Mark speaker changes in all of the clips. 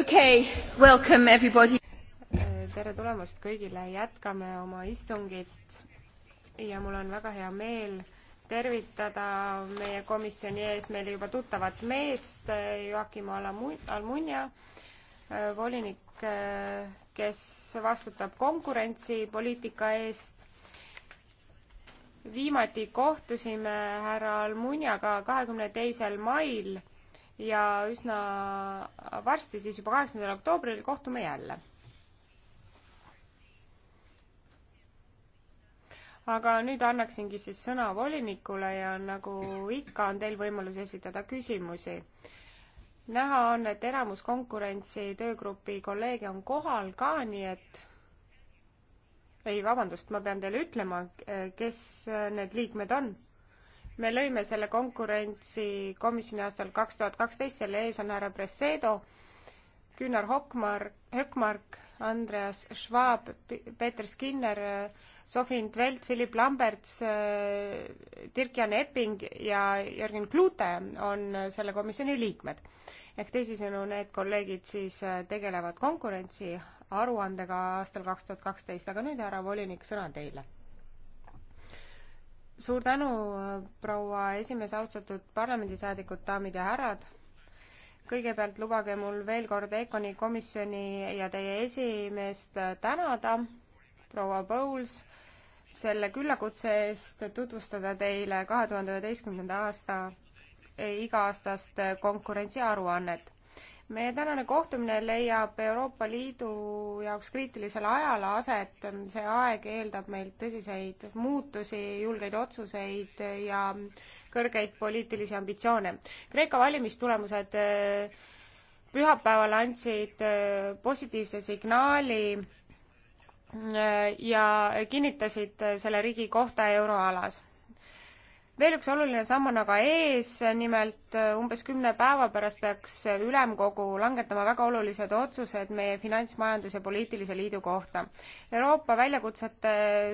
Speaker 1: okei okay,, welcome
Speaker 2: everybody.
Speaker 3: tere tulemast kõigile, jätkame oma istungit ja mul on väga hea meel tervitada meie komisjoni ees meile juba tuttavat meest, Joakim Almunia, volinik, kes vastutab konkurentsipoliitika eest. viimati kohtusime härra Almuniaga kahekümne teisel mail ja üsna varsti, siis juba kaheksandal oktoobril kohtume jälle. aga nüüd annaksingi siis sõna volinikule ja nagu ikka, on teil võimalus esitada küsimusi. näha on, et enamus konkurentsi töögrupi kolleege on kohal ka, nii et ei, vabandust, ma pean teile ütlema, kes need liikmed on me lõime selle konkurentsi komisjoni aastal kaks tuhat kaksteist, selle ees on härra Presedo, Gunnar Hokmar, Hökmark, Andreas Schwab, Peeter Skinner, Sofin Tvelt, Philip Lamberts, Dirk-Jan Epping ja Jürgen Klute on selle komisjoni liikmed. ehk teisisõnu, need kolleegid siis tegelevad konkurentsi aruandega aastal kaks tuhat kaksteist, aga nüüd, härra volinik, sõna teile suur tänu, proua esimees, austatud parlamendisaadikud, daamid ja härrad. kõigepealt lubage mul veel kord EKONi komisjoni ja teie esimeest tänada, proua Pouls, selle küllakutse eest tutvustada teile kahe tuhande üheteistkümnenda aasta e-, iga-aastast konkurentsiaruannet meie tänane kohtumine leiab Euroopa Liidu jaoks kriitilisel ajal aset, see aeg eeldab meilt tõsiseid muutusi, julgeid otsuseid ja kõrgeid poliitilisi ambitsioone. Kreeka valimistulemused eh, pühapäeval andsid eh, positiivse signaali eh, ja kinnitasid selle riigi kohta euroalas veel üks oluline samm on aga ees, nimelt äh, umbes kümne päeva pärast peaks ülemkogu langetama väga olulised otsused meie finantsmajandus- ja poliitilise liidu kohta. Euroopa väljakutsete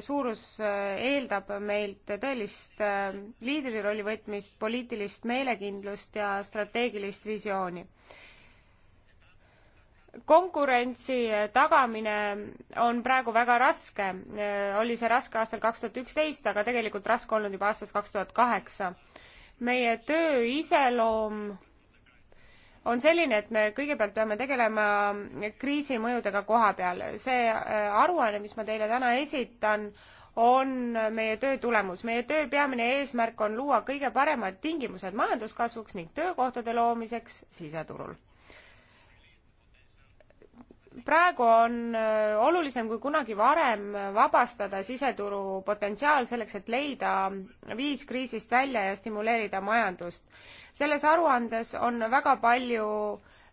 Speaker 3: suurus äh, eeldab meilt tõelist äh, liidrirolli võtmist, poliitilist meelekindlust ja strateegilist visiooni konkurentsi tagamine on praegu väga raske, oli see raske aastal kaks tuhat üksteist, aga tegelikult raske olnud juba aastast kaks tuhat kaheksa. meie töö iseloom on selline, et me kõigepealt peame tegelema kriisi mõjudega koha peal. see äh, aruanne, mis ma teile täna esitan, on meie töö tulemus. meie töö peamine eesmärk on luua kõige paremad tingimused majanduskasvuks ning töökohtade loomiseks siseturul praegu on äh, olulisem kui kunagi varem vabastada siseturu potentsiaal selleks, et leida viis kriisist välja ja stimuleerida majandust. selles aruandes on väga palju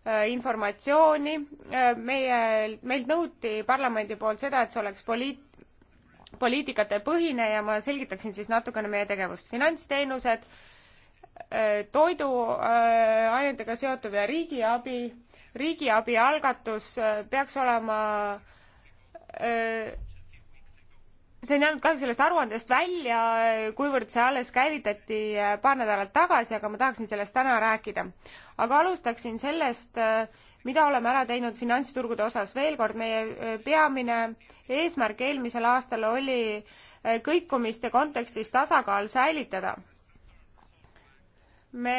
Speaker 3: äh, informatsiooni, äh, meie, meilt nõuti parlamendi poolt seda, et see oleks poliit-, poliitikate põhine ja ma selgitaksin siis natukene meie tegevust. finantsteenused, toiduainetega seotuv ja riigiabi riigiabi algatus äh, peaks olema äh, see on jäänud kahjuks sellest aruandest välja, kuivõrd see alles käivitati äh, paar nädalat tagasi, aga ma tahaksin sellest täna rääkida. aga alustaksin sellest, mida oleme ära teinud finantsturgude osas. veel kord, meie peamine eesmärk eelmisel aastal oli kõikumiste kontekstis tasakaal säilitada. me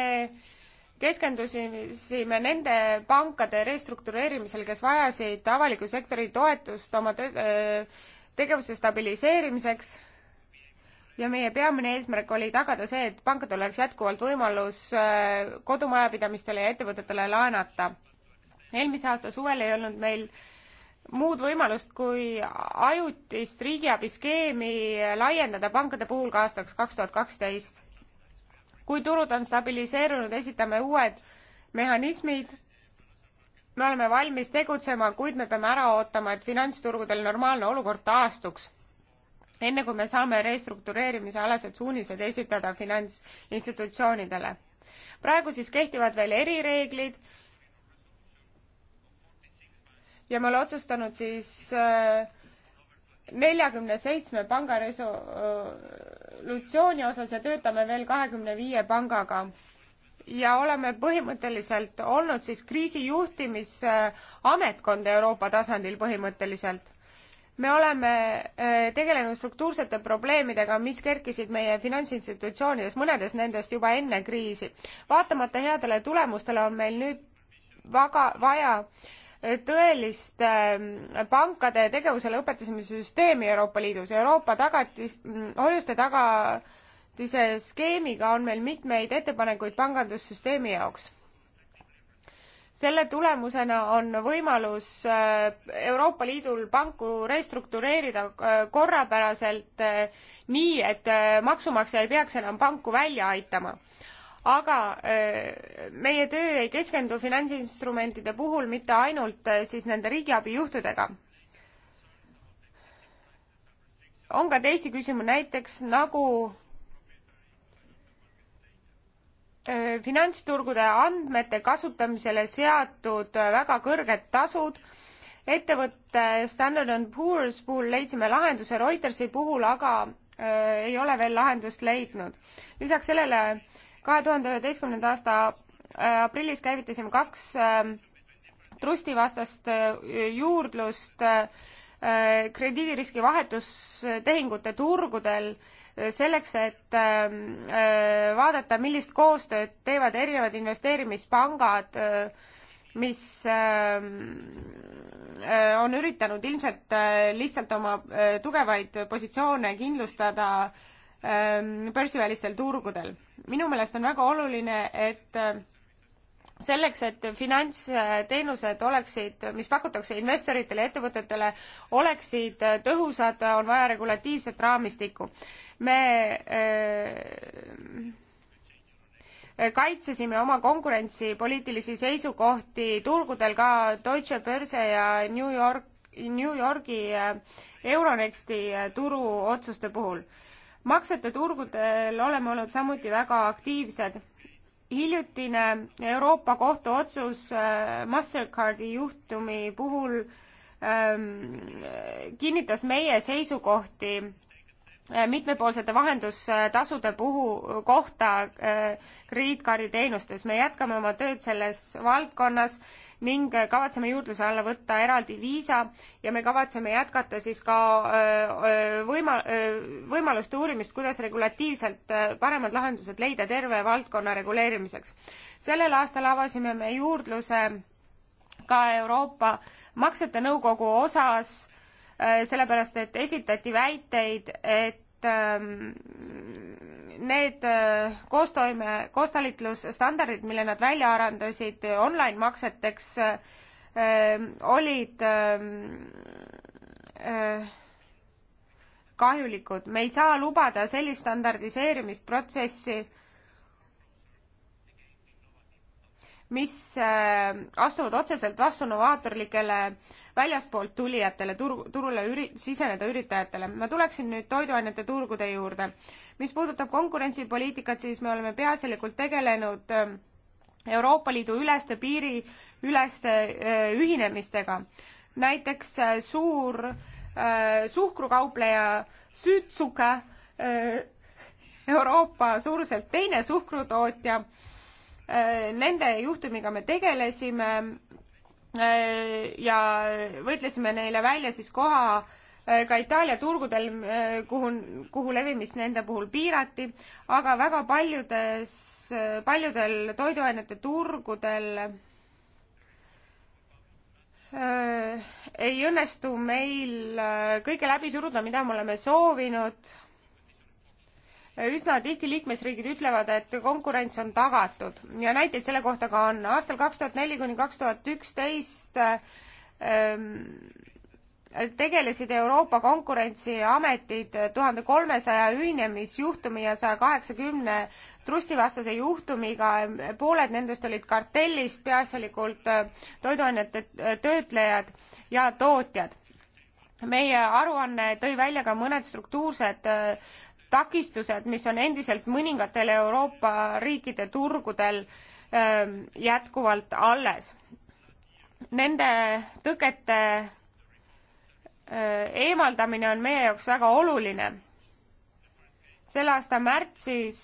Speaker 3: keskendusime nende pankade restruktureerimisel, kes vajasid avaliku sektori toetust oma te äh, tegevuse stabiliseerimiseks ja meie peamine eesmärk oli tagada see, et pankadel oleks jätkuvalt võimalus äh, kodumajapidamistele ja ettevõtetele laenata. eelmise aasta suvel ei olnud meil muud võimalust kui ajutist riigiabiskeemi laiendada pankade puhul ka aastaks kaks tuhat kaksteist kui turud on stabiliseerunud, esitame uued mehhanismid. me oleme valmis tegutsema, kuid me peame ära ootama, et finantsturgudel normaalne olukord taastuks. enne kui me saame restruktureerimise alased suunised esitada finantsinstitutsioonidele. praegu siis kehtivad veel erireeglid ja me oleme otsustanud siis äh, neljakümne seitsme panga resolutsiooni osas ja töötame veel kahekümne viie pangaga. ja oleme põhimõtteliselt olnud siis kriisijuhtimisametkond Euroopa tasandil põhimõtteliselt. me oleme äh, tegelenud struktuursete probleemidega, mis kerkisid meie finantsinstitutsioonides, mõnedes nendest juba enne kriisi. vaatamata headele tulemustele on meil nüüd väga vaja äh, tõeliste ähm, pankade tegevusele õpetasime süsteemi Euroopa Liidus. Euroopa tagatis, hoiuste tagatise skeemiga on meil mitmeid ettepanekuid pangandussüsteemi jaoks. selle tulemusena on võimalus äh, Euroopa Liidul panku restruktureerida äh, korrapäraselt äh, nii, et maksumaksja ei peaks enam panku välja aitama aga äh, meie töö ei keskendu finantsinstrumentide puhul mitte ainult äh, siis nende riigiabijuhtudega. on ka teisi küsimusi, näiteks nagu äh, finantsturgude andmete kasutamisele seatud väga kõrged tasud. ettevõtte Standard and Poor's puhul leidsime lahenduse, Reutersi puhul aga äh, ei ole veel lahendust leidnud. lisaks sellele kahe tuhande üheteistkümnenda aasta äh, aprillis käivitasime kaks äh, trustivastast äh, juurdlust krediidiriski vahetustehingute turgudel selleks, et vaadata, millist koostööd teevad erinevad investeerimispangad, mis on üritanud ilmselt lihtsalt oma tugevaid positsioone kindlustada äh, Ähm, börsivälistel turgudel. minu meelest on väga oluline, et äh, selleks, et finantsteenused oleksid, mis pakutakse investoritele ja ettevõtetele, oleksid äh, tõhusad, on vaja regulatiivset raamistikku. me öö, äh, kaitsesime oma konkurentsipoliitilisi seisukohti turgudel ka Deutsche Börse ja New York, New Yorgi Euronexti turuotsuste puhul maksete turgudel oleme olnud samuti väga aktiivsed. hiljutine Euroopa Kohtu otsus äh, Mastercardi juhtumi puhul ähm, kinnitas meie seisukohti äh, mitmepoolsete vahendustasude puhu kohta äh, krediitkaarditeenustes. me jätkame oma tööd selles valdkonnas ning äh, kavatseme juurdluse alla võtta eraldi viisa ja me kavatseme jätkata siis ka äh, äh, võima-, võimaluste uurimist, kuidas regulatiivselt paremad lahendused leida terve valdkonna reguleerimiseks. sellel aastal avasime me juurdluse ka Euroopa Maksete Nõukogu osas, sellepärast et esitati väiteid, et Ähm, need äh, koostoime, koostalitlusstandardid, mille nad välja arendasid äh, online makseteks, äh, ähm, olid ähm, kahjulikud. me ei saa lubada sellist standardiseerimisprotsessi, mis astuvad otseselt vastu novaatorlikele äh, väljaspoolt tulijatele turu, turule üri-, siseneda üritajatele. ma tuleksin nüüd toiduainete turgude juurde. mis puudutab konkurentsipoliitikat, siis me oleme peaasjalikult tegelenud ähm, Euroopa Liidu üleste piiriüleste äh, ühinemistega. näiteks äh, suur äh, suhkrukaupleja Südsuke, Euroopa suuruselt teine suhkrutootja, nende juhtumiga me tegelesime Äh, ja võitlesime neile välja siis koha äh, ka Itaalia turgudel, äh, kuhu, kuhu levimist nende puhul piirati, aga väga paljudes, paljudel toiduainete turgudel äh, ei õnnestu meil kõike läbi suruda, mida me oleme soovinud üsna tihti liikmesriigid ütlevad, et konkurents on tagatud ja näiteid selle kohta ka on. aastal kaks tuhat neli kuni kaks tuhat üksteist ähm, tegelesid Euroopa konkurentsiametid tuhande kolmesaja ühinemisjuhtumi ja saja kaheksakümne trustivastase juhtumiga. pooled nendest olid kartellist, peaasjalikult äh, toiduainete äh, töötlejad ja tootjad meie aruanne tõi välja ka mõned struktuursed äh, takistused, mis on endiselt mõningatel Euroopa riikide turgudel ähm, jätkuvalt alles. Nende tõkete äh, eemaldamine on meie jaoks väga oluline. selle aasta märtsis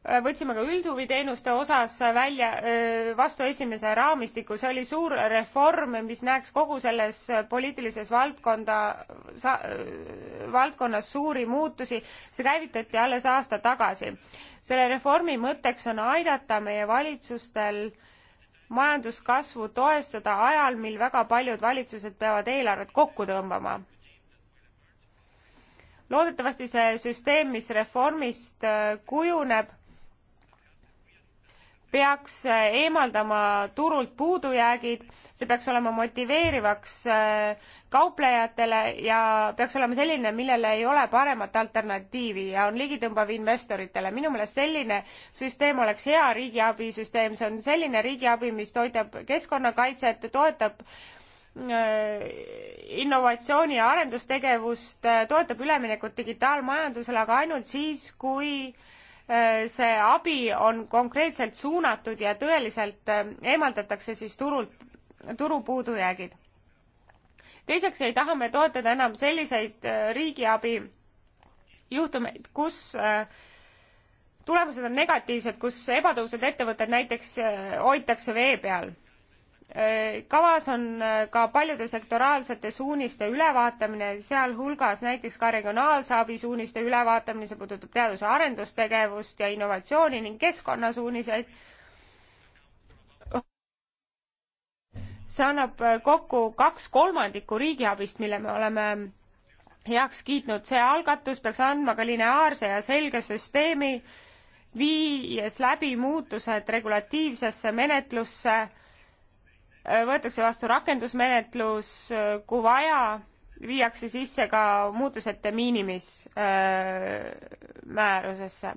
Speaker 3: Äh, võtsime ka üldhuviteenuste osas välja äh, vastu esimese raamistiku, see oli suur reform, mis näeks kogu selles poliitilises valdkonda, äh, valdkonnas suuri muutusi. see käivitati alles aasta tagasi. selle reformi mõtteks on aidata meie valitsustel majanduskasvu toestada ajal, mil väga paljud valitsused peavad eelarvet kokku tõmbama. loodetavasti see süsteem, mis reformist kujuneb, peaks äh, eemaldama turult puudujäägid, see peaks olema motiveerivaks äh, kauplejatele ja peaks olema selline, millele ei ole paremat alternatiivi ja on ligitõmbav investoritele. minu meelest selline süsteem oleks hea riigiabi süsteem, see on selline riigiabi, mis toetab keskkonnakaitset, toetab äh, innovatsiooni ja arendustegevust, toetab üleminekut digitaalmajandusele, aga ainult siis, kui äh, Äh, see abi on konkreetselt suunatud ja tõeliselt äh, eemaldatakse siis turult, turu puudujäägid. teiseks ei taha me toetada enam selliseid äh, riigiabi juhtumeid, kus tulemused on negatiivsed, kus ebatõhusad ettevõtted näiteks hoitakse vee peal Äh, kavas on äh, ka paljude sektoraalsete suuniste ülevaatamine, sealhulgas näiteks ka regionaalse abi suuniste ülevaatamine, see puudutab teadus- ja arendustegevust ja innovatsiooni ning keskkonnasuuniseid. see annab äh, kokku kaks kolmandikku riigiabist, mille me oleme heaks kiitnud. see algatus peaks andma ka lineaarse ja selge süsteemi, viies läbi muutused regulatiivsesse menetlusse võetakse vastu rakendusmenetlus, kui vaja, viiakse sisse ka muutused de minimis äh, määrusesse.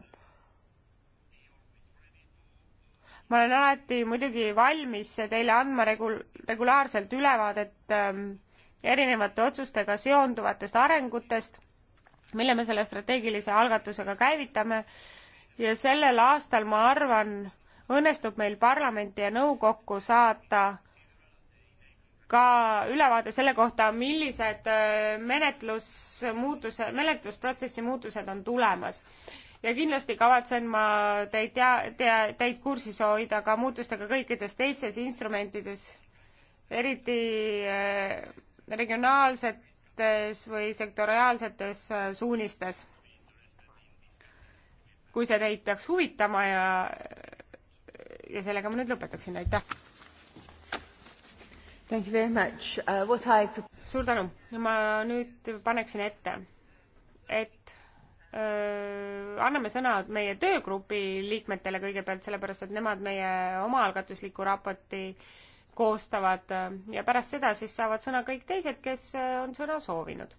Speaker 3: ma olen alati muidugi valmis teile andma regul-, regulaarselt ülevaadet ähm, erinevate otsustega seonduvatest arengutest, mille me selle strateegilise algatusega käivitame ja sellel aastal, ma arvan, õnnestub meil parlamenti ja nõukokku saata äh, ka ülevaade selle kohta, millised äh, menetlusmuutuse, menetlusprotsessi muutused on tulemas. ja kindlasti kavatsen ma teid tea, tea, teid kursis hoida ka muutustega kõikides teistes instrumentides, eriti äh, regionaalsetes või sektoriaalsetes äh, suunistes. kui see teid peaks huvitama ja, ja sellega ma nüüd lõpetaksin, aitäh! Uh, I... suur tänu. ma nüüd paneksin ette, et öö, äh, anname sõna meie töögrupi liikmetele kõigepealt, sellepärast et nemad meie omaalgatusliku raporti koostavad äh, ja pärast seda siis saavad sõna kõik teised, kes äh, on sõna soovinud.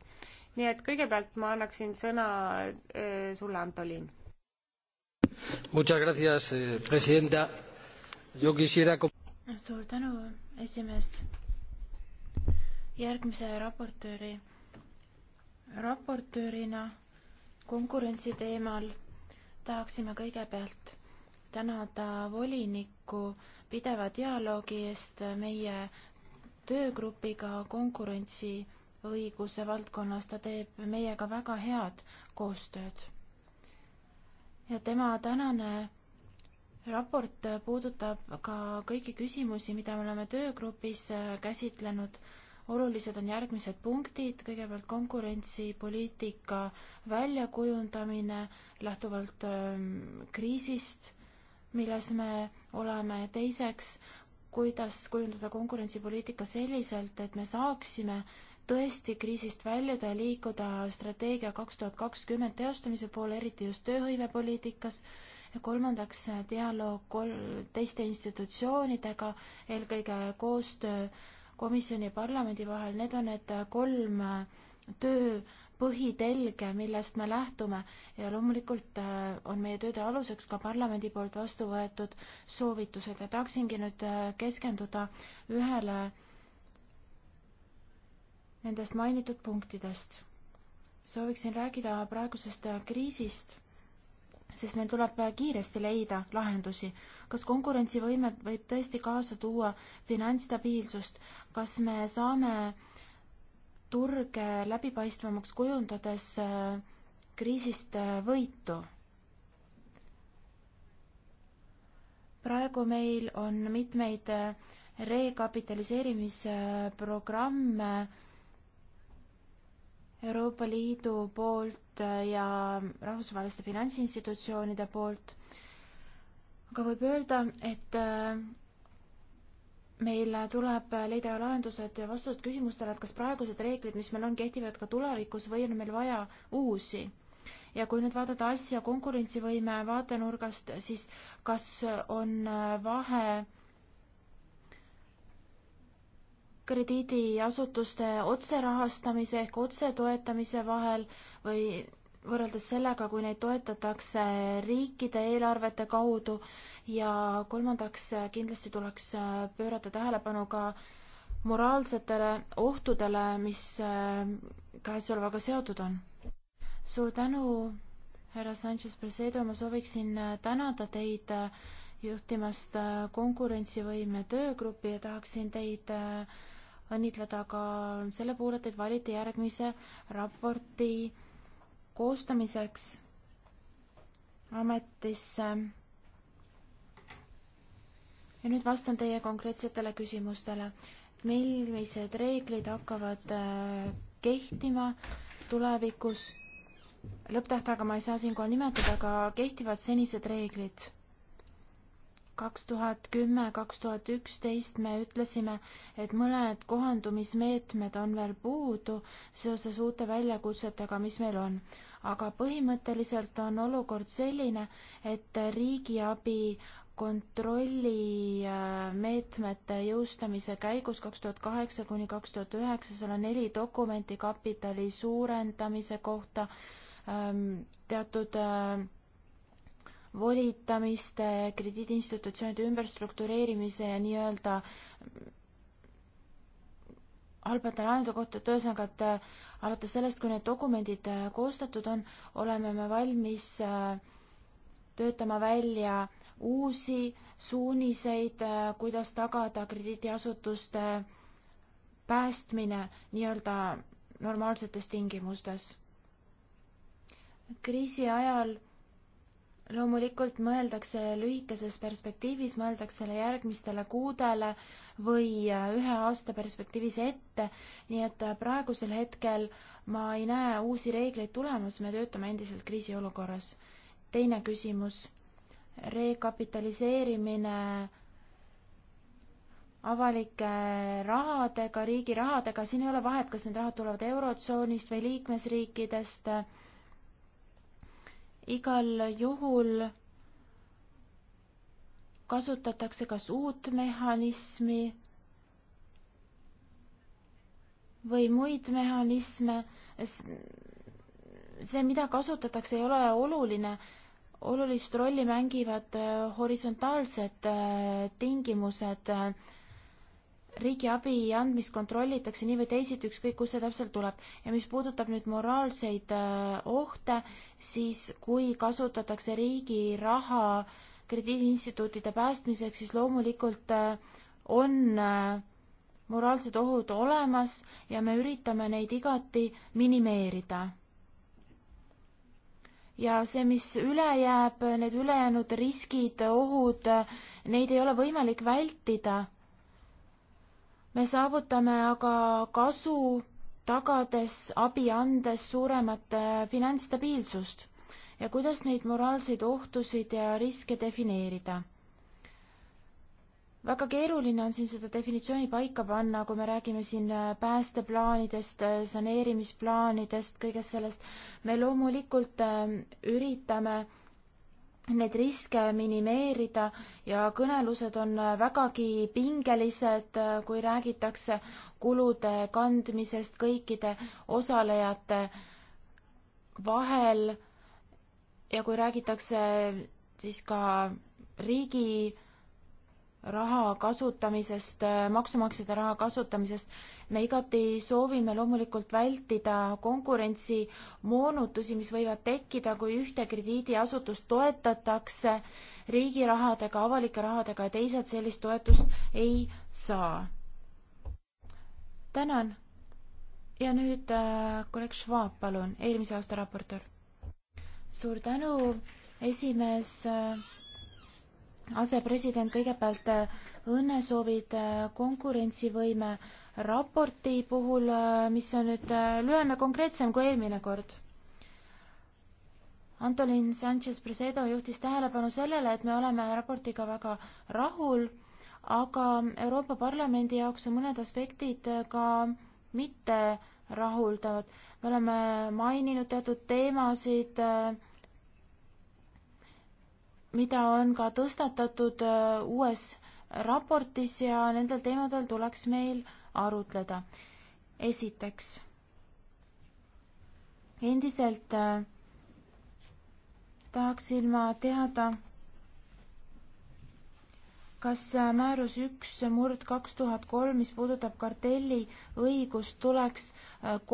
Speaker 3: nii et kõigepealt ma annaksin sõna öö, sulle, Antolin.
Speaker 4: Muchas gracias, eh, presidenta. Yo quisiera
Speaker 3: suur tänu, esimees
Speaker 2: järgmise raportööri, raportöörina konkurentsi teemal tahaksime kõigepealt tänada volinikku pideva dialoogi eest meie töögrupiga konkurentsiõiguse valdkonnas, ta teeb meiega väga head koostööd. ja tema tänane raport puudutab ka kõiki küsimusi, mida me oleme töögrupis käsitlenud olulised on järgmised punktid, kõigepealt konkurentsipoliitika väljakujundamine lähtuvalt ähm, kriisist, milles me oleme, teiseks, kuidas kujundada konkurentsipoliitika selliselt, et me saaksime tõesti kriisist väljuda ja liikuda strateegia kaks tuhat kakskümmend teostamise poole, eriti just tööhõivepoliitikas, ja kolmandaks dialoog kol-, teiste institutsioonidega, eelkõige koostöö komisjoni ja parlamendi vahel, need on need kolm töö põhitelge, millest me lähtume ja loomulikult äh, on meie tööde aluseks ka parlamendi poolt vastu võetud soovitused ja tahaksingi nüüd äh, keskenduda ühele nendest mainitud punktidest. sooviksin rääkida praegusest kriisist, sest meil tuleb kiiresti leida lahendusi, kas konkurentsivõimet võib tõesti kaasa tuua finantsstabiilsust, kas me saame turge läbipaistvamaks kujundades äh, kriisist äh, võitu? praegu meil on mitmeid äh, rekapitaliseerimisprogramme Euroopa Liidu poolt ja rahvusvaheliste finantsinstitutsioonide poolt aga võib öelda, et äh, meil tuleb leida lahendused ja vastused küsimustele, et kas praegused reeglid, mis meil on, kehtivad ka tulevikus või on meil vaja uusi. ja kui nüüd vaadata asja konkurentsivõime vaatenurgast, siis kas on äh, vahe krediidiasutuste otserahastamise ehk otsetoetamise vahel või võrreldes sellega, kui neid toetatakse riikide eelarvete kaudu ja kolmandaks kindlasti tuleks pöörata tähelepanu ka moraalsetele ohtudele, mis äh, käesolevaga seotud on. suur tänu, härra Sanchez-Presedo, ma sooviksin äh, tänada teid äh, juhtimast konkurentsivõime töögrupi ja tahaksin teid õnnitleda ka selle puhul, et teid valiti järgmise raporti koostamiseks ametisse. ja nüüd vastan teie konkreetsetele küsimustele. millised reeglid hakkavad äh, kehtima tulevikus? lõpptähtaega ma ei saa siinkohal nimetada, aga kehtivad senised reeglid kaks tuhat kümme, kaks tuhat üksteist me ütlesime, et mõned kohandumismeetmed on veel puudu seoses uute väljakutsetega, mis meil on aga põhimõtteliselt on olukord selline, et riigiabi kontrolli äh, meetmete jõustamise käigus kaks tuhat kaheksa kuni kaks tuhat üheksa, seal on neli dokumenti kapitali suurendamise kohta, ähm, teatud äh, volitamiste, krediidiinstitutsioonide ümberstruktureerimise ja nii-öelda äh, halbade laenude kohta, et ühesõnaga, et alates sellest, kui need dokumendid äh, koostatud on, oleme me valmis äh, töötama välja uusi suuniseid, äh, kuidas tagada krediidiasutuste päästmine nii-öelda normaalsetes tingimustes. kriisi ajal loomulikult mõeldakse lühikeses perspektiivis, mõeldakse järgmistele kuudele või äh, ühe aasta perspektiivis ette, nii et äh, praegusel hetkel ma ei näe uusi reegleid tulemas, me töötame endiselt kriisiolukorras. teine küsimus, rekapitaliseerimine avalike rahadega, riigi rahadega, siin ei ole vahet, kas need rahad tulevad Eurotsoonist või liikmesriikidest igal juhul kasutatakse kas uut mehhanismi või muid mehhanisme. see, mida kasutatakse, ei ole oluline. olulist rolli mängivad äh, horisontaalsed äh, tingimused äh, riigiabi andmist kontrollitakse nii või teisiti, ükskõik kust see täpselt tuleb. ja mis puudutab nüüd moraalseid äh, ohte, siis kui kasutatakse riigi raha krediidiinstituutide päästmiseks, siis loomulikult äh, on äh, moraalsed ohud olemas ja me üritame neid igati minimeerida. ja see, mis üle jääb, need ülejäänud riskid, ohud, neid ei ole võimalik vältida me saavutame aga kasu, tagades, abi andes suuremat finantsstabiilsust ja kuidas neid moraalseid ohtusid ja riske defineerida väga keeruline on siin seda definitsiooni paika panna, kui me räägime siin äh, päästeplaanidest, äh, saneerimisplaanidest, kõigest sellest. me loomulikult äh, üritame neid riske minimeerida ja kõnelused on vägagi pingelised, kui räägitakse kulude kandmisest kõikide osalejate vahel ja kui räägitakse siis ka riigi raha kasutamisest, maksumaksjate raha kasutamisest. me igati soovime loomulikult vältida konkurentsi moonutusi, mis võivad tekkida, kui ühte krediidiasutust toetatakse riigi rahadega, avalike rahadega ja teised sellist toetust ei saa. tänan. ja nüüd äh, kolleeg Schwab, palun, eelmise aasta raportöör. suur tänu, esimees äh, asepresident, kõigepealt äh, õnnesoovid äh, konkurentsivõime raporti puhul, äh, mis on nüüd lühem ja konkreetsem kui eelmine kord. Antolin Sanchez-Presedo juhtis tähelepanu sellele, et me oleme raportiga väga rahul, aga Euroopa Parlamendi jaoks on mõned aspektid ka mitte rahuldavad. me oleme maininud teatud teemasid äh, mida on ka tõstatatud äh, uues raportis ja nendel teemadel tuleks meil arutleda. esiteks, endiselt äh, tahaksin ma teada, kas äh, määrus üks murd kaks tuhat kolm, mis puudutab kartelliõigust, tuleks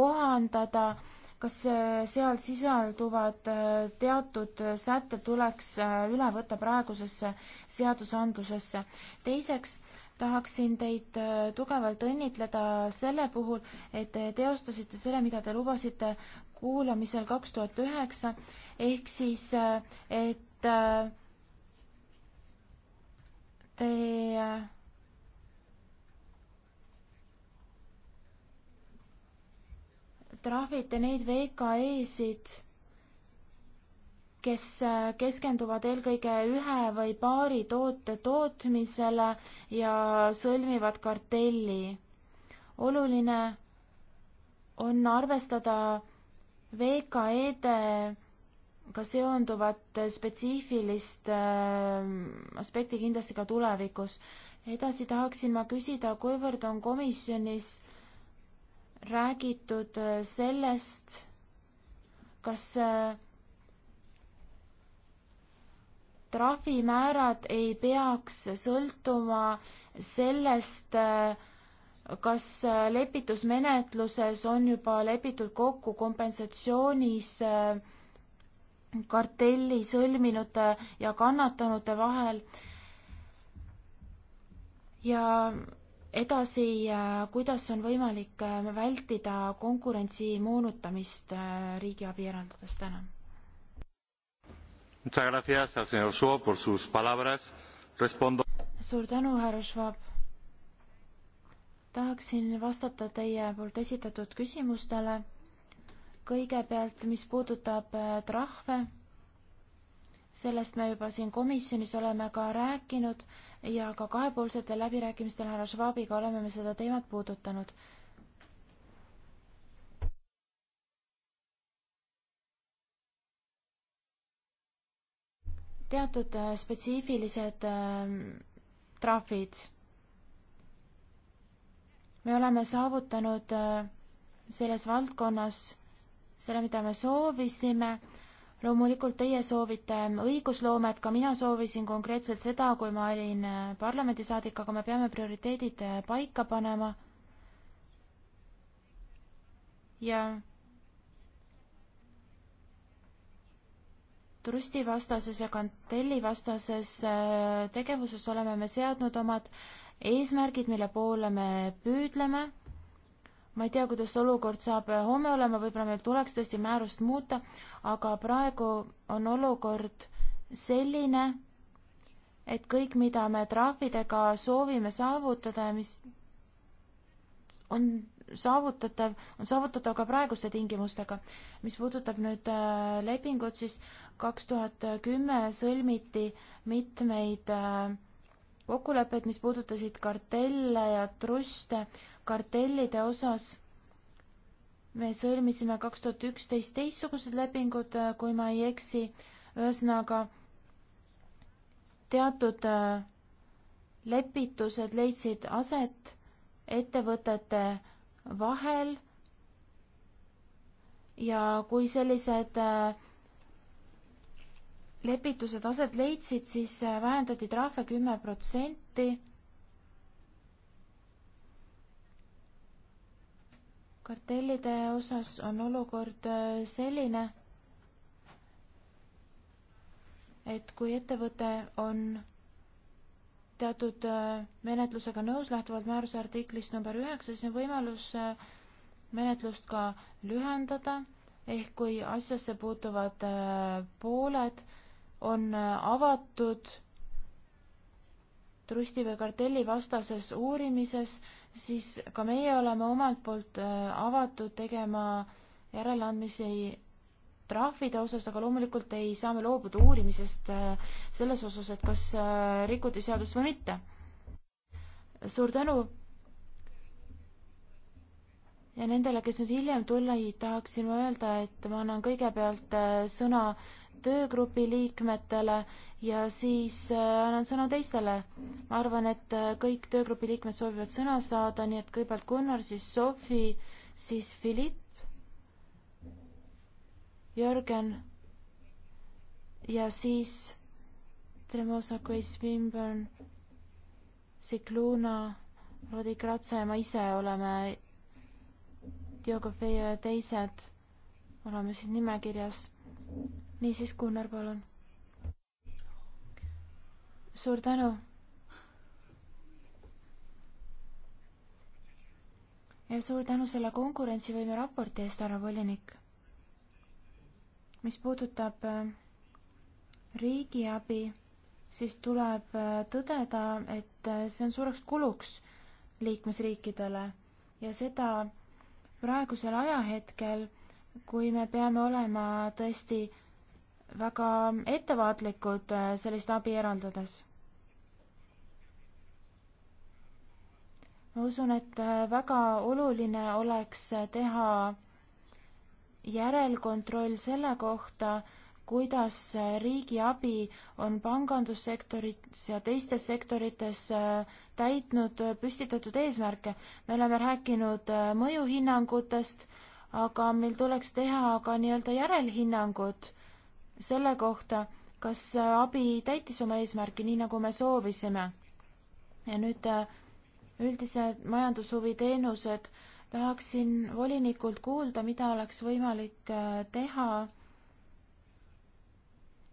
Speaker 2: kohandada äh, kas äh, seal sisalduvad äh, teatud sätted tuleks äh, üle võtta praegusesse seadusandlusesse. teiseks tahaksin teid tugevalt õnnitleda selle puhul, et te teostasite selle, mida te lubasite kuulamisel kaks tuhat üheksa, ehk siis, et te trahvite neid VKE-sid, kes äh, keskenduvad eelkõige ühe või paari toote tootmisele ja sõlmivad kartelli. oluline on arvestada VKE-dega seonduvat spetsiifilist äh, aspekti kindlasti ka tulevikus. edasi tahaksin ma küsida, kuivõrd on komisjonis äh, räägitud äh, sellest, kas äh, trahvimäärad ei peaks sõltuma sellest, äh, kas lepitusmenetluses on juba lepitud kokku kompensatsioonis kartelli sõlminute ja kannatanute vahel ja edasi, kuidas on võimalik äh, vältida konkurentsi moonutamist äh, riigiabi eraldades täna? suur tänu, härra Schwab. tahaksin vastata teie poolt esitatud küsimustele. kõigepealt, mis puudutab äh, trahve, sellest me juba siin komisjonis oleme ka rääkinud ja ka kahepoolsetel läbirääkimistel härra Schwabiga oleme me seda teemat puudutanud. teatud äh, spetsiifilised äh, trahvid. me oleme saavutanud äh, selles valdkonnas selle, mida me soovisime loomulikult teie soovite õigusloomet, ka mina soovisin konkreetselt seda, kui ma olin äh, parlamendisaadik, aga me peame prioriteedid äh, paika panema. ja trustivastases ja kartellivastases äh, tegevuses oleme me seadnud omad eesmärgid, mille poole me püüdleme ma ei tea, kuidas see olukord saab eh, homme olema, võib-olla meil tuleks tõesti määrust muuta, aga praegu on olukord selline, et kõik, mida me trahvidega soovime saavutada ja mis on saavutatav, on saavutatav ka praeguste tingimustega. mis puudutab nüüd äh, lepingut, siis kaks tuhat kümme sõlmiti mitmeid äh, kokkuleppeid, mis puudutasid kartelle ja truste kartellide osas me sõlmisime kaks tuhat üksteist teistsugused lepingud, äh, kui ma ei eksi, ühesõnaga teatud äh, lepitused leidsid aset ettevõtete vahel ja kui sellised äh, lepitused aset leidsid, siis vähendati trahve kümme protsenti kartellide osas on olukord äh, selline, et kui ettevõte on teatud äh, menetlusega nõus lähtuvalt määruse artiklist number üheksa, siis on võimalus äh, menetlust ka lühendada, ehk kui asjasse puutuvad pooled on avatud trusti või kartelli vastases uurimises siis ka meie oleme omalt poolt äh, avatud tegema järeleandmisi trahvide osas, aga loomulikult ei saa me loobuda uurimisest äh, selles osas, et kas äh, rikuti seadust või mitte. suur tänu. ja nendele, kes nüüd hiljem tulid, tahaksin ma öelda, et ma annan kõigepealt sõna töögrupi liikmetele ja siis äh, annan sõna teistele. ma arvan, et äh, kõik töögrupi liikmed soovivad sõna saada, nii et kõigepealt Gunnar, siis Sofi, siis Philipp, Jörgen ja siis Tremosa, Grace Wimborn, Sikluna, Rodi Kratse ja ma ise oleme Diogo Feio ja teised oleme siis nimekirjas niisiis, Gunnar, palun. suur tänu. ja suur tänu selle konkurentsivõime raporti eest, härra volinik. mis puudutab äh, riigiabi, siis tuleb äh, tõdeda, et äh, see on suureks kuluks liikmesriikidele ja seda praegusel ajahetkel, kui me peame olema tõesti väga ettevaatlikud äh, sellist abi eraldades. ma usun, et äh, väga oluline oleks äh, teha järelkontroll selle kohta, kuidas riigi abi on pangandussektoris ja teistes sektorites täitnud püstitatud eesmärke. me oleme rääkinud mõjuhinnangutest, aga meil tuleks teha ka nii-öelda järelhinnangud selle kohta, kas abi täitis oma eesmärki, nii nagu me soovisime. ja nüüd äh, üldised majandushuvi teenused, tahaksin volinikult kuulda, mida oleks võimalik äh, teha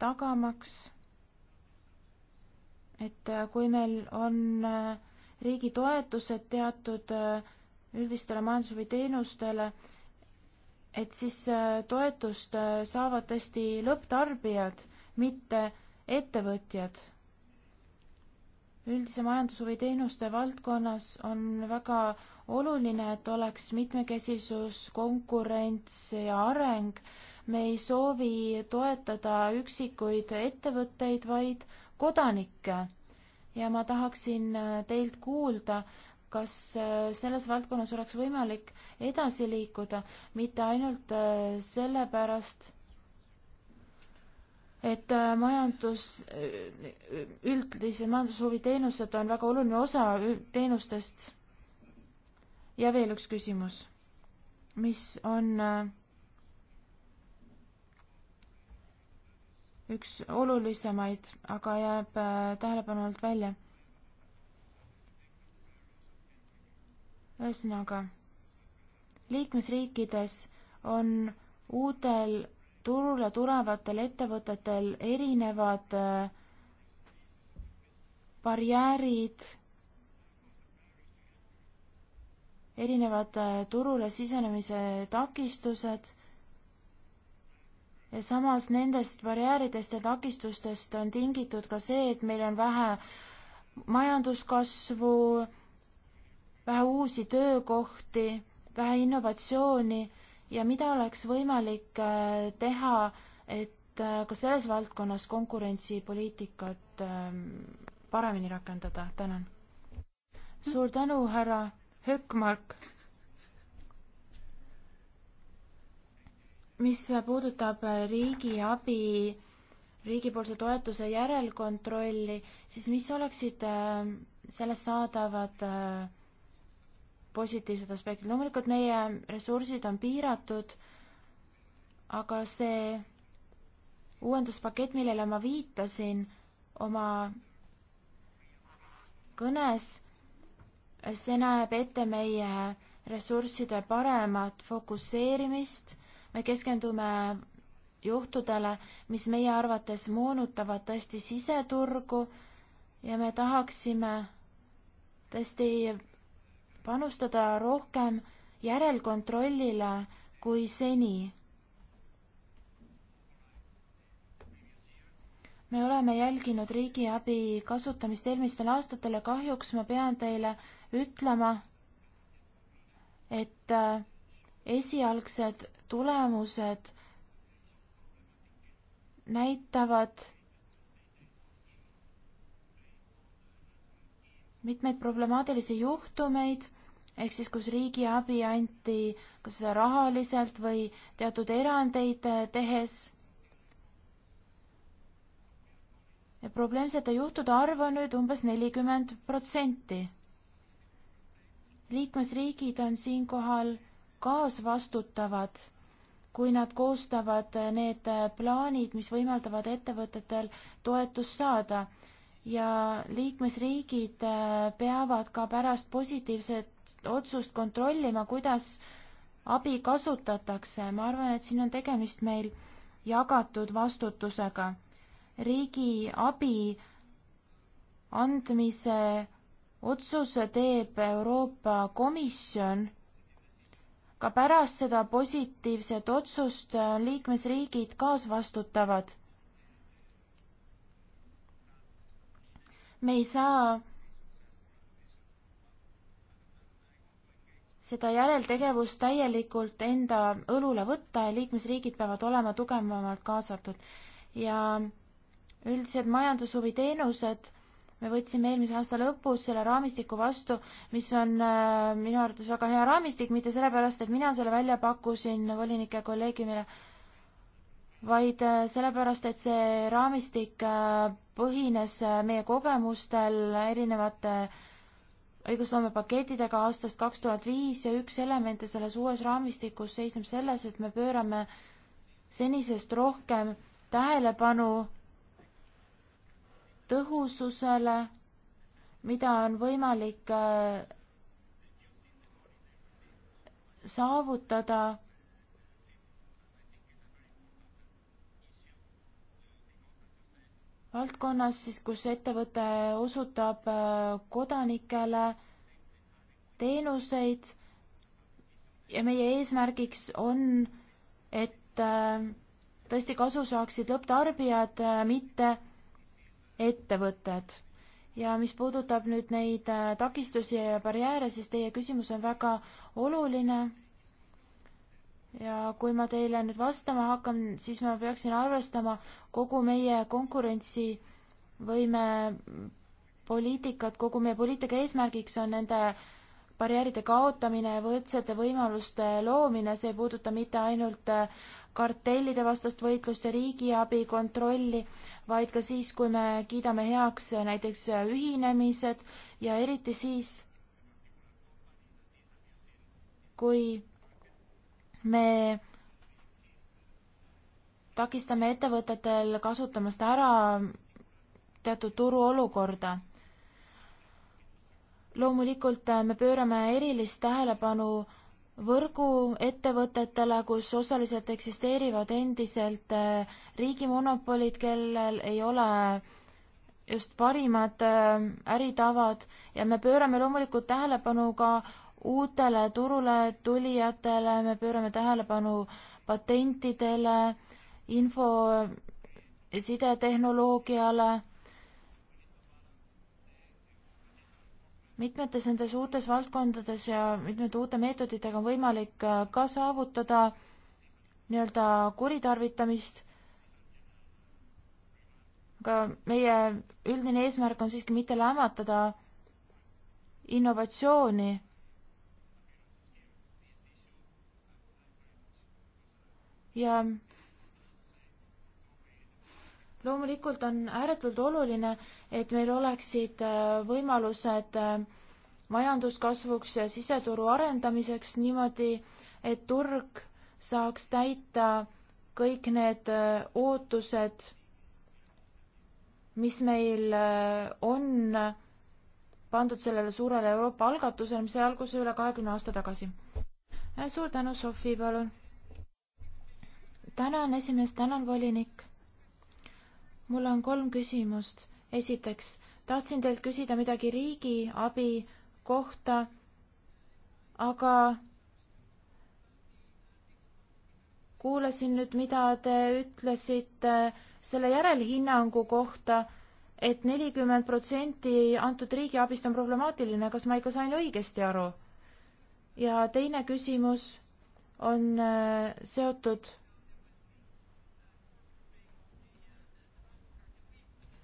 Speaker 2: tagamaks, et äh, kui meil on riigi toetused teatud üldistele majandushuvi teenustele, et siis äh, toetust äh, saavad tõesti lõpptarbijad, mitte ettevõtjad. üldise majandushuvi teenuste valdkonnas on väga oluline, et oleks mitmekesisus, konkurents ja areng. me ei soovi toetada üksikuid ettevõtteid, vaid kodanikke. ja ma tahaksin äh, teilt kuulda, kas äh, selles valdkonnas oleks võimalik edasi liikuda, mitte ainult äh, sellepärast, et äh, majandus, üldised majandushuvi teenused on väga oluline osa teenustest. ja veel üks küsimus, mis on üks olulisemaid, aga jääb tähelepanu alt välja ühesõnaga, liikmesriikides on uutel turule tulevatel ettevõtetel erinevad äh, barjäärid, erinevad äh, turule sisenemise takistused ja samas nendest barjääridest ja takistustest on tingitud ka see, et meil on vähe majanduskasvu, vähe uusi töökohti, vähe innovatsiooni ja mida oleks võimalik äh, teha, et äh, ka selles valdkonnas konkurentsipoliitikat ähm, paremini rakendada, tänan. suur tänu, härra Höökmark. mis puudutab äh, riigiabi, riigipoolse toetuse järelkontrolli, siis mis oleksid sellest saadavad äh, positiivsed aspektid. loomulikult meie ressursid on piiratud, aga see uuenduspakett, millele ma viitasin oma kõnes, see näeb ette meie ressursside paremat fokusseerimist, me keskendume juhtudele, mis meie arvates moonutavad tõesti siseturgu ja me tahaksime tõesti panustada rohkem järelkontrollile kui seni. me oleme jälginud riigiabi kasutamist eelmistel aastatel ja kahjuks ma pean teile ütlema, et äh, esialgsed tulemused näitavad mitmeid problemaatilisi juhtumeid ehk siis, kus riigiabi anti kas rahaliselt või teatud erandeid äh, tehes. ja probleemsete juhtude arv on nüüd umbes nelikümmend protsenti. liikmesriigid on siinkohal kaasvastutavad, kui nad koostavad äh, need äh, plaanid, mis võimaldavad ettevõtetel toetust saada ja liikmesriigid peavad ka pärast positiivset otsust kontrollima, kuidas abi kasutatakse. ma arvan, et siin on tegemist meil jagatud vastutusega. riigi abi andmise otsuse teeb Euroopa Komisjon. ka pärast seda positiivset otsust on liikmesriigid kaasvastutavad. me ei saa seda järeltegevust täielikult enda õlule võtta ja liikmesriigid peavad olema tugevamalt kaasatud. ja üldised majandushuvi teenused, me võtsime eelmise aasta lõpus selle raamistiku vastu, mis on äh, minu arvates väga hea raamistik, mitte sellepärast, et mina selle välja pakkusin volinike kolleegiumile, vaid äh, sellepärast, et see raamistik äh, põhines äh, meie kogemustel erinevate äh, õigusloomepaketidega aastast kaks tuhat viis ja üks elemente selles uues raamistikus seisneb selles, et me pöörame senisest rohkem tähelepanu tõhususele, mida on võimalik äh, saavutada valdkonnas, siis kus ettevõte osutab äh, kodanikele teenuseid ja meie eesmärgiks on, et äh, tõesti kasu saaksid lõpptarbijad, äh, mitte ettevõtted. ja mis puudutab nüüd neid takistusi ja barjääre, siis teie küsimus on väga oluline ja kui ma teile nüüd vastama hakkan, siis ma peaksin arvestama kogu meie konkurentsivõime poliitikat, kogu meie poliitika eesmärgiks on nende barjääride kaotamine ja võrdsete võimaluste loomine, see ei puuduta mitte ainult äh, kartellide vastast võitlust ja riigiabi kontrolli, vaid ka siis, kui me kiidame heaks äh, näiteks äh, ühinemised ja eriti siis, kui me takistame ettevõtetel kasutamast ära teatud turuolukorda. loomulikult äh, me pöörame erilist tähelepanu võrguettevõtetele, kus osaliselt eksisteerivad endiselt äh, riigimonopolid, kellel ei ole just parimad äh, äritavad ja me pöörame loomulikult tähelepanu ka uutele turule tulijatele, me pöörame tähelepanu patentidele, info sidetehnoloogiale. mitmetes nendes uutes valdkondades ja mitmete uute meetoditega on võimalik äh, ka saavutada nii-öelda kuritarvitamist. aga meie üldine eesmärk on siiski mitte lämmatada innovatsiooni ja loomulikult on ääretult oluline, et meil oleksid äh, võimalused äh, majanduskasvuks ja siseturu arendamiseks niimoodi, et turg saaks täita kõik need äh, ootused, mis meil on pandud sellele suurele Euroopa algatusele, mis sai alguse üle kahekümne aasta tagasi. suur tänu, Sofi, palun! tänan, esimees, tänan, volinik. mul on kolm küsimust. esiteks, tahtsin teilt küsida midagi riigiabi kohta, aga kuulasin nüüd, mida te ütlesite selle järelhinnangu kohta et, et nelikümmend protsenti antud riigiabist on problemaatiline, kas ma ikka sain õigesti aru? ja teine küsimus on äh, seotud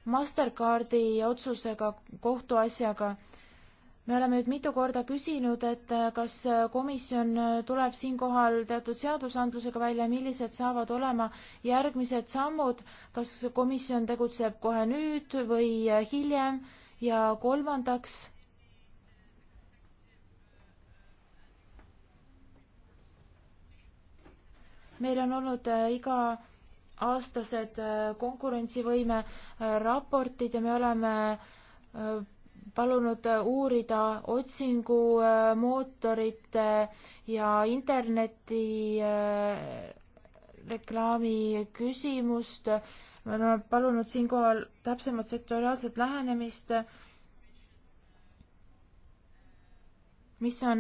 Speaker 2: Mastercardi otsusega, kohtuasjaga. me oleme nüüd mitu korda küsinud, et äh, kas äh, komisjon äh, tuleb siinkohal teatud seadusandlusega välja, millised saavad olema järgmised sammud, kas komisjon tegutseb kohe nüüd või hiljem ja kolmandaks meil on olnud iga aastased äh, konkurentsivõime äh, raportid ja me oleme äh, palunud uurida otsingumootorite ja interneti reklaami küsimust. me oleme palunud siinkohal täpsemat sektoriaalset lähenemist, mis on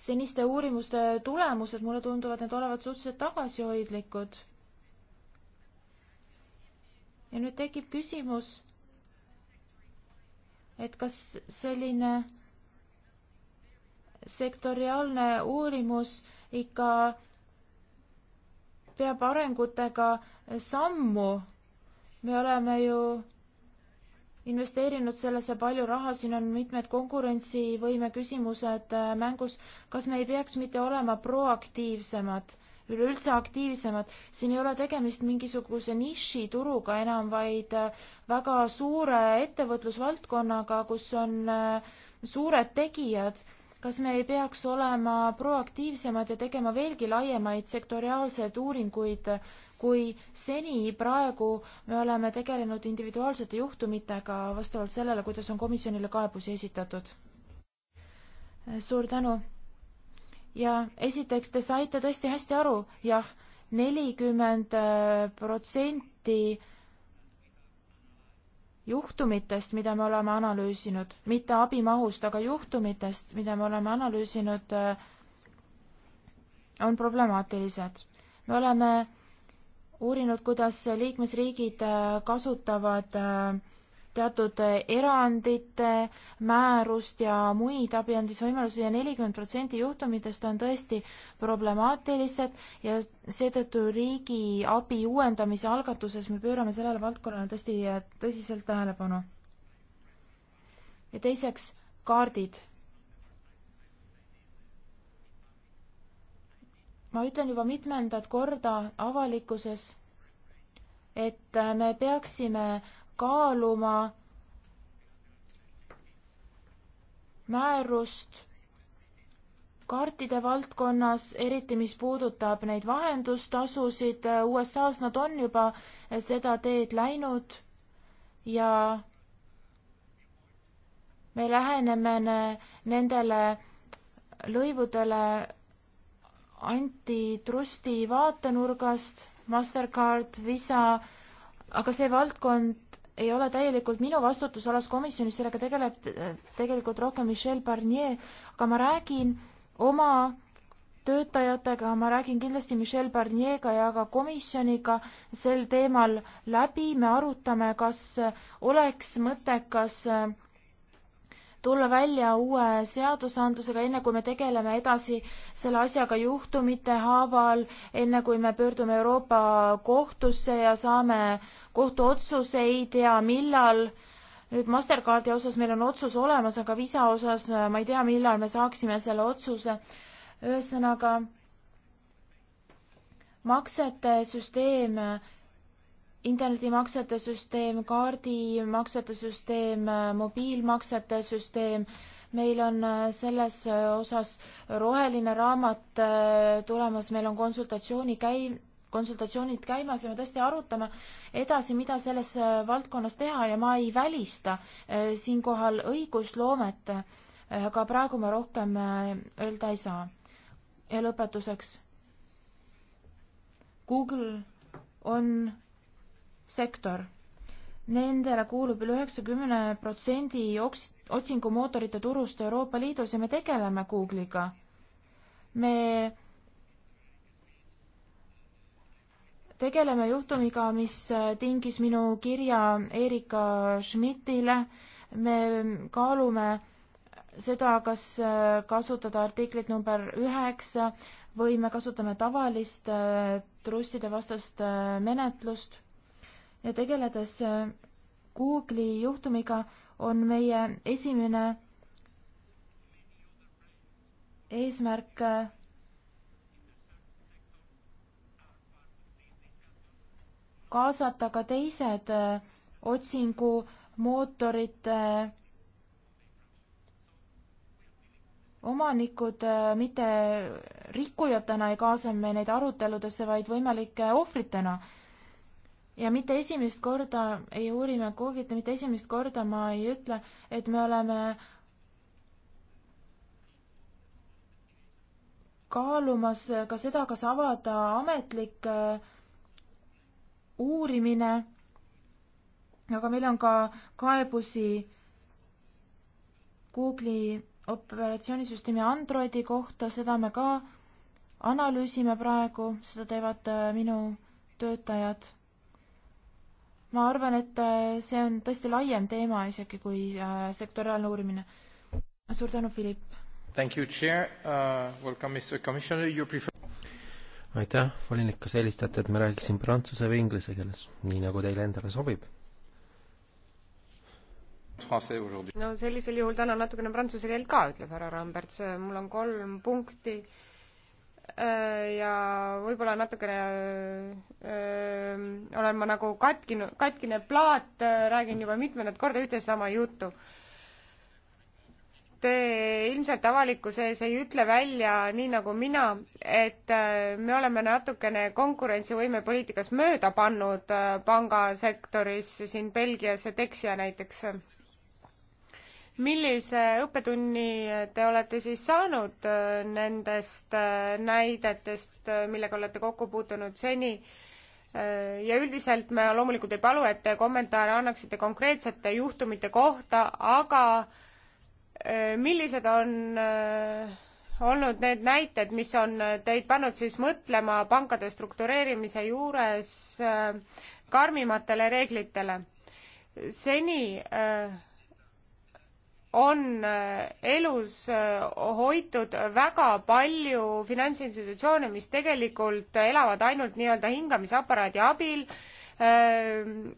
Speaker 2: seniste uurimuste tulemused, mulle tunduvad need olevat suhteliselt tagasihoidlikud. ja nüüd tekib küsimus, et kas selline sektoriaalne uurimus ikka peab arengutega sammu. me oleme ju investeerinud sellesse palju raha, siin on mitmed konkurentsivõime küsimused äh, mängus. kas me ei peaks mitte olema proaktiivsemad, üleüldse aktiivsemad? siin ei ole tegemist mingisuguse nišituruga enam, vaid äh, väga suure ettevõtlusvaldkonnaga, kus on äh, suured tegijad kas me ei peaks olema proaktiivsemad ja tegema veelgi laiemaid sektoriaalseid uuringuid kui seni praegu me oleme tegelenud individuaalsete juhtumitega vastavalt sellele, kuidas on komisjonile kaebusi esitatud. suur tänu. ja esiteks, te saite tõesti hästi aru, jah, nelikümmend äh, protsenti juhtumitest, mida me oleme analüüsinud, mitte abimahust, aga juhtumitest, mida me oleme analüüsinud, äh, on problemaatilised. me oleme uurinud, kuidas liikmesriigid äh, kasutavad äh, teatud äh, erandite määrust ja muid abiandmisvõimalusi ja nelikümmend protsenti juhtumitest on tõesti problemaatilised ja seetõttu riigi abi uuendamise algatuses me pöörame sellele valdkonnale tõesti tõsiselt tähelepanu. ja teiseks, kaardid ma ütlen juba mitmendat korda avalikkuses, et me peaksime kaaluma määrust kaartide valdkonnas, eriti mis puudutab neid vahendustasusid, USA-s nad on juba seda teed läinud ja me läheneme nendele lõivudele antitrusti vaatenurgast, Mastercard, Visa, aga see valdkond ei ole täielikult minu vastutusalas komisjonis, sellega tegeleb tegelikult rohkem Michel Barnier, aga ma räägin oma töötajatega, ma räägin kindlasti Michel Barnier'ga ja ka komisjoniga sel teemal läbi, me arutame, kas oleks mõttekas tulla välja uue seadusandlusega, enne kui me tegeleme edasi selle asjaga juhtumite haaval, enne kui me pöördume Euroopa kohtusse ja saame kohtuotsuseid ja millal nüüd Mastercardi osas meil on otsus olemas, aga Visa osas äh, ma ei tea, millal me saaksime selle otsuse. ühesõnaga, maksete süsteem internetimaksete süsteem, kaardimaksete süsteem, mobiilmaksete süsteem, meil on äh, selles äh, osas roheline raamat äh, tulemas, meil on konsultatsiooni käi-, konsultatsioonid käimas ja me tõesti arutame edasi, mida selles valdkonnas teha ja ma ei välista siinkohal õigusloomet, aga praegu ma rohkem öelda ei saa. ja lõpetuseks. Google on sektor. Nendele kuulub üle üheksakümne protsendi otsingumootorite turust Euroopa Liidus ja me tegeleme Google'iga. me tegeleme juhtumiga, mis tingis minu kirja Erika Schmidtile. me kaalume seda, kas kasutada artiklit number üheksa või me kasutame tavalist äh, trustide vastast äh, menetlust ja tegeledes äh, Google'i juhtumiga on meie esimene eesmärk äh, kaasata ka teised äh, otsingumootorite omanikud mitte rikkujatena ei kaasa me neid aruteludesse, vaid võimalike ohvritena ja mitte esimest korda ei uuri me Covidit, mitte esimest korda ma ei ütle, et me oleme kaalumas ka seda, kas avada ametlik äh, uurimine, aga meil on ka kaebusi Google'i operatsioonisüsteemi Androidi kohta, seda me ka analüüsime praegu, seda teevad äh, minu töötajad ma arvan, et äh, see on tõesti laiem teema isegi kui äh, sektoriaalne uurimine. suur tänu, Philipp!
Speaker 4: Thank you, chair uh,, welcome, Mr Commissioner, you prefer aitäh, volinik, kas eelistate, et ma räägiksin prantsuse või inglise keeles, nii nagu teile endale sobib? no
Speaker 3: sellisel juhul täna natukene prantsuse keelt ka, ütleb härra Ramberts, mul on kolm punkti äh, Äh, ja võib-olla natukene öö, äh, olen ma nagu katkinud, katkine plaat, äh, räägin juba mitmendat korda ühte sama juttu. Te ilmselt avalikkuse ees ei ütle välja, nii nagu mina, et me oleme natukene konkurentsivõime poliitikas mööda pannud pangasektoris siin Belgias ja Dexia näiteks millise õppetunni te olete siis saanud äh, nendest äh, näidetest, äh, millega olete kokku puutunud seni? ja üldiselt me loomulikult ei palu, et te kommentaare annaksite konkreetsete juhtumite kohta, aga millised on olnud need näited, mis on teid pannud siis mõtlema pankade struktureerimise juures karmimatele reeglitele? seni on äh, elus äh, hoitud väga palju finantsinstitutsioone, mis tegelikult äh, elavad ainult nii-öelda hingamisaparaadi abil.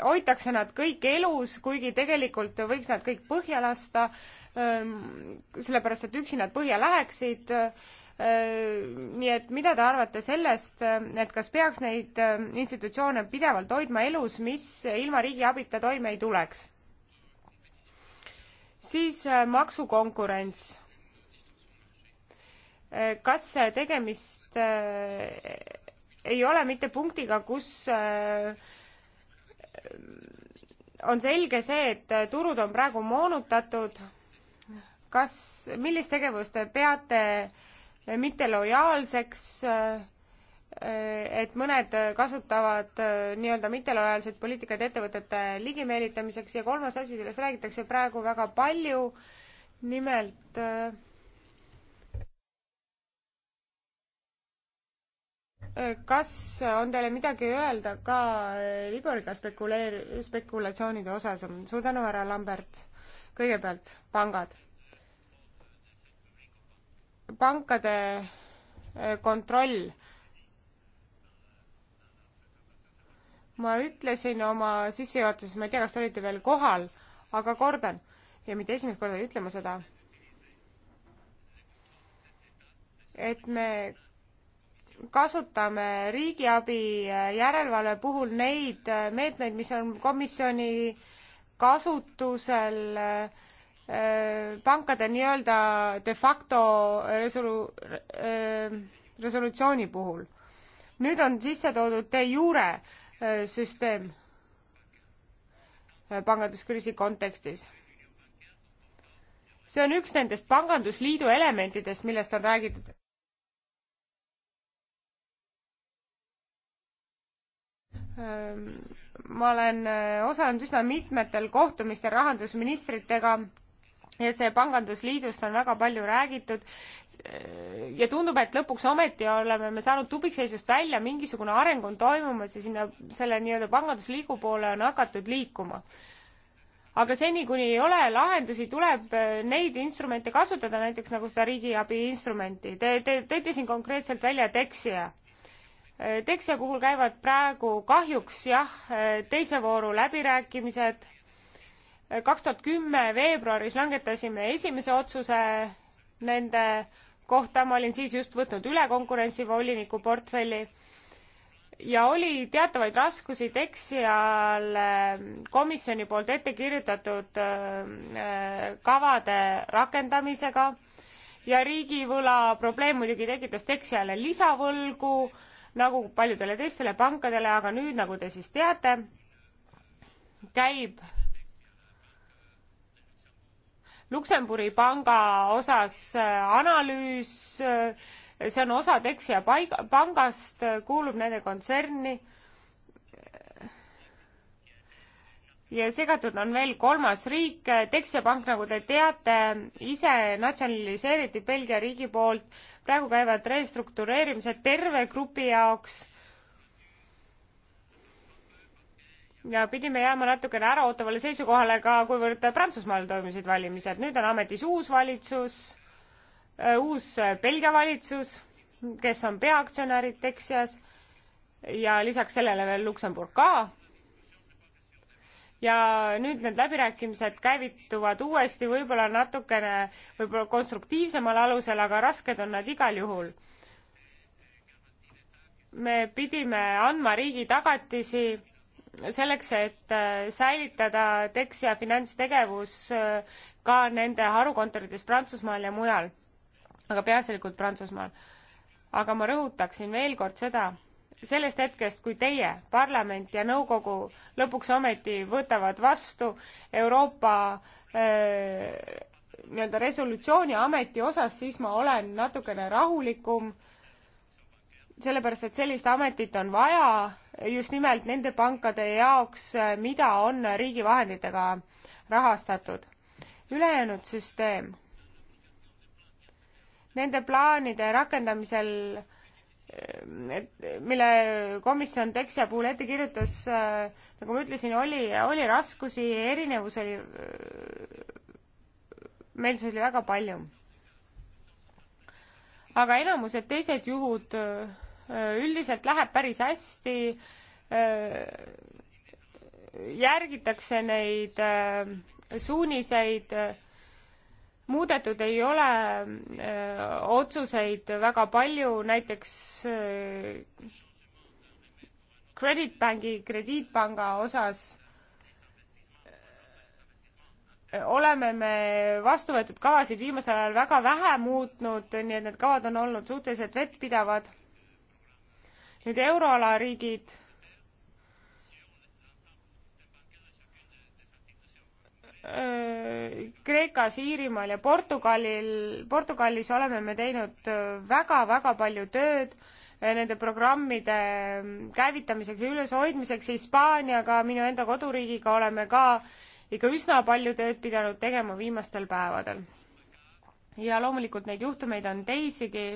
Speaker 3: hoitakse nad kõik elus, kuigi tegelikult võiks nad kõik põhja lasta, ähm, sellepärast et üksi nad põhja läheksid nii et mida te arvate sellest, et kas peaks neid institutsioone pidevalt hoidma elus, mis ilma riigi abita toime ei tuleks? siis äh, maksukonkurents. Äh, kas äh, tegemist ei ole mitte punktiga, kus on selge see, et turud on praegu moonutatud. kas, millist tegevust te peate mittelojaalseks äh, Äh, et mõned kasutavad äh, nii-öelda mittelojaalseid poliitikaid ettevõtete ligimeelitamiseks ja kolmas asi, sellest räägitakse praegu väga palju, nimelt äh, kas on teile midagi öelda ka liboriga spekuleer-, spekulatsioonide osas? suur tänu, härra Lambert. kõigepealt pangad. pankade kontroll ma ütlesin oma sissejuhatuses, ma ei tea, kas te olite veel kohal, aga kordan ja mitte esimest korda ei ütle ma seda, et me kasutame riigiabi järelevalve puhul neid meetmeid, mis on komisjoni kasutusel äh, pankade nii-öelda de facto resolu-, äh, resolutsiooni puhul. nüüd on sisse toodud de jure süsteem panganduskriisi kontekstis. see on üks nendest pangandusliidu elementidest, millest on räägitud. Ehm, ma olen eh, osalenud üsna mitmetel kohtumistel rahandusministritega ja see pangandusliidust on väga palju räägitud. ja tundub, et lõpuks ometi oleme me saanud tupikseisust välja, mingisugune areng on toimumas ja sinna selle nii-öelda pangandusliigu poole on hakatud liikuma aga seni, kuni ei ole lahendusi, tuleb neid instrumente kasutada, näiteks nagu seda riigiabi instrumenti. Te, te tõite siin konkreetselt välja Dexia. Dexia puhul käivad praegu kahjuks jah, teise vooru läbirääkimised kaks tuhat kümme veebruaris langetasime esimese otsuse nende kohta, ma olin siis just võtnud üle konkurentsivoliniku portfelli ja oli teatavaid raskusi teksti all komisjoni poolt ette kirjutatud äh, kavade rakendamisega ja riigivõla probleem muidugi tekitas teksti alla lisavõlgu nagu paljudele teistele pankadele, aga nüüd, nagu te siis teate, käib Luksemburi panga osas äh, analüüs, äh, see on osa Dexia paiga, pangast, äh, kuulub nende kontserni. ja segatud on veel kolmas riik, Dexia pank, nagu te teate, ise natsionaliseeriti Belgia riigi poolt, praegu käivad restruktureerimised terve grupi jaoks ja pidime jääma natukene äraootavale seisukohale ka, kuivõrd Prantsusmaal toimusid valimised. nüüd on ametis uus valitsus, äh, uus äh, Belgia valitsus, kes on peaaktsionärid Texias ja lisaks sellele veel Luksemburg ka. ja nüüd need läbirääkimised käivituvad uuesti võib-olla natukene, võib-olla konstruktiivsemal alusel, aga rasked on nad igal juhul me pidime andma riigi tagatisi selleks, et äh, säilitada teks- ja finantstegevus äh, ka nende harukontorites Prantsusmaal ja mujal, aga peaasjalikult Prantsusmaal. aga ma rõhutaksin veel kord seda, sellest hetkest, kui teie, parlament ja nõukogu lõpuks ometi võtavad vastu Euroopa öö, äh, nii-öelda resolutsiooni ameti osas, siis ma olen natukene rahulikum äh, sellepärast, et sellist ametit on vaja just nimelt nende pankade jaoks, mida on riigi vahenditega rahastatud. ülejäänud süsteem. Nende plaanide rakendamisel, mille komisjon teksti puhul ette kirjutas, nagu ma ütlesin, oli, oli raskusi, erinevus oli, meelsusi oli väga palju aga enamused teised juhud Äh, üldiselt läheb päris hästi, äh, järgitakse neid äh, suuniseid, muudetud ei ole otsuseid väga palju, näiteks Credit Banki, krediitpanga osas oleme me vastu võetud kavasid viimasel ajal väga vähe muutnud, nii et need kavad on olnud suhteliselt vettpidavad nüüd euroala riigid Kreekas, Iirimaal ja Portugalil, Portugalis oleme me teinud väga-väga palju tööd nende programmide käivitamiseks ja üleshoidmiseks. Hispaaniaga, minu enda koduriigiga oleme ka ikka üsna palju tööd pidanud tegema viimastel päevadel. ja loomulikult neid juhtumeid on teisigi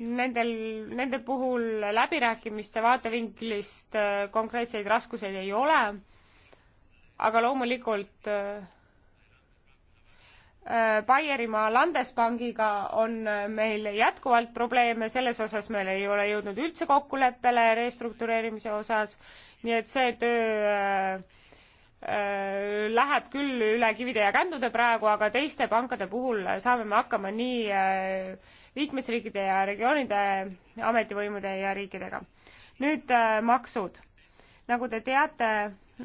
Speaker 3: nendel, nende puhul läbirääkimiste vaatevinklist äh, konkreetseid raskuseid ei ole, aga loomulikult äh, äh, Baierimaa Landespangiga on meil jätkuvalt probleeme, selles osas meil ei ole jõudnud üldse kokkuleppele restruktureerimise osas, nii et see töö läheb küll üle kivide ja kändude praegu, aga teiste pankade puhul saame me hakkama nii liikmesriikide ja regioonide ametivõimude ja riikidega. nüüd äh, maksud. nagu te teate,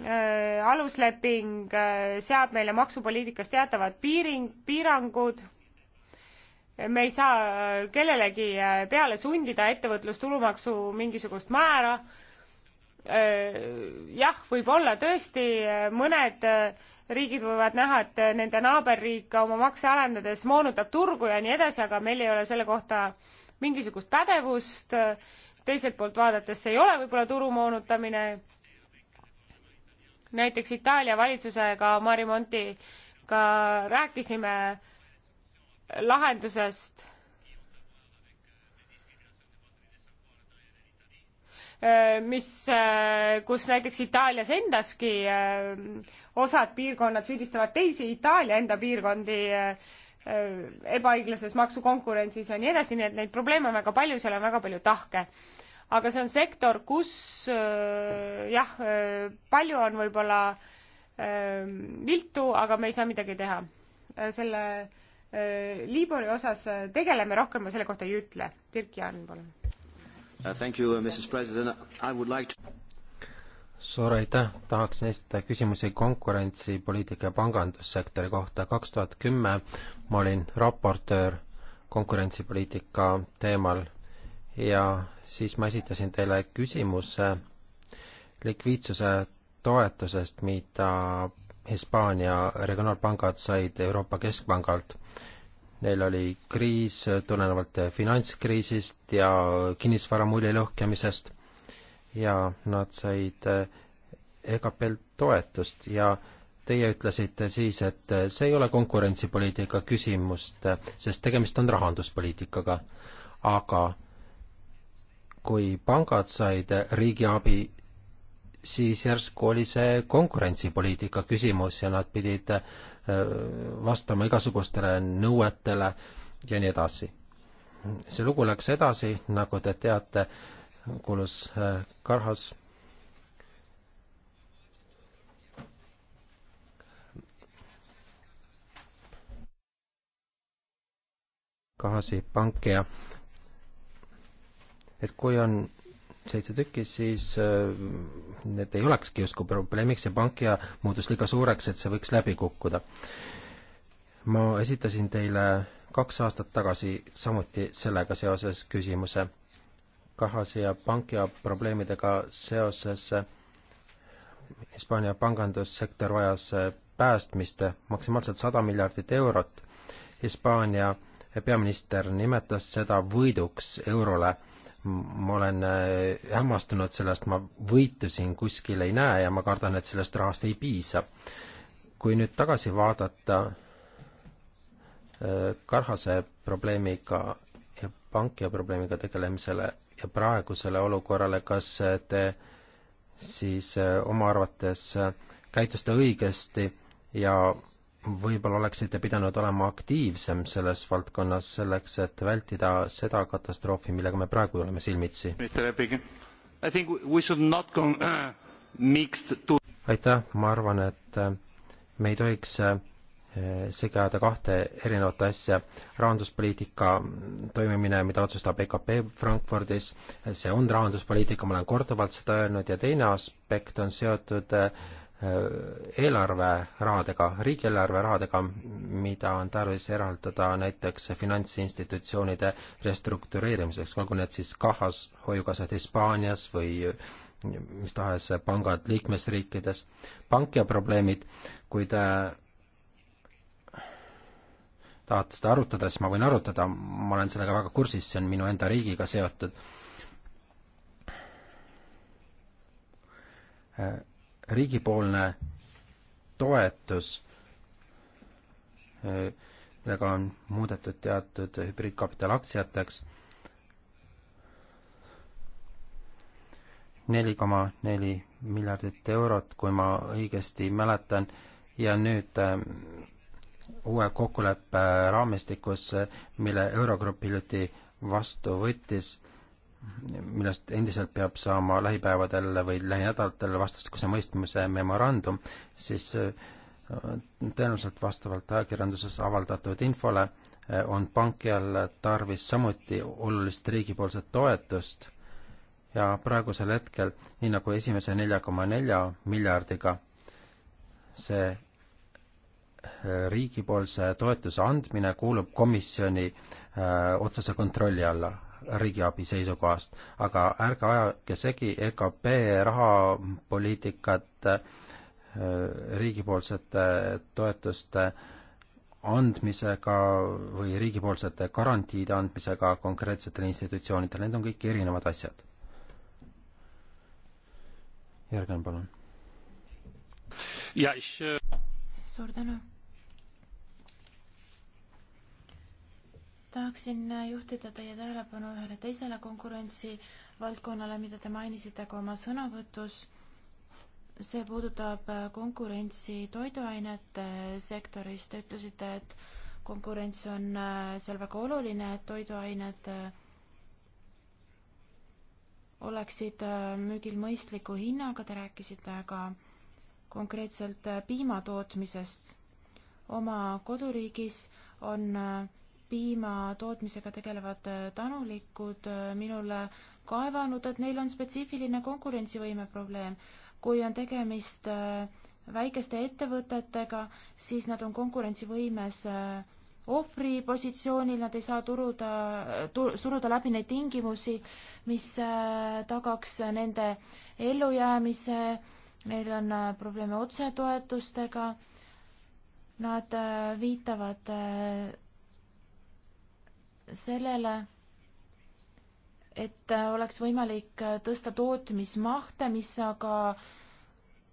Speaker 3: äh, alusleping äh, seab meile maksupoliitikas teatavad piiring, piirangud, me ei saa kellelegi peale sundida ettevõtlustulumaksu mingisugust määra, jah, võib-olla tõesti mõned äh, riigid võivad näha, et nende naaberriik oma makse alandades moonutab turgu ja nii edasi, aga meil ei ole selle kohta mingisugust pädevust. teiselt poolt vaadates see ei ole võib-olla turu moonutamine. näiteks Itaalia valitsusega Marimontiga rääkisime lahendusest Äh, mis, äh, kus näiteks Itaalias endaski äh, osad piirkonnad süüdistavad teisi Itaalia enda piirkondi ebaõiglases maksukonkurentsis ja nii edasi, nii et neid probleeme on väga palju, seal on väga palju tahke. aga see on sektor, kus jah, palju on võib-olla viltu, aga me ei saa midagi teha. selle Liibori osas tegeleme rohkem, ma selle kohta ei ütle. Dirk Jaan, palun
Speaker 2: Uh, thank you, uh, Mrs President, I would like to
Speaker 4: suur aitäh, tahaksin esitada küsimusi konkurentsipoliitika ja pangandussektori kohta. kaks tuhat kümme ma olin raportöör konkurentsipoliitika teemal ja siis ma esitasin teile küsimuse likviidsuse toetusest, mida Hispaania regionaalpangad said Euroopa Keskpangalt neil oli kriis tulenevalt finantskriisist ja kinnisvara mulje lõhkemisest ja nad said EKP-lt eh, e toetust ja teie ütlesite siis, et see ei ole konkurentsipoliitika küsimust, sest tegemist on rahanduspoliitikaga. aga kui pangad said riigiabi, siis järsku oli see konkurentsipoliitika küsimus ja nad pidid vastama igasugustele nõuetele ja nii edasi. see lugu läks edasi, nagu te teate, kuulus äh, Karhas Kahasi pank ja et kui on seitse tükki, siis äh, need ei olekski justkui probleemiks ja Bankia muutus liiga suureks, et see võiks läbi kukkuda. ma esitasin teile kaks aastat tagasi samuti sellega seoses küsimuse. Kahase ja Bankia probleemidega seoses Hispaania pangandussektor vajas päästmist maksimaalselt sada miljardit eurot. Hispaania peaminister nimetas seda võiduks eurole ma olen äh, hämmastunud sellest, ma võitu siin kuskil ei näe ja ma kardan, et sellest rahast ei piisa. kui nüüd tagasi vaadata äh, Karhase probleemiga ja pankija probleemiga tegelemisele ja praegusele olukorrale, kas te siis äh, oma arvates käitusite õigesti ja võib-olla oleksite pidanud olema aktiivsem selles valdkonnas selleks, et vältida seda katastroofi, millega me praegu oleme silmitsi? Uh, aitäh, ma arvan, et äh, me ei tohiks äh, segi ajada kahte erinevat asja. rahanduspoliitika toimimine, mida otsustab EKP Frankfurdis, see on rahanduspoliitika, ma olen korduvalt seda öelnud, ja teine aspekt on seotud äh, Äh, eelarverahadega, riigieelarve rahadega, mida on tarvis eraldada näiteks finantsinstitutsioonide restruktureerimiseks, olgu need siis kahas, hoiukassad Hispaanias või mis tahes pangad liikmesriikides. pank ja probleemid, kui te tahate seda arutada, siis ma võin arutada, ma olen sellega väga kursis, see on minu enda riigiga seotud äh, riigipoolne toetus, millega on muudetud teatud hübriidkapital aktsiateks, neli koma neli miljardit eurot, kui ma õigesti mäletan, ja nüüd äh, uue kokkuleppe raamistikus, äh, mille Eurogrupp hiljuti vastu võttis, millest endiselt peab saama lähipäevadel või lähinädalatel vastastikuse mõistmise memorandum, siis äh, tõenäoliselt vastavalt ajakirjanduses avaldatud infole äh, on pankijal tarvis samuti olulist riigipoolset toetust ja praegusel hetkel, nii nagu esimese nelja koma nelja miljardiga, see äh, riigipoolse toetuse andmine kuulub komisjoni öö, otsese kontrolli alla, riigiabi seisukohast, aga ärge ajage segi EKP rahapoliitikat äh, riigipoolsete toetuste andmisega või riigipoolsete garantiide andmisega konkreetsetele institutsioonidele, need on kõik erinevad asjad. Jörgen, palun. Äh,
Speaker 2: suur tänu tahaksin juhtida teie tähelepanu ühele teisele konkurentsivaldkonnale, mida te mainisite ka oma sõnavõtus. see puudutab konkurentsi toiduainete sektoris. Te ütlesite, et konkurents on äh, seal väga oluline, et toiduained äh, oleksid äh, müügil mõistliku hinnaga, te rääkisite ka konkreetselt piimatootmisest. oma koduriigis on piimatootmisega tegelevad äh, tänulikud äh, minule kaevanud, et neil on spetsiifiline konkurentsivõime probleem. kui on tegemist äh, väikeste ettevõtetega, siis nad on konkurentsivõimes ohvripositsioonil, nad ei saa turuda tu,, suruda läbi neid tingimusi, mis tagaks nende ellujäämise, neil on probleeme otsetoetustega, nad viitavad sellele, et oleks võimalik tõsta tootmismahte, mis aga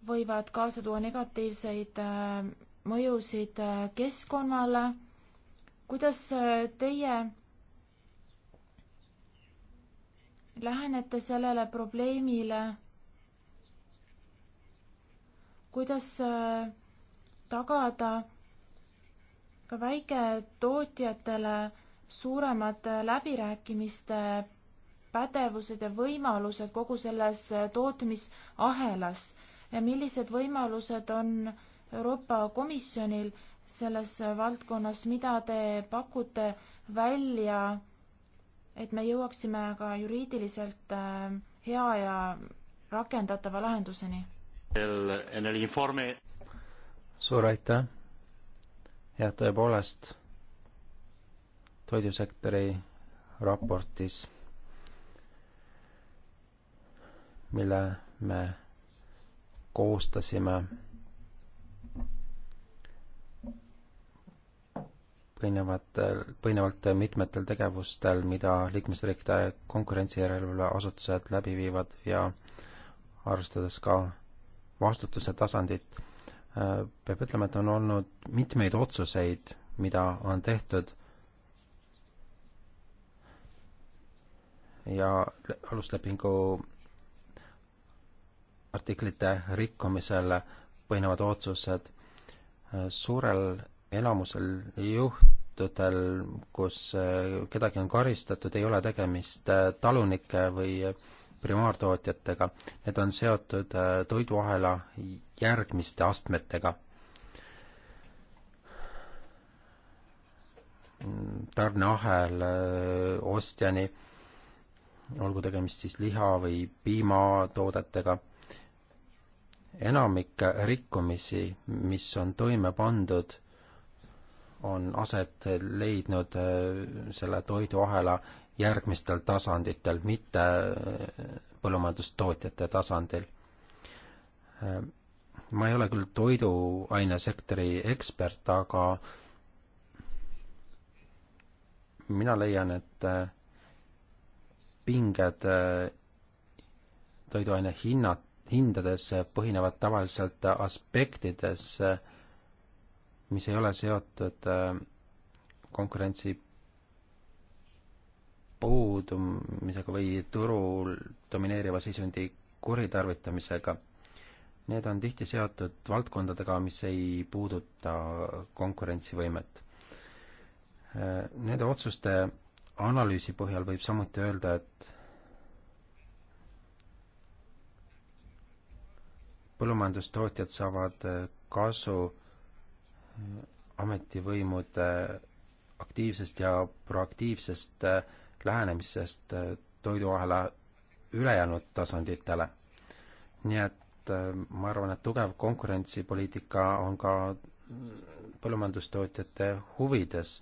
Speaker 2: võivad kaasa tuua negatiivseid äh, mõjusid äh, keskkonnale. kuidas äh, teie lähenete sellele probleemile? kuidas tagada ka väiketootjatele suuremad läbirääkimiste pädevused ja võimalused kogu selles tootmisahelas ja millised võimalused on Euroopa Komisjonil selles valdkonnas, mida te pakute välja, et me jõuaksime ka juriidiliselt äh, hea ja rakendatava lahenduseni?
Speaker 4: suur aitäh! jah, tõepoolest toidusektori raportis, mille me koostasime põhinevatel, põhinevalt mitmetel tegevustel, mida liikmesriikide konkurentsijärelevalve asutused läbi viivad ja arvestades ka vastutuse tasandit, äh, peab ütlema, et on olnud mitmeid otsuseid, mida on tehtud ja aluslepingu artiklite rikkumisel põhinevad otsused. suurel enamusel juhtudel, kus eh, kedagi on karistatud, ei ole tegemist eh, talunike või primaartootjatega, need on seotud eh, toiduahela järgmiste astmetega. Mm, tarneahel ostjani olgu tegemist siis liha- või piimatoodetega. enamik rikkumisi, mis on toime pandud, on aset leidnud äh, selle toiduahela järgmistel tasanditel, mitte äh, põllumajandustootjate tasandil. Äh, ma ei ole küll toiduainesektori ekspert, aga mina leian, et pinged äh, toiduaine hinnad, hindades põhinevad tavaliselt aspektides, äh, mis ei ole seotud äh, konkurentsi puudumisega või turul domineeriva seisundi kuritarvitamisega. Need on tihti seotud valdkondadega, mis ei puuduta konkurentsivõimet. Nende otsuste analüüsi põhjal võib samuti öelda, et põllumajandustootjad saavad kasu ametivõimude aktiivsest ja proaktiivsest lähenemisest toiduahela ülejäänud tasanditele. nii et äh, ma arvan, et tugev konkurentsipoliitika on ka põllumajandustootjate huvides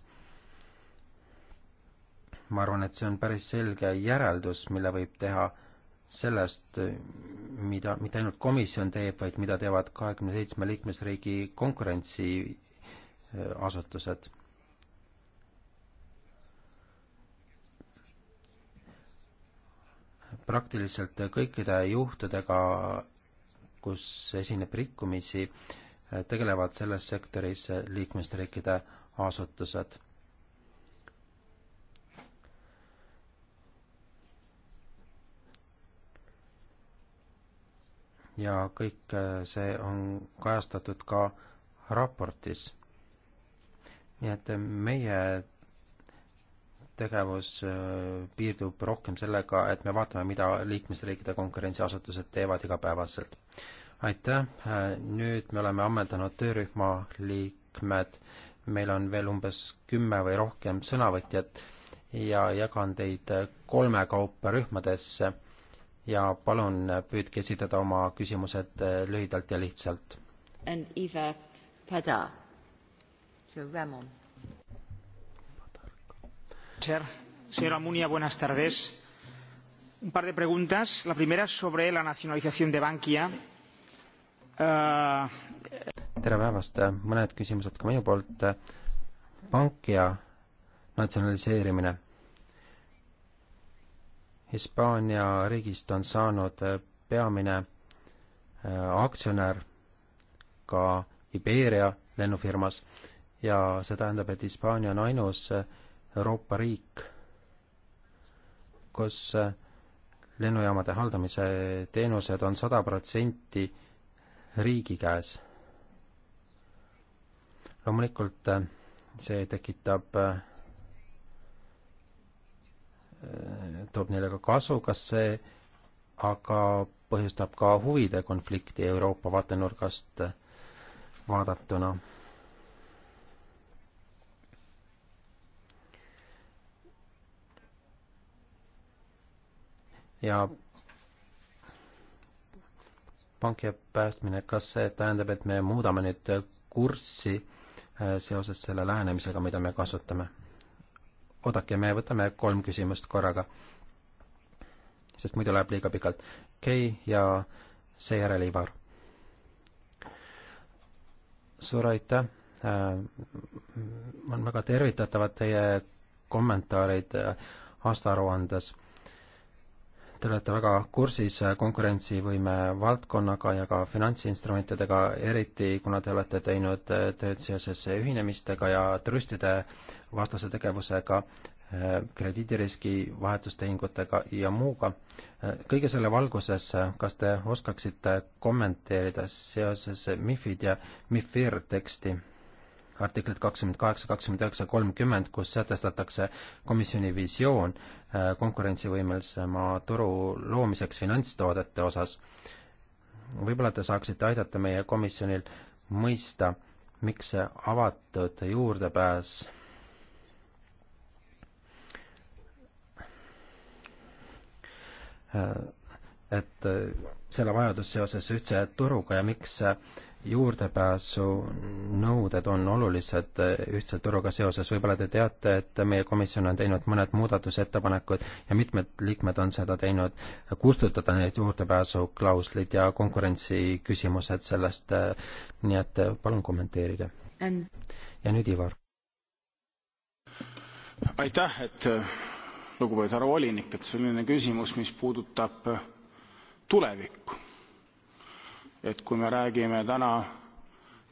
Speaker 4: ma arvan, et see on päris selge järeldus, mille võib teha sellest, mida mitte ainult komisjon teeb, vaid mida teevad kahekümne seitsme liikmesriigi konkurentsiasutused. praktiliselt kõikide juhtudega, kus esineb rikkumisi, tegelevad selles sektoris liikmesriikide asutused ja kõik äh, see on kajastatud ka raportis. nii et äh, meie tegevus äh, piirdub rohkem sellega, et me vaatame, mida liikmesriikide konkurentsiasutused teevad igapäevaselt. aitäh, nüüd me oleme ammendanud töörühma liikmed, meil on veel umbes kümme või rohkem sõnavõtjat ja jagan teid kolme kaupa rühmadesse ja palun äh, püüdke esitada oma küsimused äh, lühidalt ja lihtsalt.
Speaker 1: And Eva Pada, so Ramon.
Speaker 2: Señora Munia, buenas tardes. Un par de preguntas. La primera sobre la nacionalización de Bankia.
Speaker 1: Uh...
Speaker 4: tere päevast, mõned küsimused ka minu poolt. Bankia natsionaliseerimine Hispaania riigist on saanud äh, peamine äh, aktsionär ka Iberia lennufirmas ja see tähendab, et Hispaania on ainus äh, Euroopa riik, kus lennujaamade haldamise teenused on sada protsenti riigi käes. loomulikult see tekitab toob neile ka kasu, kas see aga põhjustab ka huvide konflikti Euroopa vaatenurgast vaadatuna? ja panki päästmine, kas see tähendab, et me muudame nüüd kurssi äh, seoses selle lähenemisega, mida me kasutame? oodake, me võtame kolm küsimust korraga, sest muidu läheb liiga pikalt. Kei ja seejärel Ivar. suur aitäh äh,! on väga tervitatavad teie kommentaarid äh, aastaaruandes. Te olete väga kursis äh, konkurentsivõime valdkonnaga ja ka finantsinstrumentidega, eriti kuna te olete teinud äh, tööd seoses ühinemistega ja trustide vastase tegevusega, eh, krediidiriski vahetustehingutega ja muuga. Eh, kõige selle valguses, eh, kas te oskaksite kommenteerida seoses MIFID ja MIFIR teksti artiklid kakskümmend kaheksa, kakskümmend üheksa, kolmkümmend, kus sätestatakse komisjoni visioon konkurentsivõimelisema turu loomiseks finantstoodete osas. võib-olla te saaksite aidata meie komisjonil mõista, miks see avatud juurdepääs Äh, et äh, selle vajadus seoses ühtse turuga ja miks äh, juurdepääsunõuded on olulised ühtse turuga seoses, võib-olla te teate, et meie komisjon on teinud mõned muudatusettepanekud ja mitmed liikmed on seda teinud, kustutada need juurdepääsuklauslid ja konkurentsiküsimused sellest, nii et palun kommenteerige. ja nüüd Ivar.
Speaker 1: aitäh, et lugupeetud härra volinik, et selline küsimus, mis puudutab tulevikku. et kui me räägime täna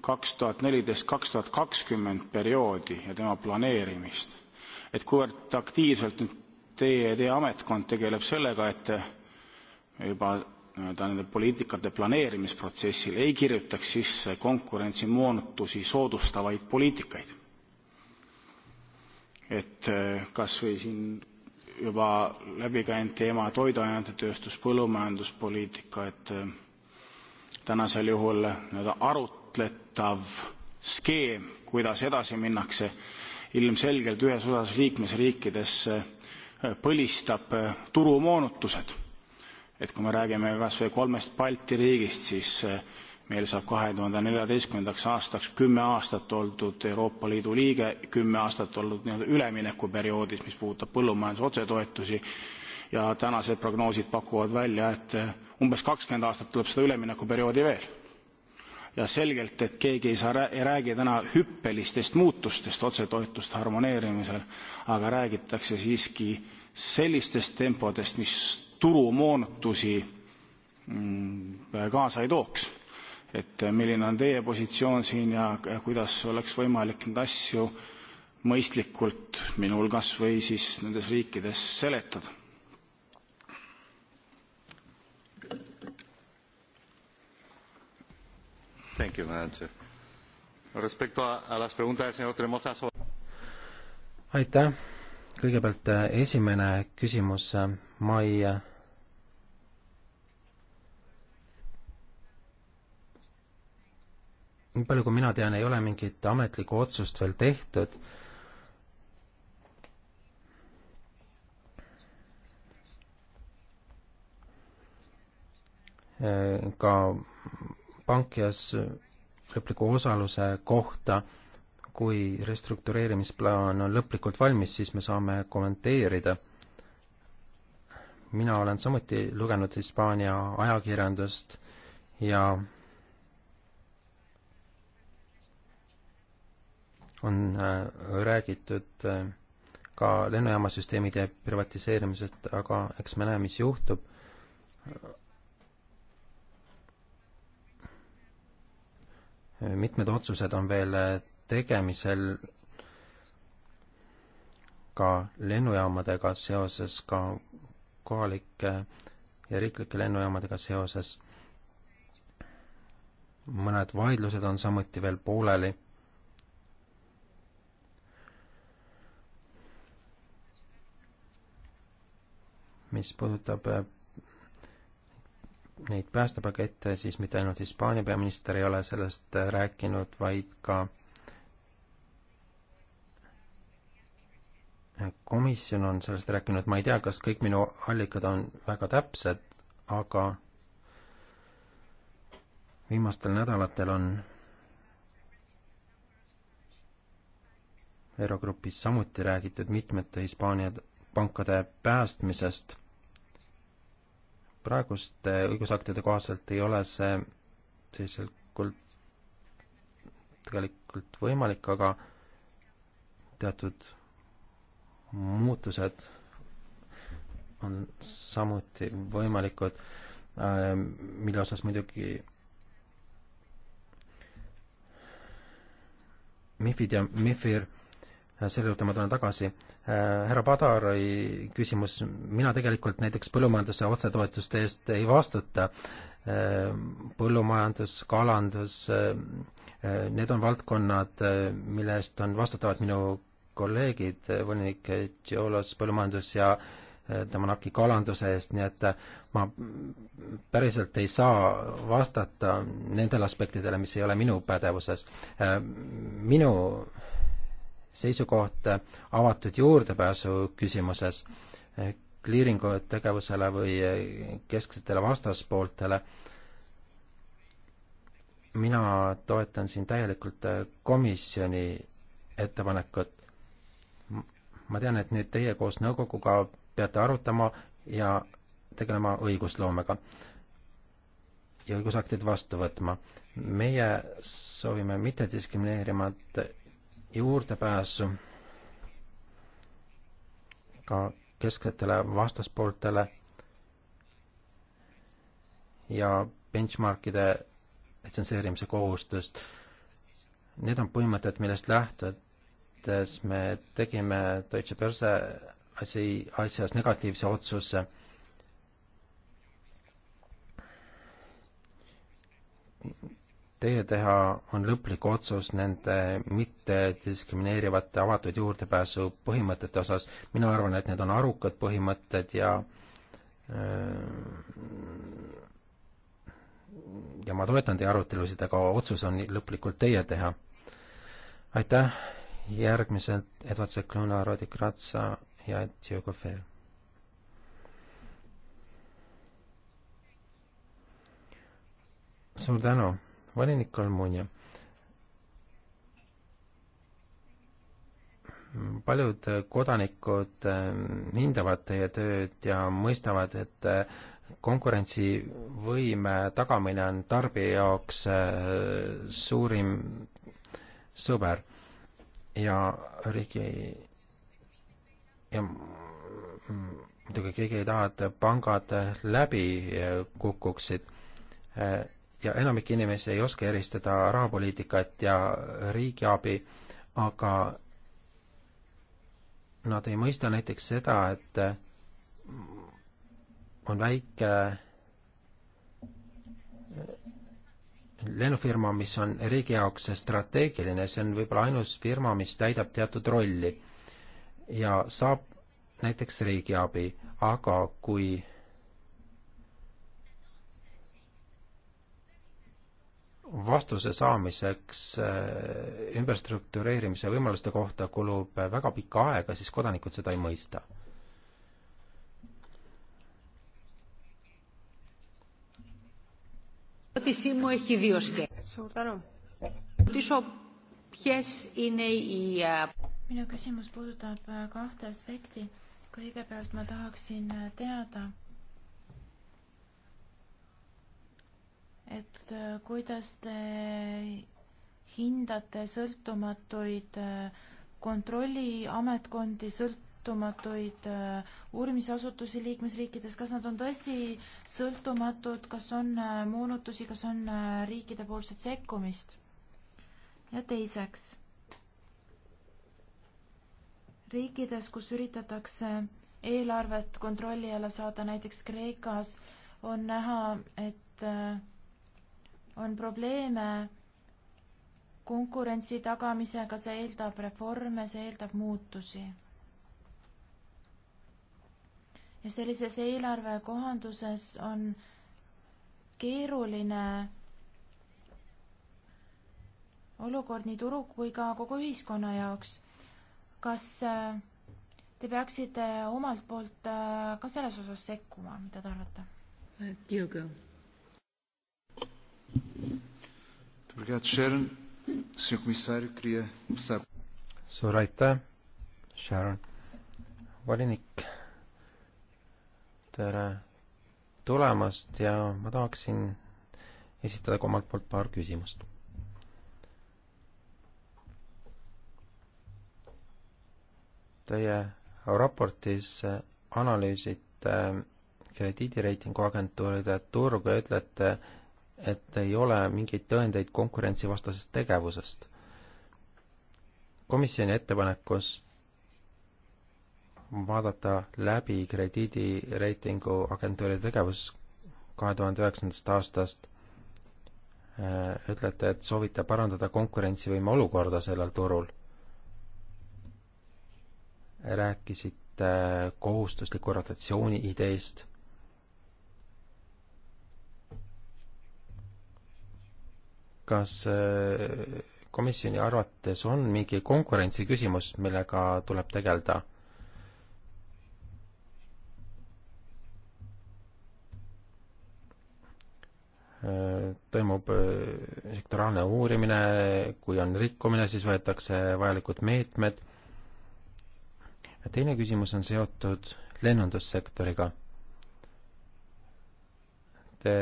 Speaker 1: kaks tuhat neliteist, kaks tuhat kakskümmend perioodi ja tema planeerimist, et kuivõrd aktiivselt nüüd teie, teie ametkond tegeleb sellega, et juba nii-öelda nende poliitikate planeerimisprotsessil ei kirjutaks sisse konkurentsimoonutusi soodustavaid poliitikaid. et kas või siin juba läbi käinud teema toiduainetööstus, põllumajanduspoliitika, et äh, tänasel juhul nii-öelda arutletav skeem, kuidas edasi minnakse, ilmselgelt ühes osas liikmesriikides äh, põlistab äh, turumoonutused. et kui me räägime kas või kolmest Balti riigist, siis meil saab kahe tuhande neljateistkümnendaks aastaks kümme aastat oldud Euroopa Liidu liige, kümme aastat olnud nii-öelda üleminekuperioodis, mis puudutab põllumajanduse otsetoetusi ja tänased prognoosid pakuvad välja, et umbes kakskümmend aastat tuleb seda üleminekuperioodi veel. ja selgelt, et keegi ei saa, ei räägi täna hüppelistest muutustest otsetoetuste harmoneerimisel, aga räägitakse siiski sellistest tempodest, mis turumoonutusi mm, kaasa ei tooks et äh, milline on teie positsioon siin ja äh, kuidas oleks võimalik neid asju mõistlikult minu hulgas või siis nendes riikides seletada?
Speaker 4: Thank you, manager. Respecto a, a las preguntas del señor Tremosa sobre... aitäh, kõigepealt äh, esimene küsimus, ma ei nii palju kui mina tean, ei ole mingit ametlikku otsust veel tehtud. ka Pankias lõpliku osaluse kohta, kui restruktureerimisplaan on lõplikult valmis, siis me saame kommenteerida. mina olen samuti lugenud Hispaania ajakirjandust ja on äh, räägitud äh, ka lennujaamasüsteemide privatiseerimisest, aga eks me näe, mis juhtub. mitmed otsused on veel äh, tegemisel ka lennujaamadega seoses, ka kohalike ja riiklike lennujaamadega seoses. mõned vaidlused on samuti veel pooleli mis puudutab äh, neid päästepakette, siis mitte ainult Hispaania peaminister ei ole sellest äh, rääkinud, vaid ka komisjon on sellest rääkinud, ma ei tea, kas kõik minu allikad on väga täpsed, aga viimastel nädalatel on Eurogrupis samuti räägitud mitmete Hispaania pankade päästmisest. praeguste õigusaktide kohaselt ei ole see selliselt tegelikult võimalik, aga teatud muutused on samuti võimalikud, ähm, mille osas muidugi MIFID ja MIFIR, äh, selle juurde ma tulen tagasi Äh, härra Padari küsimus, mina tegelikult näiteks põllumajanduse otsetoetuste eest ei vastuta. Äh, põllumajandus, kalandus, äh, need on valdkonnad, mille eest on vastutavad minu kolleegid, volinik Tšiolos põllumajandus ja Tamanaki kalanduse eest, nii et ma päriselt ei saa vastata nendele aspektidele, mis ei ole minu pädevuses. minu seisukoht avatud juurdepääsu küsimuses kliiringu eh, tegevusele või eh, kesksetele vastaspooltele. mina toetan siin täielikult eh, komisjoni ettepanekut. ma tean, et nüüd teie koos nõukoguga peate arutama ja tegelema õigusloomega ja õigusaktid vastu võtma. meie soovime mittediskrimineerivat juurdepääsu ka kesksetele vastaspooltele ja benchmarkide retsenseerimise kohustust. Need on põhimõtted, millest lähtudes me tegime Deutsche Börse asi, asjas negatiivse otsuse teie teha on lõplik otsus nende mittediskrimineerivate avatud juurdepääsu põhimõtete osas. mina arvan, et need on arukad põhimõtted ja äh, ja ma toetan teie arutelusid, aga otsus on lõplikult teie teha. aitäh, järgmised Edward Sekluna, Rodik Ratsa ja Diego Fell. suur tänu volinik Almunia. paljud kodanikud ehm, hindavad teie tööd ja mõistavad, et eh, konkurentsivõime tagamine on tarbija jaoks eh, suurim sõber ja riigi ja muidugi keegi ei taha, et pangad läbi eh, kukuksid ja enamik inimesi ei oska eristada rahapoliitikat ja riigiabi, aga nad ei mõista näiteks seda, et on väike lennufirma, mis on riigi jaoks strateegiline, see on võib-olla ainus firma, mis täidab teatud rolli ja saab näiteks riigiabi, aga kui vastuse saamiseks äh, ümberstruktureerimise võimaluste kohta kulub äh, väga pikka aega, siis kodanikud seda ei mõista.
Speaker 3: suur tänu.
Speaker 2: minu küsimus puudutab äh, kahte aspekti. kõigepealt ma tahaksin teada et äh, kuidas te hindate sõltumatuid äh, kontrolliametkondi, sõltumatuid äh, uurimisasutusi liikmesriikides, kas nad on tõesti sõltumatud, kas on moonutusi, kas on riikidepoolset sekkumist? ja teiseks, riikides, kus üritatakse eelarvet kontrolli alla saada, näiteks Kreekas, on näha, et äh, on probleeme konkurentsi tagamisega, see eeldab reforme, see eeldab muutusi. ja sellises eelarve kohanduses on keeruline olukord nii turu kui ka kogu ühiskonna jaoks. kas äh, te peaksite omalt poolt äh, ka selles osas sekkuma, mida te arvate?
Speaker 3: Äh, Diogo
Speaker 4: suur aitäh, Sharon. volinik, tere tulemast ja ma tahaksin esitada ka omalt poolt paar küsimust. Teie raportis analüüsite krediidireitinguagentuuride turgu ja ütlete, et ei ole mingeid tõendeid konkurentsivastasest tegevusest. komisjoni ettepanekus vaadata läbi krediidireitingu agentuuri tegevus kahe tuhande üheksandast aastast, äh, ütlete, et soovite parandada konkurentsivõime olukorda sellel turul. rääkisite kohustusliku rotatsiooni ideest kas äh, komisjoni arvates on mingi konkurentsi küsimus, millega tuleb tegeleda? Äh, toimub äh, sektoraalne uurimine, kui on rikkumine, siis võetakse vajalikud meetmed. teine küsimus on seotud lennundussektoriga. Te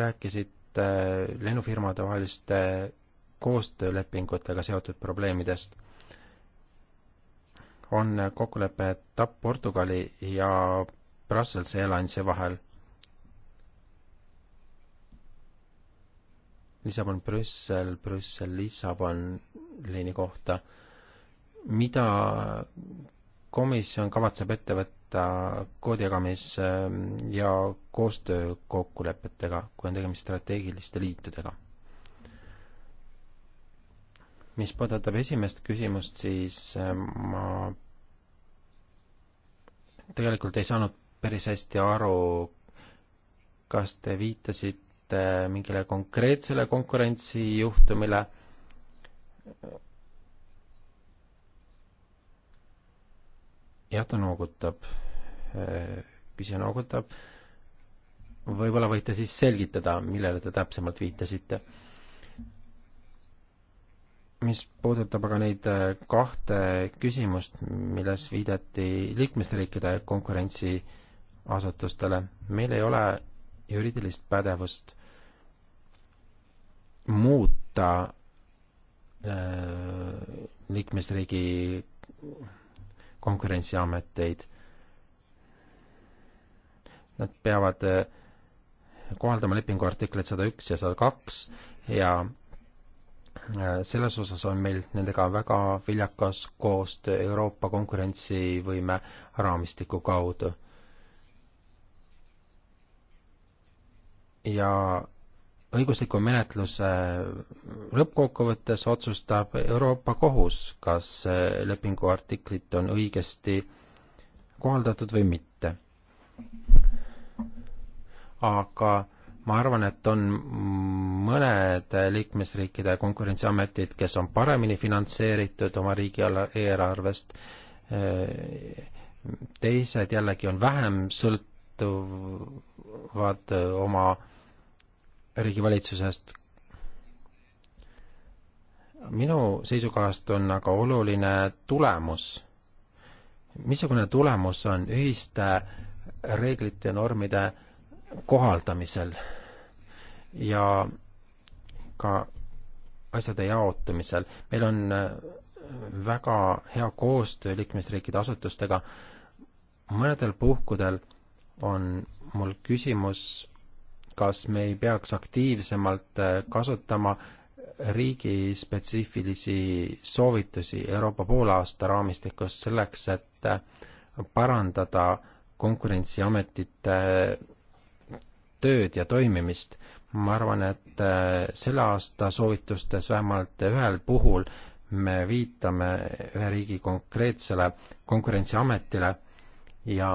Speaker 4: rääkisite erinevate äh, lennufirmade vaheliste koostöölepingutega seotud probleemidest on kokkulepe TAP Portugali ja Brussels Airlinesi vahel. Lissabon, Brüssel, Brüssel, Lissabon liini kohta. mida komisjon kavatseb ette võtta kohta koodijagamis- ähm, ja koostöökokkulepetega, kui on tegemist strateegiliste liitudega. mis puudutab esimest küsimust, siis ähm, ma tegelikult ei saanud päris hästi aru, kas te viitasite mingile konkreetsele konkurentsijuhtumile jah, ta noogutab, äh, küsija noogutab. võib-olla võite siis selgitada, millele te täpsemalt viitasite? mis puudutab aga neid äh, kahte küsimust, milles viidati liikmesriikide konkurentsiasutustele, meil ei ole juriidilist pädevust muuta äh, liikmesriigi konkurentsiameteid. Nad peavad eh, kohaldama lepingu artikleid sada üks ja sada kaks ja eh, selles osas on meil nendega väga viljakas koostöö Euroopa konkurentsivõime raamistiku kaudu. ja õigusliku menetluse lõppkokkuvõttes otsustab Euroopa Kohus, kas lepingu artiklit on õigesti kohaldatud või mitte. aga ma arvan, et on mõned liikmesriikide konkurentsiametid, kes on paremini finantseeritud oma riigieelarvest, teised jällegi on vähem sõltuvad oma äh, riigivalitsusest. minu seisukohast on aga oluline tulemus. missugune tulemus on ühiste reeglite ja normide kohaldamisel ja ka asjade jaotumisel. meil on äh, väga hea koostöö liikmesriikide asutustega. mõnedel puhkudel on mul küsimus kas me ei peaks aktiivsemalt äh, kasutama riigispetsiifilisi soovitusi Euroopa poolaasta raamistikus selleks, et äh, parandada Konkurentsiametite äh, tööd ja toimimist. ma arvan, et selle aasta soovitustes vähemalt ühel puhul me viitame ühe riigi konkreetsele konkurentsiametile ja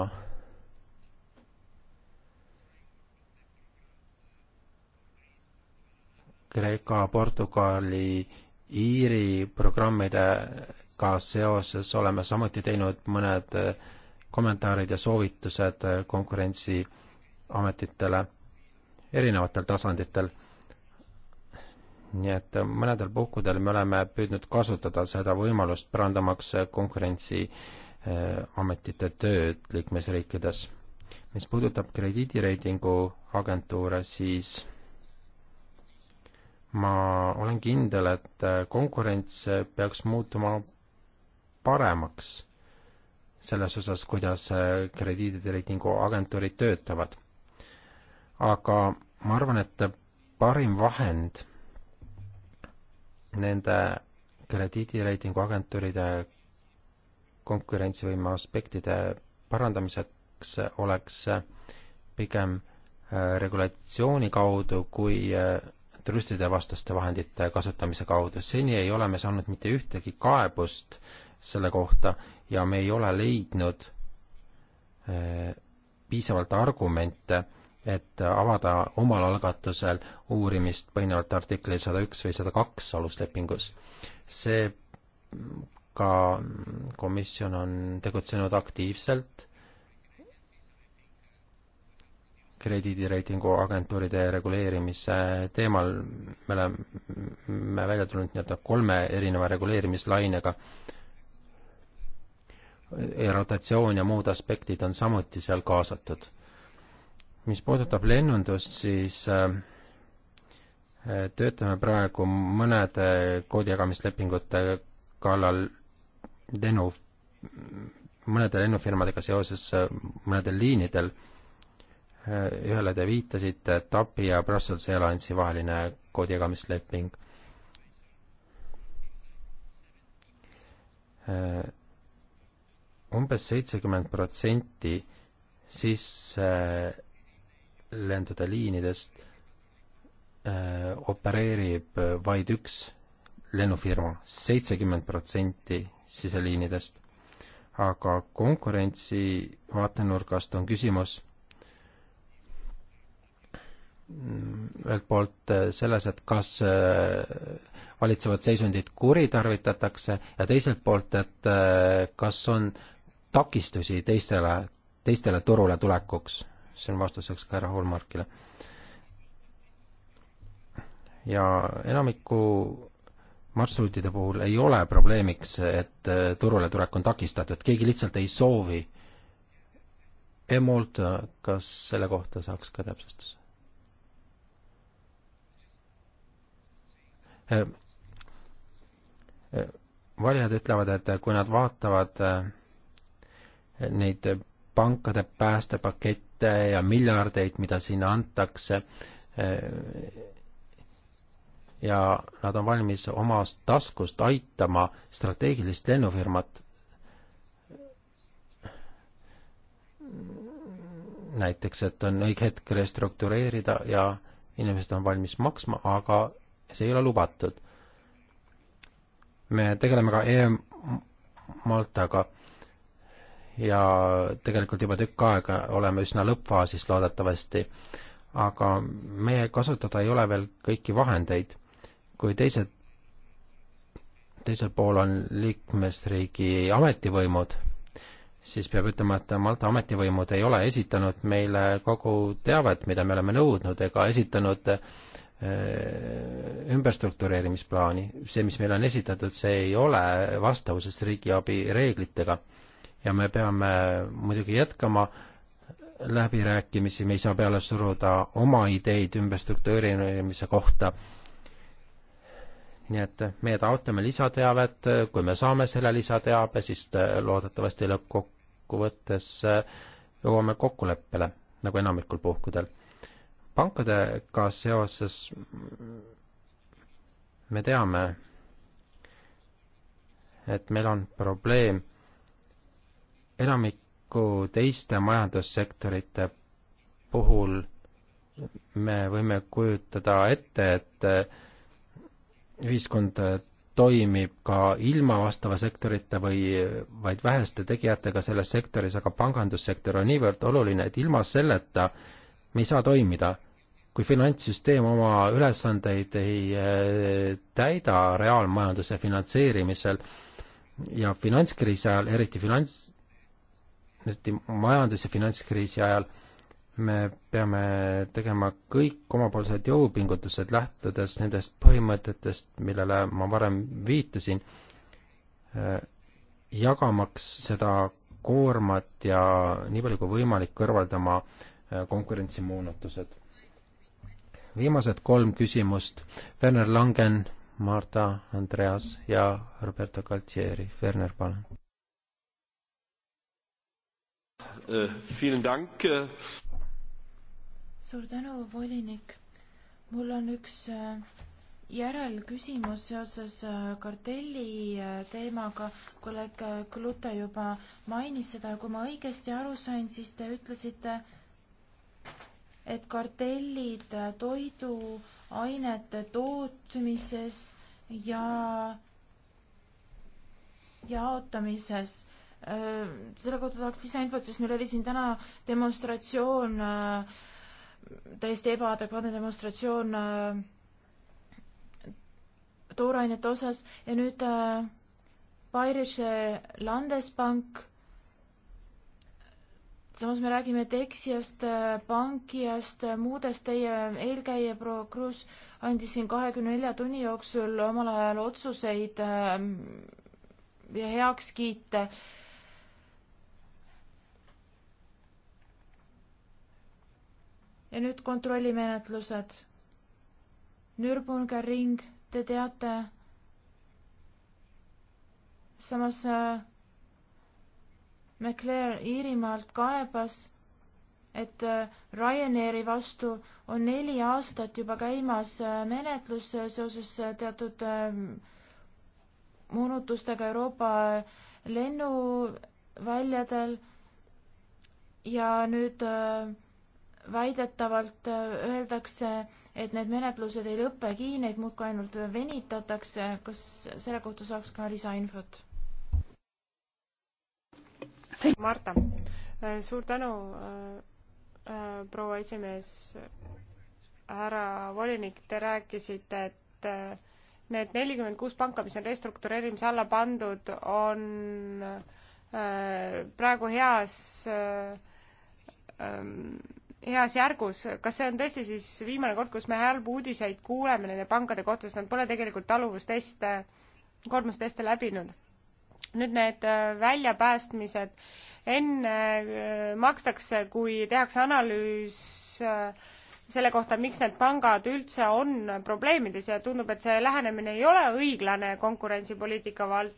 Speaker 4: Kreeka, Portugali, Iiri programmidega seoses oleme samuti teinud mõned eh, kommentaarid ja soovitused eh, konkurentsiametitele erinevatel tasanditel. nii et mõnedel puhkudel me oleme püüdnud kasutada seda võimalust parandamaks eh, konkurentsiametite tööd liikmesriikides. mis puudutab krediidireitingu agentuure, siis ma olen kindel, et äh, konkurents äh, peaks muutuma paremaks selles osas, kuidas äh, krediidireitingu agentuurid töötavad. aga ma arvan, et parim vahend nende krediidireitingu agentuuride konkurentsivõime aspektide parandamiseks oleks pigem regulatsiooni kaudu kui terroristide vastaste vahendite kasutamise kaudu. seni ei ole me saanud mitte ühtegi kaebust selle kohta ja me ei ole leidnud eh, piisavalt argumente, et avada omal algatusel uurimist põhinevalt artiklil sada üks või sada kaks aluslepingus. see ka komisjon on tegutsenud aktiivselt krediidireitingu agentuuride reguleerimise teemal me oleme välja tulnud nii-öelda kolme erineva reguleerimislainega. rotatsioon ja muud aspektid on samuti seal kaasatud. mis puudutab lennundust, siis äh, töötame praegu mõnede koodijagamislepingute kallal lennu, mõnede lennufirmadega seoses äh, mõnedel liinidel Äh, ühele te viitasite, TAPi ja Brussels Airlinesi vaheline koodijagamisleping. Äh, umbes seitsekümmend protsenti sisselendude liinidest äh, opereerib vaid üks lennufirma, seitsekümmend protsenti siseliinidest. aga konkurentsi vaatenurgast on küsimus ühelt poolt äh, selles, et kas äh, valitsevat seisundit kuritarvitatakse ja teiselt poolt, et äh, kas on takistusi teistele, teistele turule tulekuks. see on vastuseks ka härra Holmarkile. ja enamiku marsruutide puhul ei ole probleemiks, et turule tulek on takistatud, keegi lihtsalt ei soovi. EMO-lt, kas selle kohta saaks ka täpsustuse? Äh, äh, valijad ütlevad, et kui nad vaatavad äh, neid pankade päästepakette ja miljardeid, mida sinna antakse, ja nad on valmis omast taskust aitama strateegilist lennufirmat, näiteks, et on õige hetk restruktureerida ja inimesed on valmis maksma, aga see ei ole lubatud. me tegeleme ka e-Maltaga ja tegelikult juba tükk aega oleme üsna lõppfaasis loodetavasti, aga meie kasutada ei ole veel kõiki vahendeid. kui teised, teisel pool on liikmesriigi ametivõimud, siis peab ütlema, et Malta ametivõimud ei ole esitanud meile kogu teavet, mida me oleme nõudnud, ega esitanud Äh, ümberstruktureerimisplaani, see, mis meile on esitatud, see ei ole vastavuses riigiabi reeglitega. ja me peame muidugi jätkama läbirääkimisi, me ei saa peale suruda oma ideid ümberstruktureerimise kohta. nii et me taotleme lisateavet, kui me saame selle lisateabe, siis loodetavasti lõppkokkuvõttes jõuame kokkuleppele, nagu enamikul puhkudel pankadega seoses me teame, et meil on probleem enamiku teiste majandussektorite puhul me võime kujutada ette, et äh, ühiskond äh, toimib ka ilma vastava sektorita või äh, vaid väheste tegijatega selles sektoris, aga pangandussektor on niivõrd oluline, et ilma selleta me ei saa toimida kui finantssüsteem oma ülesandeid ei eh, täida reaalmajanduse finantseerimisel ja finantskriisi ajal, eriti finants, eriti majandus- ja finantskriisi ajal, me peame tegema kõik omapoolsed jõupingutused, lähtudes nendest põhimõtetest, millele ma varem viitasin, eh, jagamaks seda koormat ja nii palju kui võimalik kõrvaldama eh, konkurentsimoonutused viimased kolm küsimust. Werner Langen, Marta Andreas ja Roberto Galtieri. Werner, palun.
Speaker 3: Äh, äh.
Speaker 2: suur tänu, volinik. mul on üks äh, järelküsimus seoses kartelli teemaga. kolleeg Kluta juba mainis seda, kui ma õigesti aru sain, siis te ütlesite, et et kartellid toiduainete tootmises ja jaotamises selle kohta tahaks lisainfot, sest meil oli siin täna demonstratsioon, täiesti ebaadekvaatne demonstratsioon toorainete osas ja nüüd äh, Bayerische Landesbank samas me räägime Texiast, Bankiast, muudest teie eelkäija proua Kruus andis siin kahekümne nelja tunni jooksul omal ajal otsuseid ähm, ja heakskiite. ja nüüd kontrollimenetlused. Nürburgring, te teate, samas äh, McClare Iirimaalt kaebas, et äh, Ryanairi vastu on neli aastat juba käimas äh, menetlus äh, seoses teatud moonutustega ähm, Euroopa lennuväljadel ja nüüd väidetavalt öeldakse, et need menetlused ei lõpegi, neid muudkui ainult venitatakse. kas selle kohta saaks ka lisainfot?
Speaker 3: Marta, äh, suur tänu, äh, äh, proua esimees, härra volinik, te rääkisite, et need nelikümmend kuus panka, mis on restruktureerimise alla pandud, on praegu heas, ähm, heas järgus. kas see on tõesti siis viimane kord, kus me halbu uudiseid kuuleme nende pankade kohta, sest nad pole tegelikult taluvusteste, koormusteste läbinud? nüüd need äh, väljapäästmised, enne äh, makstakse, kui tehakse analüüs äh, selle kohta, miks need pangad üldse on probleemides ja tundub, et see lähenemine ei ole õiglane konkurentsipoliitika vald-,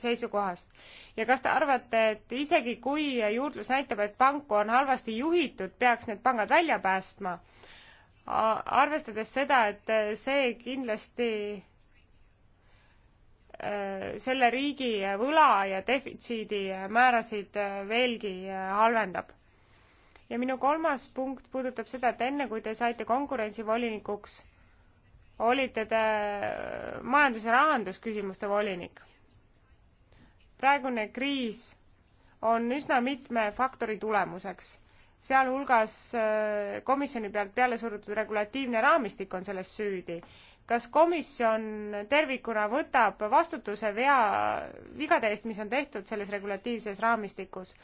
Speaker 3: seisukohast. ja kas te arvate, et isegi kui juurdlus näitab, et panku on halvasti juhitud, peaks need pangad välja päästma? arvestades seda, et see kindlasti Äh, selle riigi võla ja defitsiidi määrasid äh, veelgi äh, halvendab. ja minu kolmas punkt puudutab seda, et enne kui te saite konkurentsivolinikuks, olite te majandus- ja rahandusküsimuste volinik. praegune kriis on üsna mitme faktori tulemuseks, sealhulgas komisjoni pealt peale surutud regulatiivne raamistik on selles süüdi kas komisjon tervikuna võtab vastutuse vea, vigade eest, mis on tehtud selles regulatiivses raamistikus?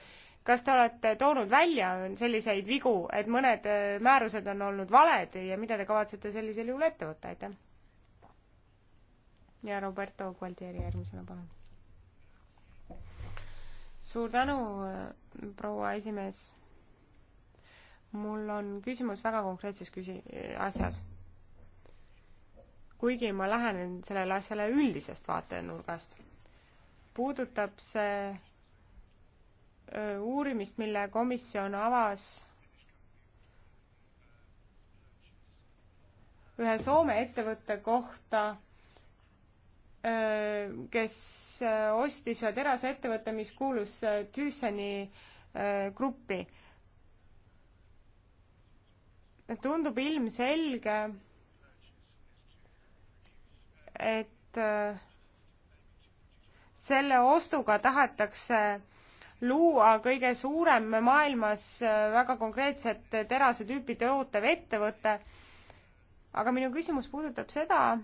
Speaker 3: kas te olete toonud välja selliseid vigu, et mõned äh, määrused on olnud valed ja mida te kavatsete sellisel juhul ette võtta, aitäh? ja Roberto Gualtieri järgmisena, palun. suur tänu, äh, proua esimees. mul on küsimus väga konkreetses küsi-, äh, asjas kuigi ma lähenen sellele asjale üldisest vaatenurgast. puudutab see uurimist, mille komisjon avas ühe Soome ettevõtte kohta, kes ostis ühe teraseettevõtte, mis kuulus Thysseni gruppi. tundub ilmselge et äh, selle ostuga tahetakse luua kõige suurem maailmas äh, väga konkreetset terasetüüpi töötav ettevõte. aga minu küsimus puudutab seda,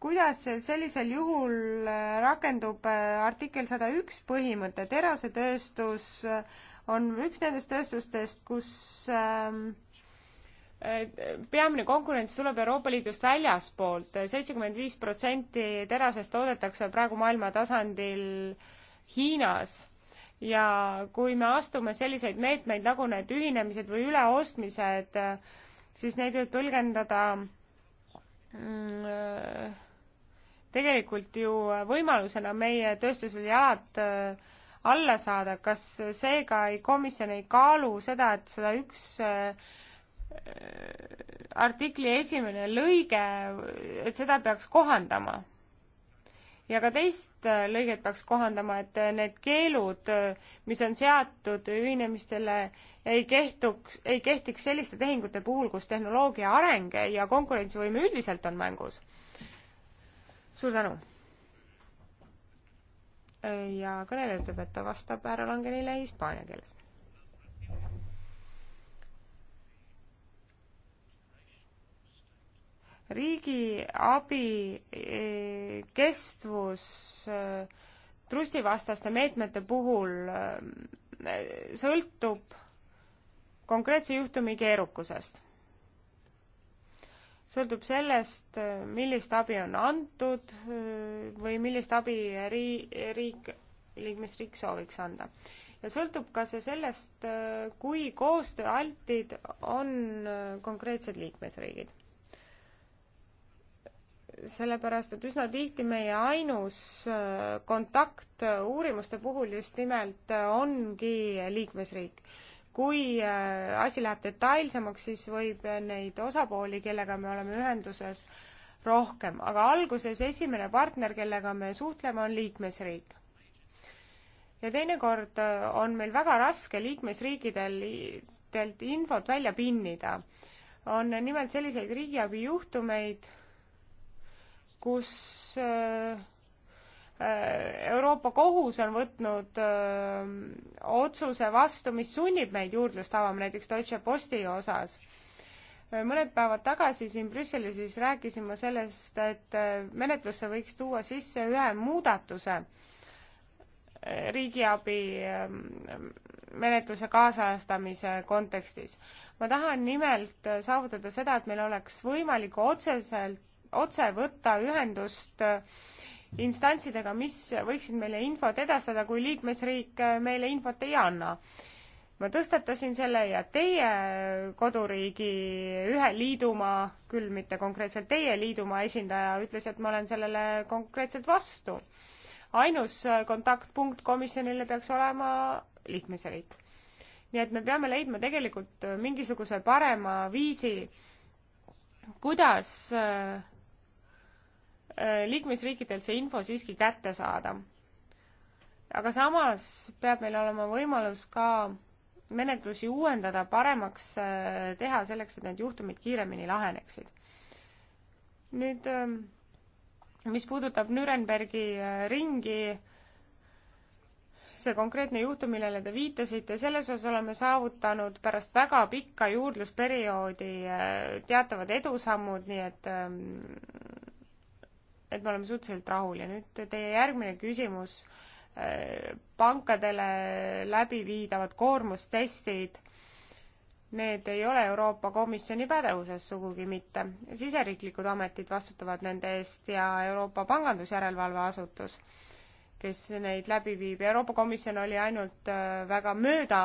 Speaker 3: kuidas sellisel juhul äh, rakendub artikkel sada üks põhimõte, terasetööstus on üks nendest tööstustest, kus ähm, peamine konkurents tuleb Euroopa Liidust väljaspoolt, seitsekümmend viis protsenti terasest toodetakse praegu maailma tasandil Hiinas ja kui me astume selliseid meetmeid nagu need ühinemised või üleostmised, siis neid võib tõlgendada mm, tegelikult ju võimalusena meie tööstusel jalad äh, alla saada, kas seega ei, komisjon ei kaalu seda, et seda üks äh, artikli esimene lõige, et seda peaks kohandama. ja ka teist äh, lõiget peaks kohandama, et äh, need keelud, äh, mis on seatud ühinemistele, ei kehtuks, ei kehtiks selliste tehingute puhul, kus tehnoloogia areng ja konkurentsivõime üldiselt on mängus. suur tänu! ja kõneleja ütleb, et ta vastab härra Langenile hispaania keeles riigiabi eh, kestvus eh, trustivastaste meetmete puhul eh, sõltub konkreetse juhtumi keerukusest. sõltub sellest, millist abi on antud või millist abi rii-, riik, liikmesriik sooviks anda. ja sõltub ka see sellest, kui koostööaltid on konkreetsed liikmesriigid sellepärast et üsna tihti meie ainus äh, kontakt äh, uurimuste puhul just nimelt äh, ongi liikmesriik. kui asi läheb detailsemaks, siis võib neid osapooli, kellega me oleme ühenduses, rohkem, aga alguses esimene partner, kellega me suhtleme, on liikmesriik. ja teinekord on meil väga raske liikmesriikidelt infot välja pinnida. on nimelt selliseid riigiabi juhtumeid kus äh, äh, Euroopa Kohus on võtnud öö, äh, otsuse vastu, mis sunnib meid juurdlust avama, näiteks Deutsche Posti osas. mõned päevad tagasi siin Brüsselis siis rääkisin ma sellest, et menetlusse võiks tuua sisse ühe muudatuse riigiabi ähm, menetluse kaasajastamise kontekstis. ma tahan nimelt saavutada seda, et meil oleks võimalik otseselt otse võtta ühendust äh, instantsidega, mis võiksid meile infot edastada, kui liikmesriik äh, meile infot ei anna. ma tõstatasin selle ja teie koduriigi ühe liidumaa, küll mitte konkreetselt teie liidumaa esindaja, ütles, et ma olen sellele konkreetselt vastu. ainus äh, kontaktpunkt komisjonile peaks olema liikmesriik. nii et me peame leidma tegelikult mingisuguse parema viisi, kuidas äh, Äh, liikmesriikidelt see info siiski kätte saada. aga samas peab meil olema võimalus ka menetlusi uuendada, paremaks äh, teha selleks, et need juhtumid kiiremini laheneksid. nüüd, äh, mis puudutab Nürenbergi ringi, see konkreetne juhtum, millele te viitasite, selles osas oleme saavutanud pärast väga pikka juurdlusperioodi teatavad edusammud, nii et ähm, et me oleme suhteliselt rahul ja nüüd teie järgmine küsimus, äh, pankadele läbiviidavad koormustestid, need ei ole Euroopa Komisjoni pädevuses sugugi mitte. siseriiklikud ametid vastutavad nende eest ja Euroopa Pangandusjärelevalve Asutus, kes neid läbi viib. Euroopa Komisjon oli ainult äh, väga mööda,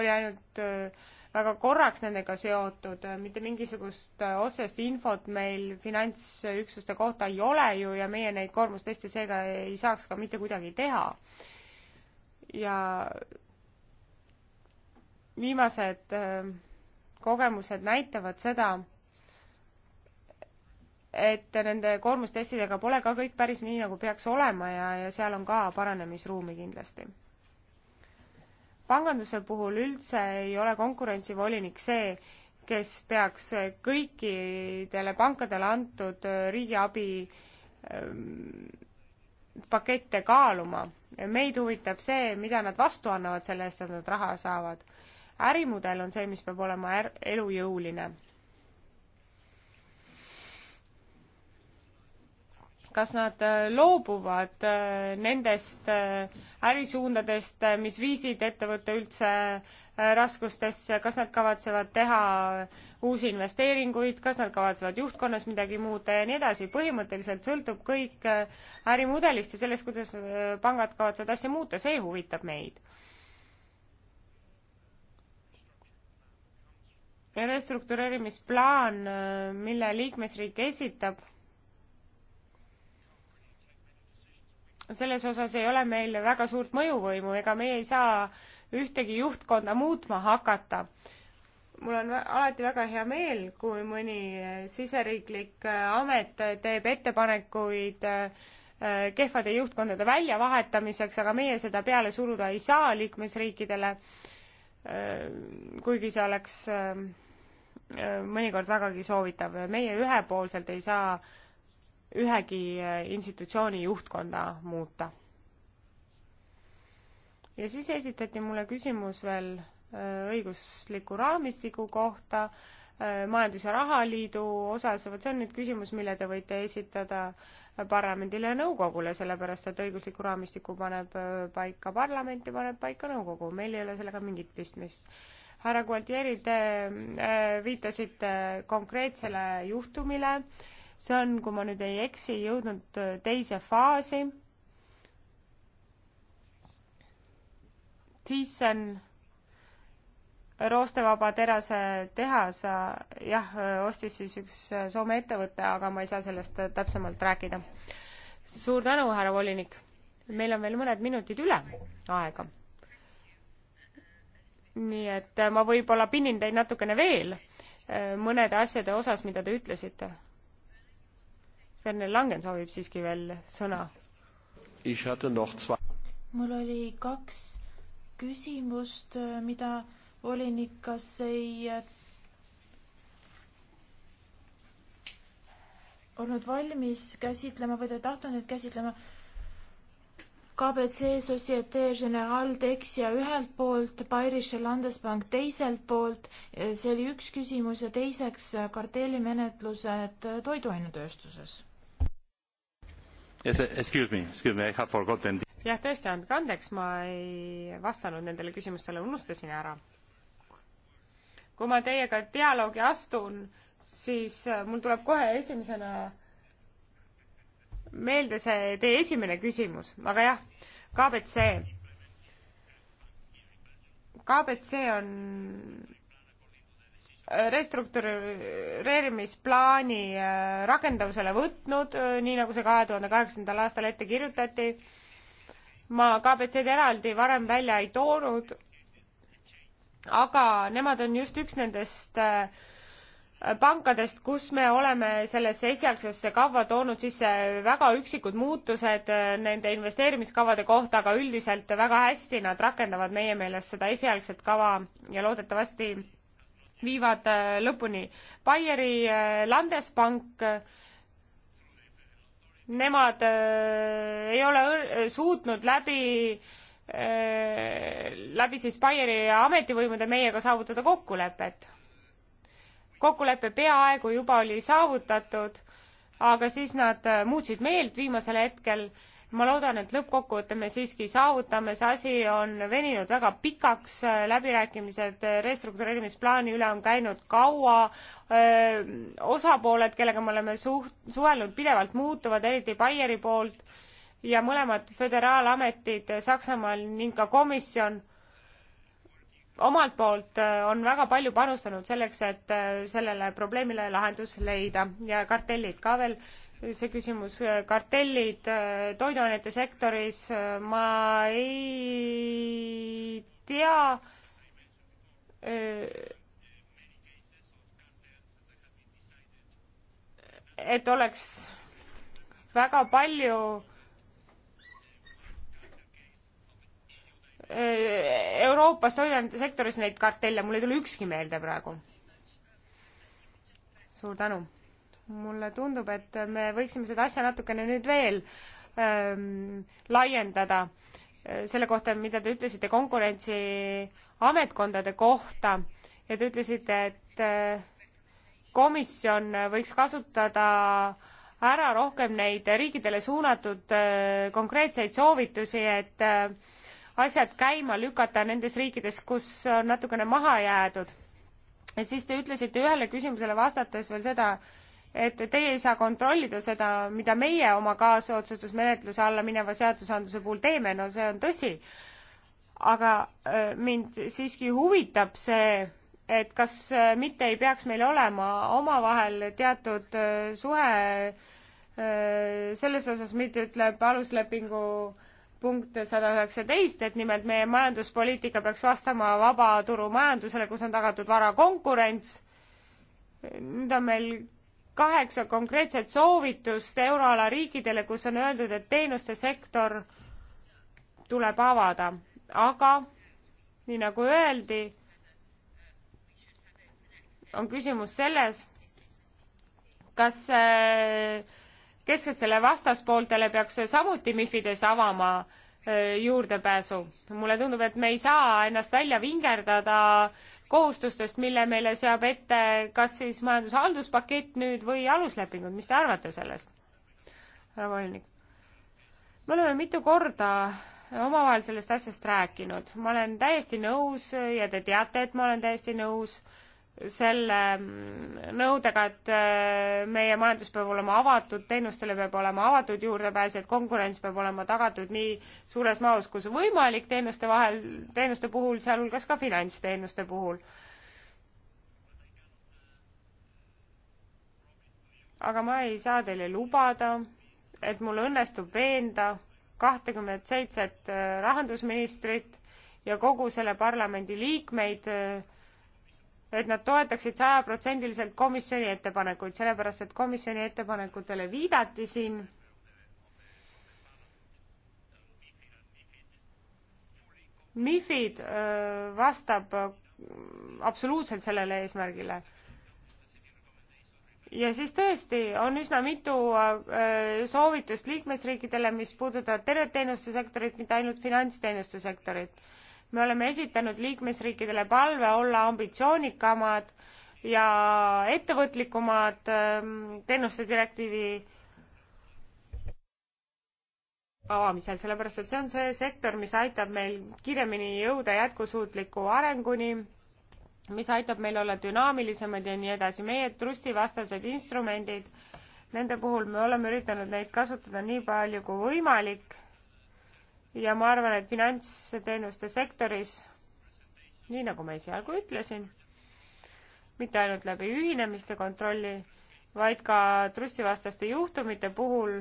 Speaker 3: oli ainult äh, aga korraks nendega seotud, mitte mingisugust äh, otsest infot meil finantsüksuste kohta ei ole ju ja meie neid koormusteste seega ei saaks ka mitte kuidagi teha. ja viimased äh, kogemused näitavad seda, et nende koormustestidega pole ka kõik päris nii, nagu peaks olema ja, ja seal on ka paranemisruumi kindlasti panganduse puhul üldse ei ole konkurentsivolinik see, kes peaks kõikidele pankadele antud riigiabi ähm, pakette kaaluma. meid huvitab see, mida nad vastu annavad selle eest, et nad raha saavad. ärimudel on see, mis peab olema er-, elujõuline kas nad äh, loobuvad äh, nendest äh, ärisuundadest, mis viisid ettevõtte üldse raskustesse, kas nad kavatsevad teha uusi investeeringuid, kas nad kavatsevad juhtkonnas midagi muud teha ja nii edasi. põhimõtteliselt sõltub kõik ärimudelist ja sellest, kuidas pangad kavatsevad asja muuta, see huvitab meid. restruktureerimisplaan, mille liikmesriik esitab selles osas ei ole meil väga suurt mõjuvõimu, ega meie ei saa ühtegi juhtkonda muutma hakata. mul on alati väga hea meel, kui mõni eh, siseriiklik eh, amet teeb ettepanekuid eh, kehvade juhtkondade väljavahetamiseks, aga meie seda peale suruda ei saa liikmesriikidele, kuigi see oleks mõnikord vägagi soovitav. meie ühepoolselt ei saa ühegi äh, institutsiooni juhtkonda muuta. ja siis esitati mulle küsimus veel äh, õigusliku raamistiku kohta, äh, majandus- ja rahaliidu osas, vot see on nüüd küsimus, mille te võite esitada parlamendile ja nõukogule, sellepärast et õigusliku raamistiku paneb paika parlament ja paneb paika nõukogu, meil ei ole sellega mingit pistmist. härra Gualtieri, te viitasite konkreetsele juhtumile äh, see on, kui ma nüüd ei eksi, jõudnud äh, teise faasi. Thyssen roostevaba terase tehas, äh, jah, äh, ostis siis üks Soome ettevõte, aga ma ei saa sellest täpsemalt rääkida. suur tänu, härra volinik. meil on veel mõned minutid üle aega. nii et ma võib-olla pinnin teid natukene veel mõnede asjade osas, mida te ütlesite Werner Langen soovib siiski veel sõna. mul oli kaks
Speaker 2: küsimust, äh, mida volinik kas ei äh, olnud valmis käsitlema või ta ei tahtnud neid käsitlema. KBC Societe Generale Dexia ühelt poolt, Bayerische Landesbank teiselt poolt, äh, see oli üks küsimus ja teiseks kartellimenetlused toiduainetööstuses
Speaker 1: Eh,
Speaker 3: jah, tõesti, andke andeks, ma ei vastanud nendele küsimustele, unustasin ära. kui ma teiega dialoogi astun, siis eh, mul tuleb kohe esimesena meelde see teie esimene küsimus, aga jah, KBC. KBC on restruktureerimisplaani äh, rakendavusele võtnud, äh, nii nagu see kahe tuhande kaheksandal aastal ette kirjutati. ma KBC-d eraldi varem välja ei toonud, aga nemad on just üks nendest äh, pankadest, kus me oleme sellesse esialgsesse kavva toonud sisse väga üksikud muutused nende investeerimiskavade kohta, aga üldiselt väga hästi nad rakendavad meie meelest seda esialgset kava ja loodetavasti viivad äh, lõpuni. Baieri äh, Landespank, äh, nemad ei ole suutnud läbi läbi siis Baieri ametivõimude meiega saavutada kokkulepet. kokkulepe peaaegu juba oli saavutatud, aga siis nad muutsid meelt viimasel hetkel ma loodan, et lõppkokkuvõtte me siiski saavutame, see asi on veninud väga pikaks, läbirääkimised restruktureerimisplaani üle on käinud kaua, osapooled, kellega me oleme suht-, suhelnud, pidevalt muutuvad, eriti Baieri poolt, ja mõlemad föderaalametid Saksamaal ning ka komisjon omalt poolt on väga palju panustanud selleks, et sellele probleemile lahendus leida ja kartellid ka veel see küsimus, äh, kartellid äh, toiduainete sektoris, äh, ma ei tea, et oleks väga palju Euroopas toiduainete sektoris neid kartelle, mul ei tule ükski meelde praegu. suur tänu mulle tundub, et me võiksime seda asja natukene nüüd veel ähm, laiendada äh, selle kohta, mida te ütlesite konkurentsiametkondade kohta ja te ütlesite, et äh, komisjon võiks kasutada ära rohkem neid riikidele suunatud äh, konkreetseid soovitusi, et äh, asjad käima lükata nendes riikides, kus on natukene maha jäädud. et siis te ütlesite ühele küsimusele vastates veel seda, et teie ei saa kontrollida seda, mida meie oma kaasotsustusmenetluse alla mineva seadusandluse puhul teeme, no see on tõsi. aga äh, mind siiski huvitab see, et kas äh, mitte ei peaks meil olema omavahel teatud äh, suhe selles osas, mida ütleb aluslepingu punkt sada üheksateist, et nimelt meie majanduspoliitika peaks vastama vabaturumajandusele, kus on tagatud vara konkurents. nüüd on meil kaheksa konkreetset soovitust euroala riikidele, kus on öeldud, et teenuste sektor tuleb avada, aga nii nagu öeldi, on küsimus selles, kas äh, keskselt selle vastaspooltele peaks samuti MIFides avama äh, juurdepääsu. mulle tundub, et me ei saa ennast välja vingerdada kohustustest, mille meile seab ette kas siis majanduse halduspakett nüüd või aluslepingud, mis te arvate sellest? härra volinik. me oleme mitu korda omavahel sellest asjast rääkinud, ma olen täiesti nõus ja te teate, et ma olen täiesti nõus äh, selle nõudega, et äh, meie majandus peab olema avatud, teenustele peab olema avatud juurdepääs, et konkurents peab olema tagatud nii suures mahus, kus võimalik teenuste vahel, teenuste puhul, sealhulgas ka finantsteenuste puhul. aga ma ei saa teile lubada, et mul õnnestub veenda kahtekümmet seitset äh, rahandusministrit ja kogu selle parlamendi liikmeid äh, et nad toetaksid sajaprotsendiliselt komisjoni ettepanekuid, sellepärast et komisjoni ettepanekutele viidati siin. MIFID vastab absoluutselt sellele eesmärgile. ja siis tõesti on üsna mitu soovitust liikmesriikidele, mis puudutavad tervet teenuste sektorit, mitte ainult finantsteenuste sektorit me oleme esitanud liikmesriikidele palve olla ambitsioonikamad ja ettevõtlikumad ähm, teenuste direktiivi avamisel, sellepärast et see on see sektor, mis aitab meil kiiremini jõuda jätkusuutliku arenguni, mis aitab meil olla dünaamilisemad ja nii edasi. meie trustivastased instrumendid, nende puhul me oleme üritanud neid kasutada nii palju kui võimalik ja ma arvan, et finantsteenuste sektoris, nii nagu ma esialgu ütlesin, mitte ainult läbi ühinemiste kontrolli, vaid ka trustivastaste juhtumite puhul,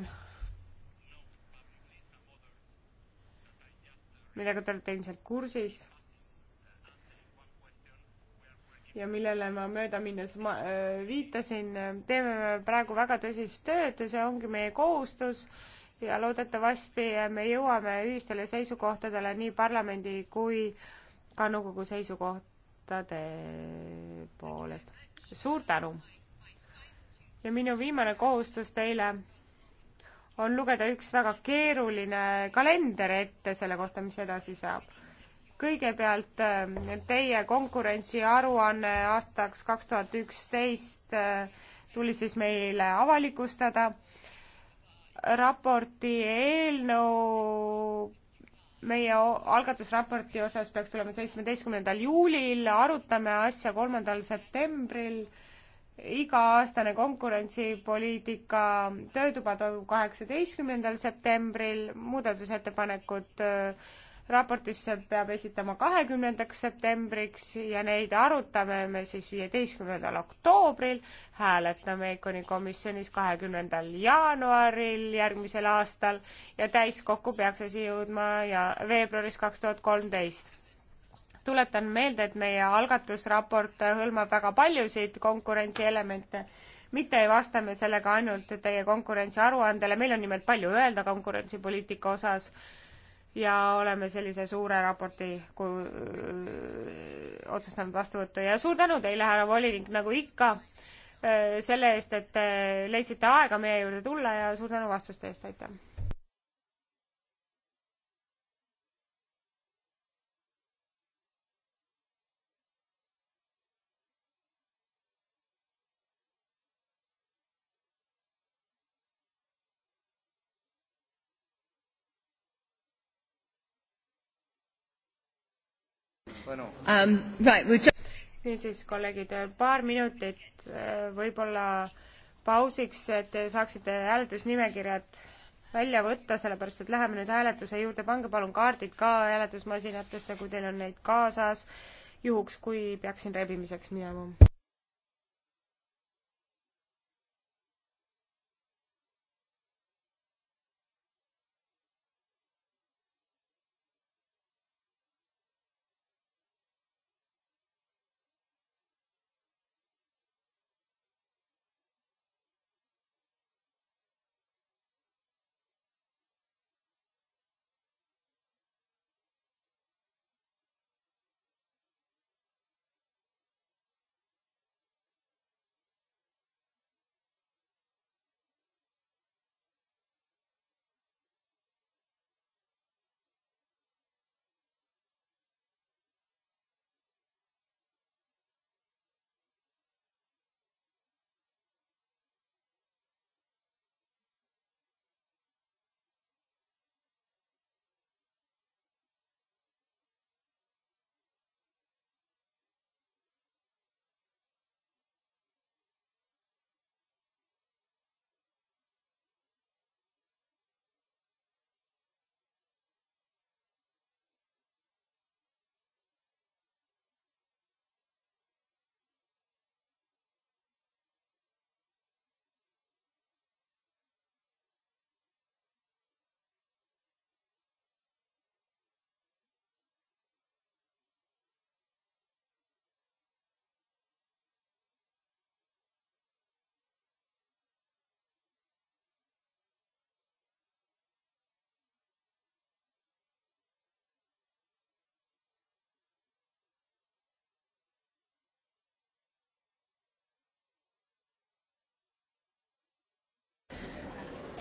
Speaker 3: millega te olete ilmselt kursis ja millele ma möödaminnes ma äh, viitasin, teeme praegu väga tõsist tööd ja see ongi meie kohustus ja loodetavasti me jõuame ühistele seisukohtadele nii parlamendi kui ka nõukogu seisukohtade poolest. suur tänu! ja minu viimane kohustus teile on lugeda üks väga keeruline kalender ette selle kohta, mis edasi saab. kõigepealt eh, teie konkurentsiaruanne aastaks kaks tuhat üksteist eh, tuli siis meile avalikustada raporti eelnõu meie algatusraporti osas peaks tulema seitsmeteistkümnendal juulil, arutame asja kolmandal septembril. iga-aastane konkurentsipoliitika töötuba toimub kaheksateistkümnendal septembril, muudatusettepanekud äh, raportisse peab esitama kahekümnendaks septembriks ja neid arutame me siis viieteistkümnendal oktoobril, hääletame EKONi komisjonis kahekümnendal jaanuaril järgmisel aastal ja täiskokku peaks asi jõudma ja veebruaris kaks tuhat kolmteist tuletan meelde, et meie algatusraport hõlmab väga paljusid konkurentsielemente mitte ei vasta me sellega ainult teie konkurentsiaruandele, meil on nimelt palju öelda konkurentsipoliitika osas ja oleme sellise suure raporti kui, otsustanud vastu võtta ja suur tänu teile, härra volinik, nagu ikka, selle eest, et te äh, leidsite aega meie juurde tulla ja suur tänu vastuste eest, aitäh! Um, niisiis, kolleegid, paar minutit äh, võib-olla pausiks, et te saaksite hääletusnimekirjad välja võtta, sellepärast et läheme nüüd hääletuse juurde, pange palun kaardid ka hääletusmasinatesse, kui teil on neid kaasas, juhuks kui peaksin rebimiseks minema.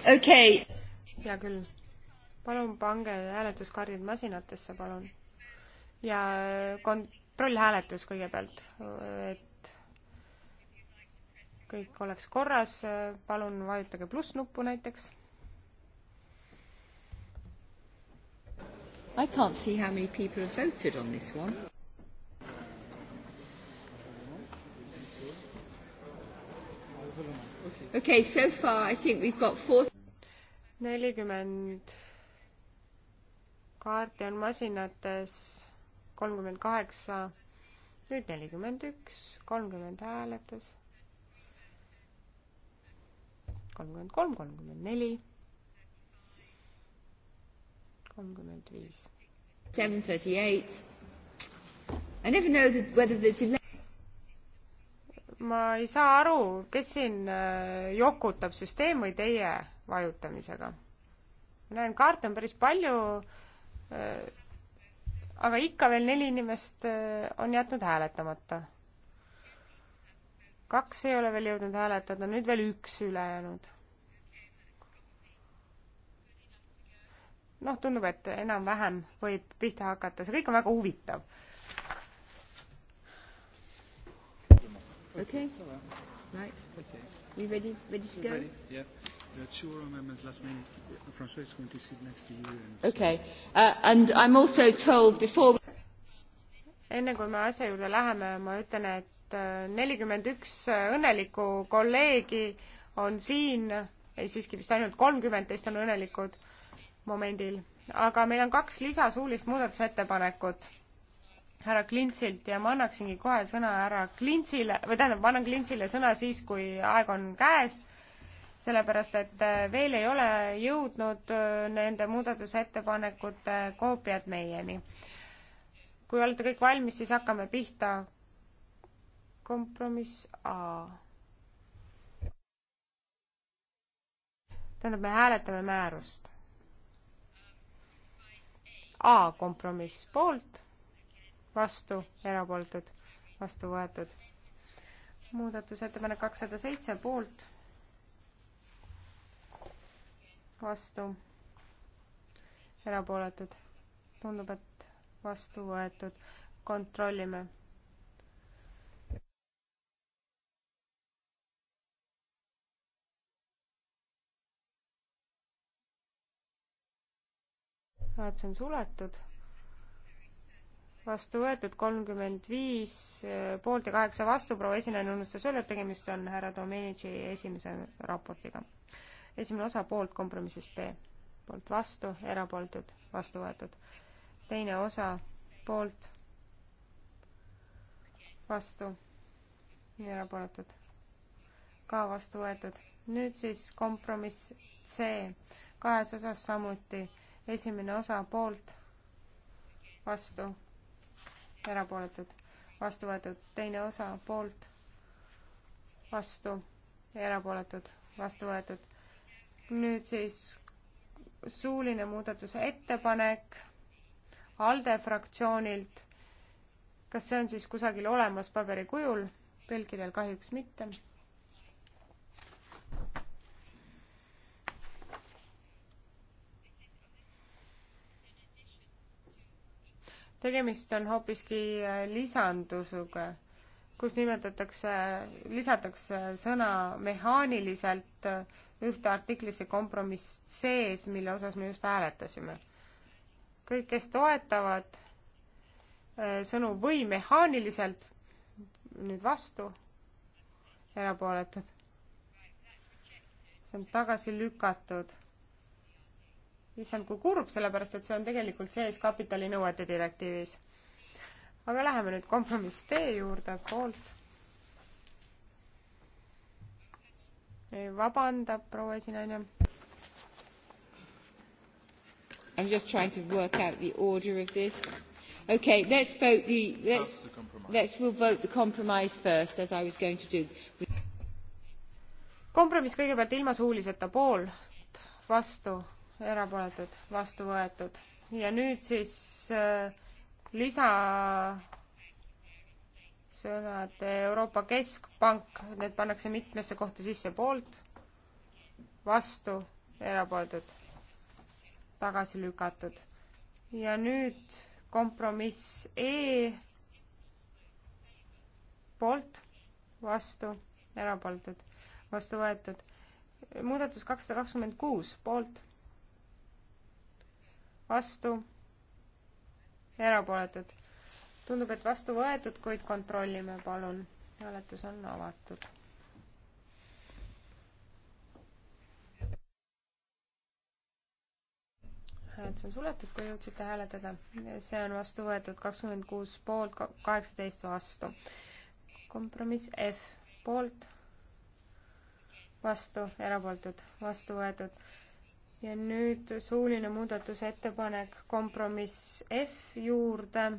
Speaker 1: okei okay..
Speaker 3: hea küll. palun pange hääletuskaardid masinatesse, palun. ja kontrollhääletus kõigepealt, et kõik oleks korras, palun vajutage pluss-nuppu näiteks. I can't see how many people have voted on this one. Okay, so far I think we've got four... nelikümmend kaarti on masinates, kolmkümmend kaheksa, nüüd nelikümmend üks, kolmkümmend hääletas, kolmkümmend kolm, kolmkümmend neli, kolmkümmend viis. Seven thirty eight. I never know that whether the delay ma ei saa aru, kes siin äh, jokutab, süsteem või teie vajutamisega? ma näen, kaarte on päris palju, äh, aga ikka veel neli inimest äh, on jätnud hääletamata. kaks ei ole veel jõudnud hääletada, nüüd veel üks ülejäänud. noh, tundub, et enam-vähem võib pihta hakata, see kõik on väga huvitav Okay. okay.
Speaker 1: Uh, right. Okay. We ready? Ready to go? Ready? Yeah. There are two oral amendments last minute. François is going to sit next to you. And okay. Uh, and I'm also told before.
Speaker 3: enne kui me asja juurde läheme, ma ütlen, et äh, nelikümmend üks äh, õnnelikku kolleegi on siin, ei siiski vist ainult kolmkümmend teist on õnnelikud momendil, aga meil on kaks lisasuulist muudatusettepanekut härra Klintsilt ja ma annaksingi kohe sõna härra Klintsile, või tähendab, ma annan Klintsile sõna siis, kui aeg on käes, sellepärast et äh, veel ei ole jõudnud äh, nende muudatusettepanekute koopiad meieni. kui olete kõik valmis, siis hakkame pihta. kompromiss A. tähendab, me hääletame määrust. A kompromiss poolt vastu, erapooletud, vastu võetud. muudatusettepanek kakssada seitse poolt, vastu, erapooletud. tundub, et vastu võetud. kontrollime. näed, see on suletud vastu võetud, kolmkümmend viis eh, poolt ja kaheksa vastu, proua esinejana unustas öelda, et tegemist on härra Domenici esimese raportiga. esimene osa poolt kompromissist B, poolt vastu, erapooletud, vastu võetud. teine osa poolt, vastu, erapooletud, ka vastu võetud. nüüd siis kompromiss C, kahes osas samuti, esimene osa poolt, vastu erapooletud, vastu võetud, teine osa poolt, vastu, erapooletud, vastu võetud. nüüd siis suuline muudatuse ettepanek ALDE fraktsioonilt. kas see on siis kusagil olemas paberi kujul? tõlkidel kahjuks mitte tegemist on hoopiski äh, lisandusega, kus nimetatakse, lisatakse sõna mehaaniliselt äh, ühte artiklisse kompromiss sees, mille osas me just hääletasime. kõik, kes toetavad äh, sõnu või mehaaniliselt, nüüd vastu, erapooletud. see on tagasi lükatud issand, kui kurb, sellepärast et see on tegelikult sees kapitalinõuete direktiivis. aga läheme nüüd kompromiss D juurde, poolt. vabandab proua esinaine. I am just trying to work out the order of this. Okay, let's vote the, let's, let's, we'll vote the compromise first, as I was going to do. kompromiss kõigepealt ilma suuliseta poolt, vastu erapooletud, vastu võetud. ja nüüd siis äh, lisasõnad äh, Euroopa Keskpank, need pannakse mitmesse kohta sisse, poolt, vastu, erapooletud, tagasi lükatud. ja nüüd kompromiss E, poolt, vastu, erapooletud, vastu võetud. muudatus kakssada kakskümmend kuus, poolt vastu, erapooletud. tundub, et vastu võetud, kuid kontrollime, palun. hääletus on avatud. hääletus on suletud, kui jõudsite hääletada. see on vastu võetud kakskümmend kuus poolt, kaheksateist vastu. kompromiss F poolt, vastu, erapooletud, vastu võetud ja nüüd suuline muudatusettepanek kompromiss F juurde.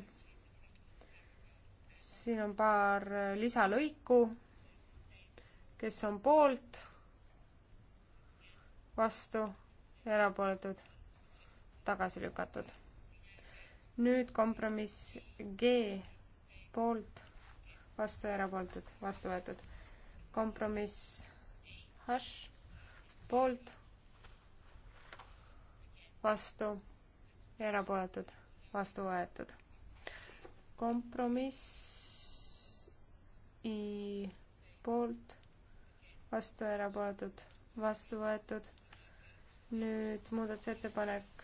Speaker 3: siin on paar lisalõiku. kes on poolt, vastu, erapooletud, tagasi lükatud. nüüd kompromiss G poolt, vastu, erapooletud, vastu võetud. kompromiss H poolt vastu, erapooletud, vastu võetud. kompromiss I poolt, vastu, erapooletud, vastu võetud. nüüd muudatusettepanek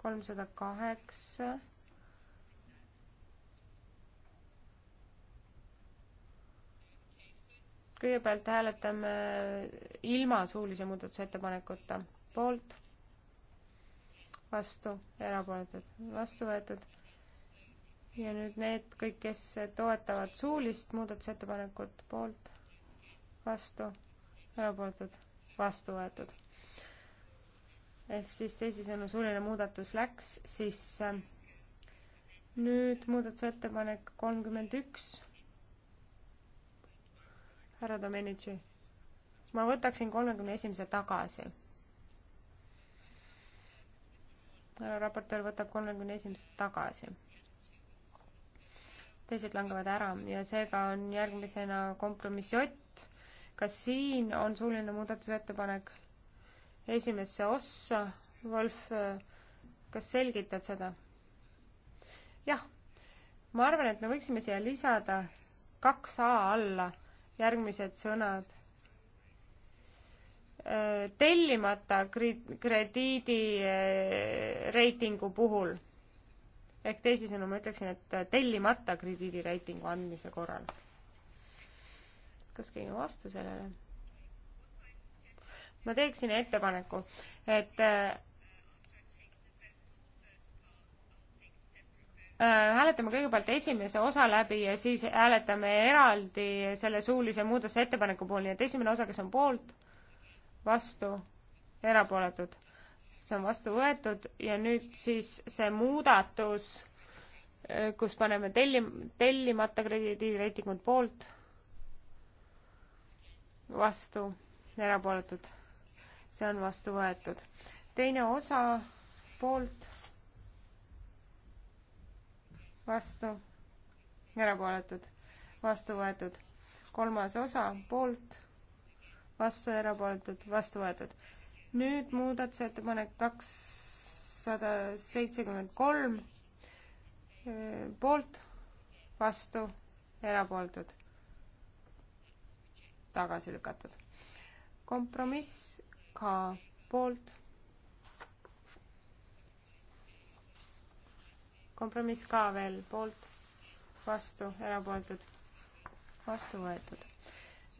Speaker 3: kolmsada kaheksa kõigepealt hääletame ilma suulise muudatusettepanekuta poolt, vastu, erapooletud, vastu võetud. ja nüüd need kõik, kes toetavad suulist muudatusettepanekut, poolt, vastu, erapooletud, vastu võetud. ehk siis teisisõnu, suuline muudatus läks sisse. nüüd muudatusettepanek kolmkümmend üks. härra Domenici, ma võtaksin kolmekümne esimese tagasi raportöör võtab kolmekümne esimesed tagasi. teised langevad ära ja seega on järgmisena kompromiss J. kas siin on suuline muudatusettepanek esimesse ossa? Wolf, kas selgitad seda? jah, ma arvan, et me võiksime siia lisada kaks A alla järgmised sõnad Äh, tellimata krediidireitingu äh, puhul. ehk teisisõnu ma ütleksin, et äh, tellimata krediidireitingu andmise korral. kas keegi on vastu sellele? ma teeksin ettepaneku, et hääletame kõigepealt esimese osa läbi ja siis hääletame eraldi selle suulise muudatusettepaneku puhul, nii et esimene osa, kes on poolt vastu, erapooletud. see on vastu võetud ja nüüd siis see muudatus, kus paneme tellim-, tellimata krediidireitingud poolt, vastu, erapooletud. see on vastu võetud. teine osa poolt, vastu, erapooletud, vastu võetud. kolmas osa poolt vastu, erapooletud, vastu võetud. nüüd muudatusettepanek kakssada seitsekümmend kolm, eh, poolt, vastu, erapooletud, tagasi lükatud. kompromiss ka poolt. kompromiss ka veel poolt, vastu, erapooletud, vastu võetud.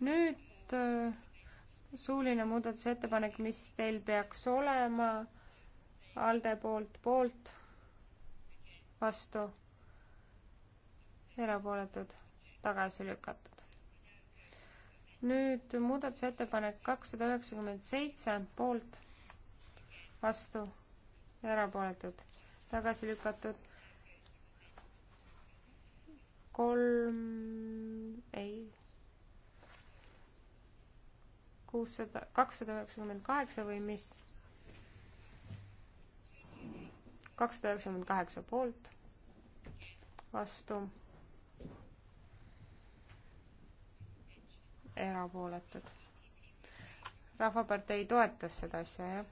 Speaker 3: nüüd eh, suuline muudatusettepanek, mis teil peaks olema ALDE poolt, poolt, vastu, erapooletud, tagasi lükatud. nüüd muudatusettepanek kakssada üheksakümmend seitse, poolt, vastu, erapooletud, tagasi lükatud. kolm, ei kuussada, kakssada üheksakümmend kaheksa või mis? kakssada üheksakümmend kaheksa poolt, vastu, erapooletud. rahvapartei toetas seda asja, jah?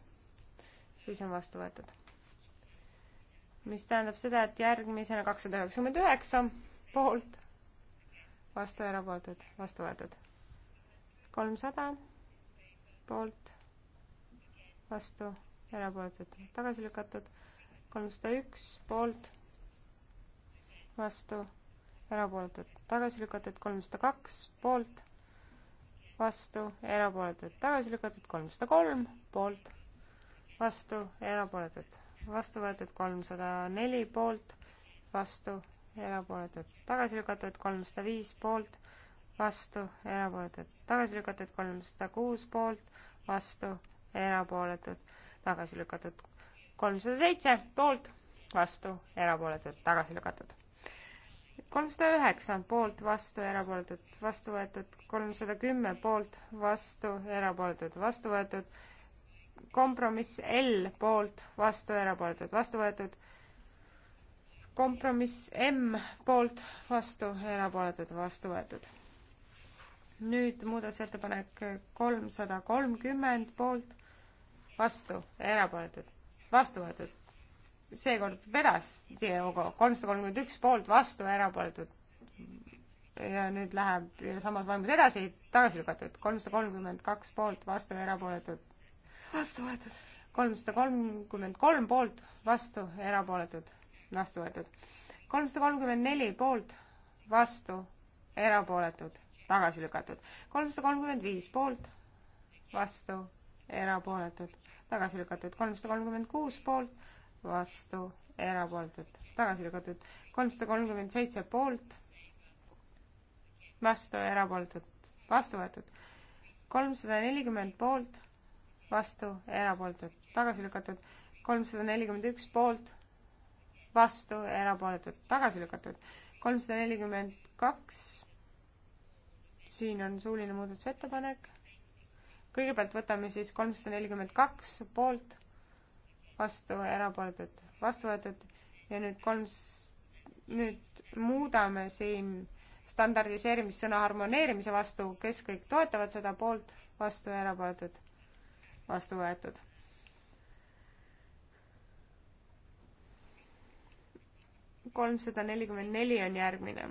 Speaker 3: siis on vastu võetud. mis tähendab seda, et järgmisena kakssada üheksakümmend üheksa poolt, vastu, erapooletud, vastu võetud. kolmsada poolt, vastu, erapooletud, tagasi lükatud, kolmsada üks poolt, vastu, erapooletud, tagasi lükatud, kolmsada kaks poolt, vastu, erapooletud, tagasi lükatud, kolmsada kolm poolt, vastu, erapooletud, vastu võetud kolmsada neli poolt, vastu, erapooletud, tagasi lükatud, kolmsada viis poolt vastu, erapooletud, tagasi lükatud kolmsada kuus poolt, vastu, erapooletud, tagasi lükatud kolmsada seitse poolt, vastu, erapooletud, tagasi lükatud. kolmsada üheksa poolt, vastu, erapooletud, vastu võetud, kolmsada kümme poolt, vastu, erapooletud, vastu võetud, kompromiss L poolt, vastu, erapooletud, vastu võetud kompromiss M poolt vastu, erapooletud vastu võetud nüüd muudatusettepanek kolmsada kolmkümmend poolt, vastu, erapooletud, vastu võetud. seekord vedas Diego kolmsada kolmkümmend üks poolt, vastu, erapooletud. ja nüüd läheb ja samas vaimus edasi, tagasi lükatud, kolmsada kolmkümmend kaks poolt, vastu, erapooletud,
Speaker 1: vastu võetud.
Speaker 3: kolmsada kolmkümmend kolm poolt, vastu, erapooletud, vastu võetud. kolmsada kolmkümmend neli poolt, vastu, erapooletud tagasi lükatud. kolmsada kolmkümmend viis poolt, vastu, erapooletud, tagasi lükatud. kolmsada kolmkümmend kuus poolt, vastu, erapooletud, tagasi lükatud. kolmsada kolmkümmend seitse poolt, vastu, erapooletud, vastu võetud. kolmsada nelikümmend poolt, vastu, erapooletud, tagasi lükatud. kolmsada nelikümmend üks poolt, vastu, erapooletud, tagasi lükatud. kolmsada nelikümmend kaks siin on suuline muudatusettepanek. kõigepealt võtame siis kolmsada nelikümmend kaks poolt, vastu, erapooletud, vastu võetud ja nüüd kolms, nüüd muudame siin standardiseerimissõna harmoneerimise vastu, kes kõik toetavad seda poolt, vastu ja erapooletud, vastu võetud. kolmsada nelikümmend neli on järgmine,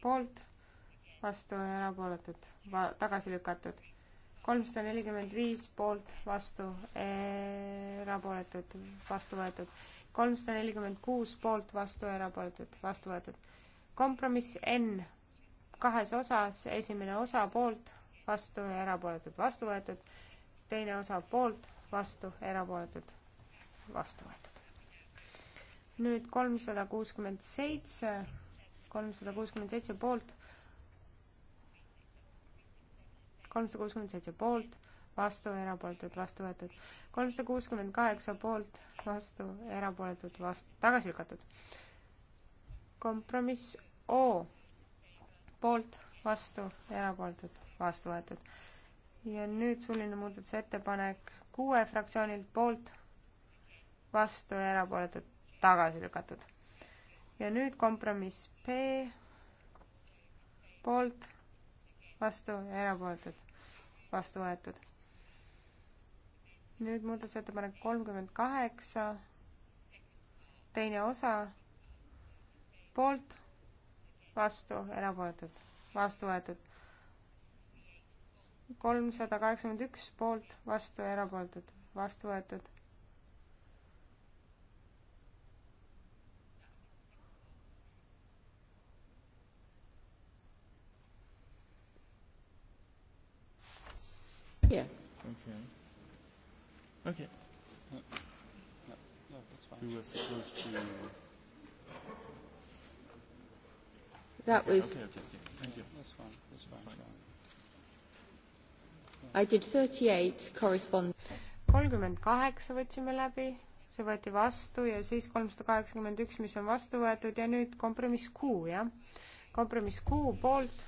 Speaker 3: poolt vastu, erapooletud, tagasi lükatud. kolmsada nelikümmend viis poolt, vastu, erapooletud, vastu võetud. kolmsada nelikümmend kuus poolt, vastu, erapooletud, vastu võetud. kompromiss N kahes osas, esimene osa poolt, vastu ja erapooletud, vastu võetud. teine osa poolt, vastu, erapooletud, vastu võetud. nüüd kolmsada kuuskümmend seitse, kolmsada kuuskümmend seitse poolt kolmsada kuuskümmend seitse poolt, vastu, erapooletud, vastu võetud. kolmsada kuuskümmend kaheksa poolt, vastu, erapooletud, vastu, tagasi lükatud. kompromiss O poolt, vastu, erapooletud, vastu võetud. ja nüüd suuline muudatusettepanek kuue fraktsioonilt poolt, vastu ja erapooletud, tagasi lükatud. ja nüüd kompromiss P poolt, vastu ja erapooletud, vastu võetud. nüüd muudatusettepanek kolmkümmend kaheksa, teine osa, poolt, vastu, erapooletud, vastu võetud. kolmsada kaheksakümmend üks poolt, vastu, erapooletud, vastu võetud
Speaker 1: Yeah. Okay. Okay. No, no, no
Speaker 4: that's fine. We were supposed to. That okay, was. Okay, okay, okay. Thank yeah, you. That's fine. That's fine. That's fine.
Speaker 1: Yeah.
Speaker 3: I did 38 correspond. kolmkümmend kaheksa võtsime läbi, see võeti vastu ja siis kolmsada kaheksakümmend üks, mis on vastu võetud ja nüüd kompromiss Q, jah. kompromiss Q poolt,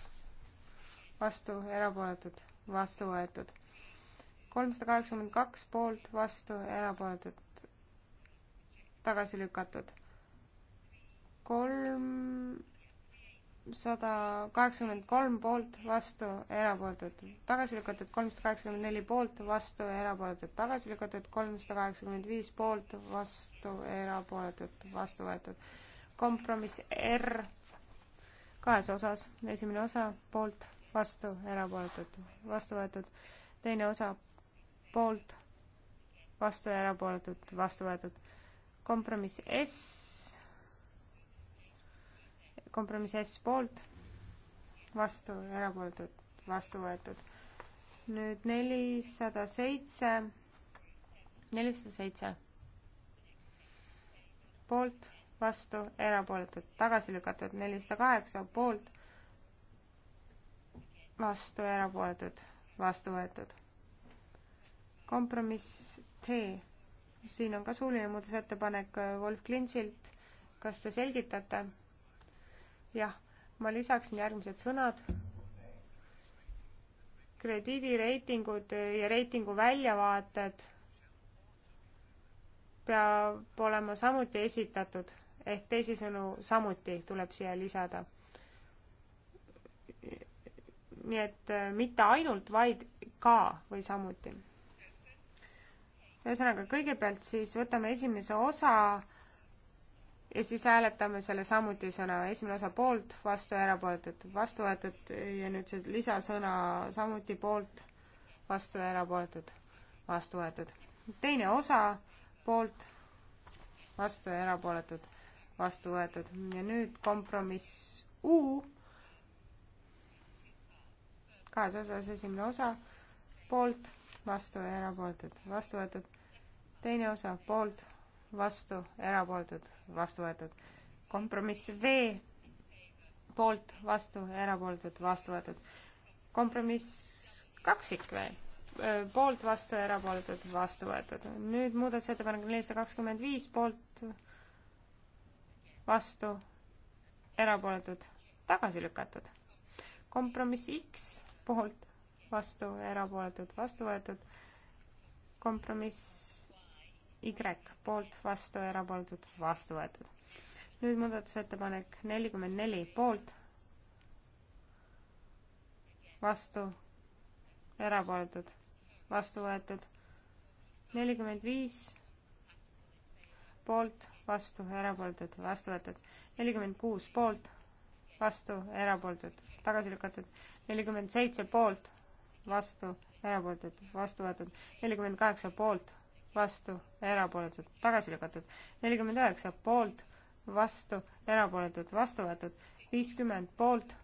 Speaker 3: vastu, erapooletud, vastu võetud kolmsada kaheksakümmend kaks poolt, vastu, erapooletud, tagasi lükatud. kolmsada kaheksakümmend kolm poolt, vastu, erapooletud, tagasi lükatud, kolmsada kaheksakümmend neli poolt, vastu, erapooletud, tagasi lükatud, kolmsada kaheksakümmend viis poolt, vastu, erapooletud, vastu võetud. kompromiss R kahes osas, esimene osa poolt, vastu, erapooletud, vastu võetud, teine osa poolt, vastu ja erapooletud, vastu võetud. kompromiss S, kompromiss S poolt, vastu ja erapooletud, vastu võetud. nüüd nelisada seitse, nelisada seitse poolt, vastu, erapooletud, tagasi lükatud, nelisada kaheksa poolt, vastu, erapooletud, vastu võetud kompromiss T. siin on ka suuline muudatusettepanek äh, Wolf Klintsilt. kas te selgitate? jah, ma lisaksin järgmised sõnad. krediidireitingud ja reitingu väljavaated peab olema samuti esitatud ehk teisisõnu samuti tuleb siia lisada. nii et äh, mitte ainult, vaid ka või samuti ühesõnaga, kõigepealt siis võtame esimese osa ja siis hääletame selle samuti sõna, esimene osa poolt, vastu, erapooletud, vastu võetud ja nüüd see lisasõna samuti poolt, vastu, erapooletud, vastu võetud. teine osa poolt, vastu ja erapooletud, vastu võetud ja nüüd kompromiss U kahes osas esimene osa, poolt, vastu ja erapooletud, vastu võetud teine osa poolt, vastu, erapooletud, vastu võetud. kompromiss V poolt, vastu, erapooletud, vastu võetud. kompromiss kaksik V äh, poolt, vastu, erapooletud, vastu võetud. nüüd muudatusettepanek nelisada kakskümmend viis poolt, vastu, erapooletud, tagasi lükatud. kompromiss X poolt, vastu, erapooletud, vastu võetud. kompromiss Y poolt, vastu, erapooletud, vastu võetud. nüüd muudatusettepanek nelikümmend neli poolt, vastu, erapooletud, vastu võetud. nelikümmend viis poolt, vastu, erapooletud, vastu võetud. nelikümmend kuus poolt, vastu, erapooletud, tagasi lükatud. nelikümmend seitse poolt, vastu, erapooletud, vastu võetud. nelikümmend kaheksa poolt vastu, erapooletud, tagasi lükatud. nelikümmend üheksa poolt, vastu, erapooletud, vastu võetud. viiskümmend poolt,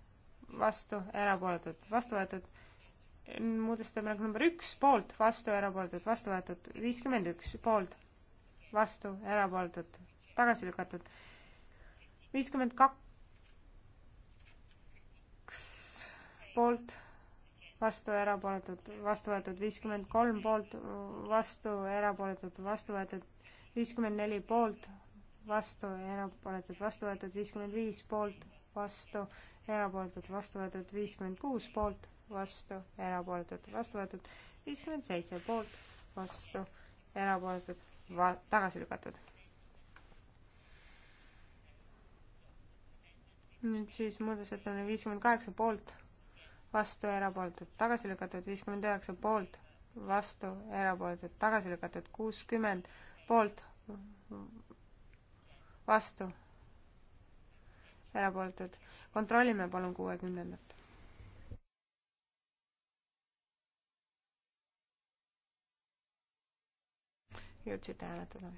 Speaker 3: vastu, erapooletud, vastu võetud. muudatusettepanek nagu number üks, poolt, vastu, erapooletud, vastu võetud. viiskümmend üks poolt, vastu, erapooletud, tagasi lükatud. viiskümmend kaks poolt vastu, erapooletud, vastu võetud viiskümmend kolm poolt, vastu, erapooletud, vastu võetud viiskümmend neli poolt, vastu, erapooletud, vastu võetud viiskümmend viis poolt, vastu, erapooletud, vastu võetud viiskümmend kuus poolt, vastu, erapooletud, vastu võetud viiskümmend seitse poolt, vastu, erapooletud, va-, tagasi lükatud. nüüd siis muudatusettepanek viiskümmend kaheksa poolt vastu, erapooletud, tagasi lükatud, viiskümmend üheksa poolt, vastu, erapooletud, tagasi lükatud, kuuskümmend poolt, vastu, erapooletud. kontrollime palun kuuekümnendat. jõudsite hääletada?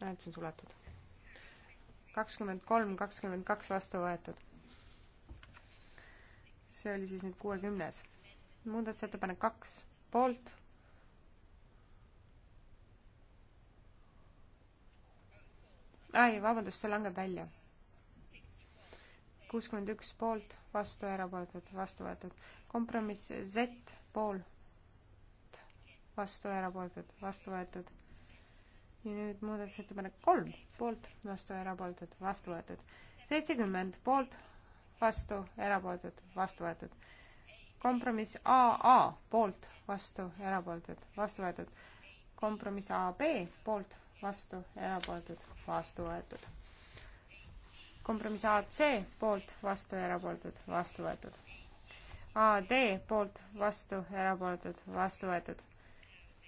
Speaker 3: hääletus on suletud. kakskümmend kolm, kakskümmend kaks vastu võetud see oli siis nüüd kuuekümnes. muudatusettepanek kaks, poolt. ei, vabandust, see langeb välja. kuuskümmend üks poolt, vastu, erapooletud, vastu võetud. kompromiss Z, pool, vastu, erapooletud, vastu võetud. ja nüüd muudatusettepanek kolm, poolt, vastu, erapooletud, vastu võetud. seitsekümmend poolt vastu, erapooletud, vastu võetud. kompromiss AA, poolt, vastu, erapooletud, vastu võetud. kompromiss AB, poolt, vastu, erapooletud, vastu võetud. kompromiss AC, poolt, vastu, erapooletud, vastu võetud. AD, poolt, vastu, erapooletud, vastu võetud.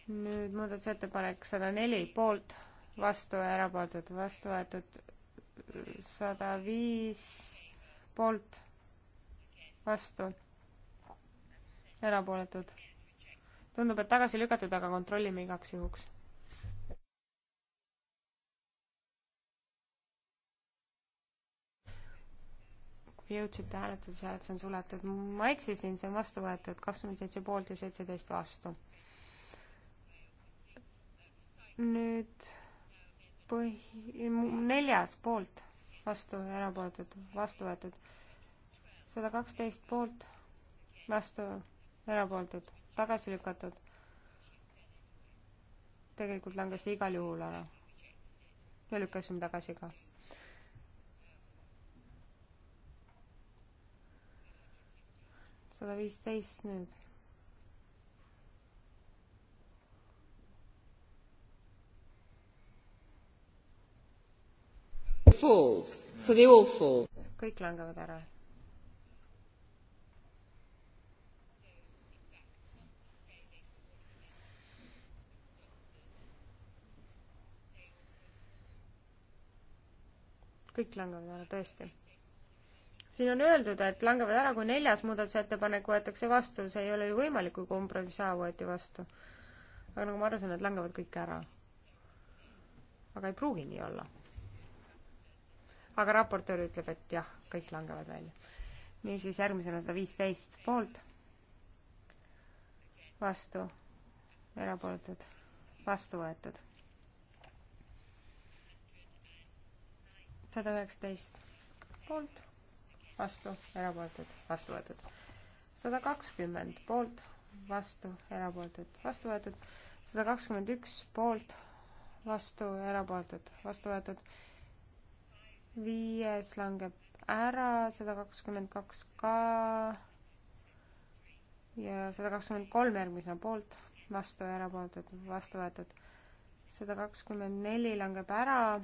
Speaker 3: nüüd muudatusettepanek sada neli, poolt, vastu, erapooletud, vastu võetud, sada viis poolt, vastu, erapooletud. tundub, et tagasi lükatud, aga kontrollime igaks juhuks jõudsite hääletada, hääletus on suletud. ma eksisin, see on vastu võetud kakskümmend seitse poolt ja seitseteist vastu. nüüd põhi, neljas poolt vastu, erapooletud, vastu võetud. sada kaksteist poolt, vastu, erapooletud, tagasi lükatud. tegelikult langes see igal juhul ära. me lükkasime tagasi ka. sada viisteist nüüd
Speaker 1: falls. So they all fall.
Speaker 3: kõik langevad ära. kõik langevad ära, tõesti. siin on öeldud, et langevad ära, kui neljas muudatusettepanek võetakse vastu, see ei ole ju võimalik, kui kompromiss A võeti vastu. aga nagu ma aru saan, nad langevad kõik ära. aga ei pruugi nii olla aga raportöör ütleb, et jah, kõik langevad välja. niisiis, järgmisena sada viisteist poolt, vastu, erapooletud, vastu võetud. sada üheksateist poolt, vastu, erapooletud, vastu võetud. sada kakskümmend poolt, vastu, erapooletud, vastu võetud. sada kakskümmend üks poolt, vastu, erapooletud, vastu võetud viies langeb ära, sada kakskümmend kaks ka ja sada kakskümmend kolm järgmisena poolt, vastu ja erapooletud, vastu võetud. sada kakskümmend neli langeb ära.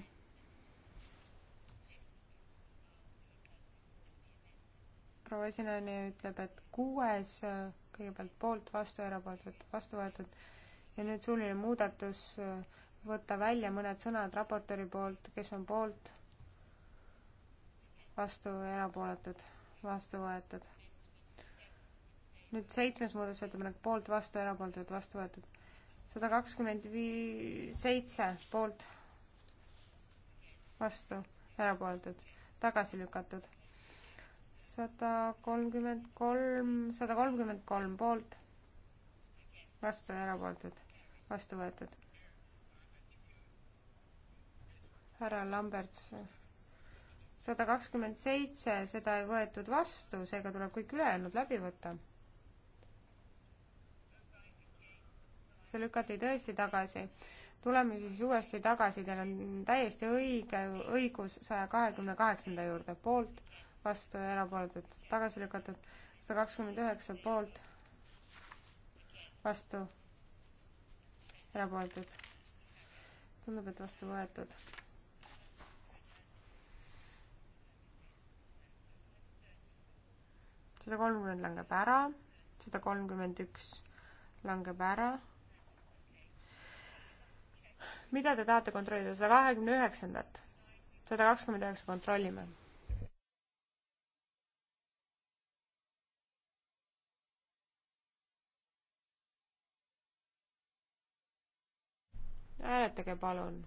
Speaker 3: proua esinejani ütleb, et kuues kõigepealt poolt, vastu, erapooletud, vastu võetud ja nüüd suuline muudatus, võtta välja mõned sõnad raportööri poolt, kes on poolt, vastu, erapooletud, vastu võetud. nüüd seitsmes muudatusettepanek, poolt, vastu, erapooletud, vastu võetud. sada kakskümmend viis, seitse poolt, vastu, erapooletud, tagasi lükatud. sada kolmkümmend kolm, sada kolmkümmend kolm poolt, vastu, erapooletud, vastu võetud. härra Lamberts sada kakskümmend seitse, seda ei võetud vastu, seega tuleb kõik ülejäänud läbi võtta. see lükati tõesti tagasi. tuleme siis uuesti tagasi, teil on täiesti õige õigus saja kahekümne kaheksanda juurde, poolt, vastu ja erapooletud, tagasi lükatud, sada kakskümmend üheksa poolt, vastu, erapooletud. tundub, et vastu võetud sada kolmkümmend langeb ära, sada kolmkümmend üks langeb ära. mida te tahate kontrollida, sada kahekümne üheksandat? sada kakskümmend üheksa kontrollime hääletage palun.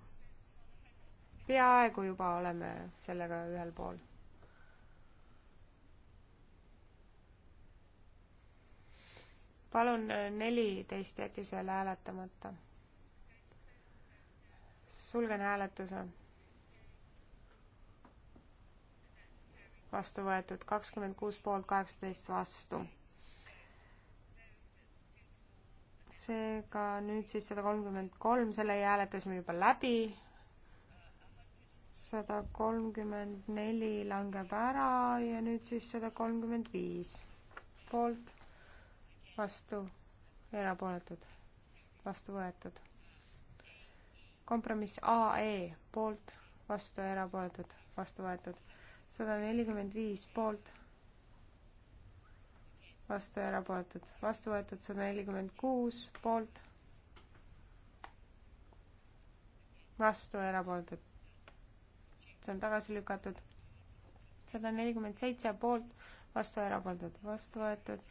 Speaker 3: peaaegu juba oleme sellega ühel pool. palun, äh, neliteist jättis veel hääletamata. sulgen hääletuse. vastu võetud kakskümmend kuus poolt kaheksateist vastu. seega nüüd siis sada kolmkümmend kolm, selle hääletasime juba läbi. sada kolmkümmend neli langeb ära ja nüüd siis sada kolmkümmend viis poolt vastu, erapooletud, vastu võetud. kompromiss AE poolt, vastu, erapooletud, vastu võetud. sada nelikümmend viis poolt, vastu, erapooletud, vastu võetud, sada nelikümmend kuus poolt, vastu, erapooletud. see on tagasi lükatud. sada nelikümmend seitse poolt, vastu, erapooletud, vastu võetud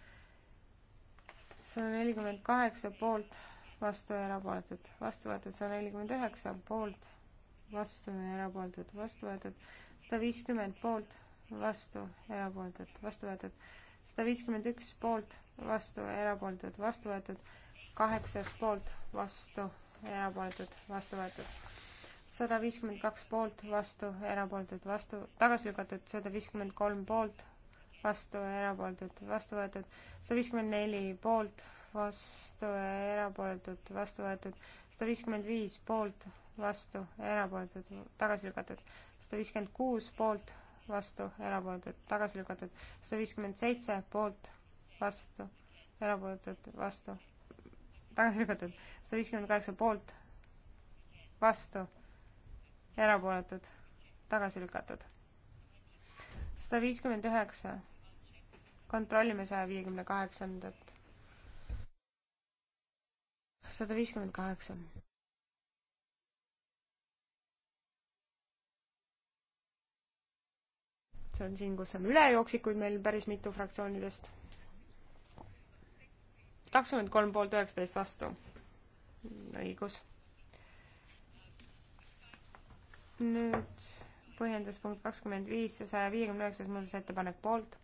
Speaker 3: sada nelikümmend kaheksa poolt, vastu ja erapooletud, vastu võetud sada nelikümmend üheksa poolt, vastu ja erapooletud, vastu võetud sada viiskümmend poolt, vastu, erapooletud, vastu võetud sada viiskümmend üks poolt, vastu, erapooletud, vastu võetud kaheksas poolt, vastu, erapooletud, vastu võetud sada viiskümmend kaks poolt, vastu, erapooletud, vastu, tagasi lükatud sada viiskümmend kolm poolt, vastu, erapooletud, vastu võetud, sada viiskümmend neli poolt, vastu, erapooletud, vastu võetud, sada viiskümmend viis poolt, vastu, erapooletud, tagasi lükatud, sada viiskümmend kuus poolt, vastu, erapooletud, tagasi lükatud, sada viiskümmend seitse poolt, vastu, erapooletud, vastu, tagasi lükatud, sada viiskümmend kaheksa poolt, vastu, erapooletud, tagasi lükatud sada viiskümmend üheksa kontrollime saja viiekümne kaheksandat. sada viiskümmend kaheksa. see on siin, kus on ülejooksikuid meil päris mitu fraktsioonidest. kakskümmend kolm poolt üheksateist vastu. õigus. nüüd põhjendus punkt kakskümmend viis ja saja viiekümne üheksas muudatusettepanek poolt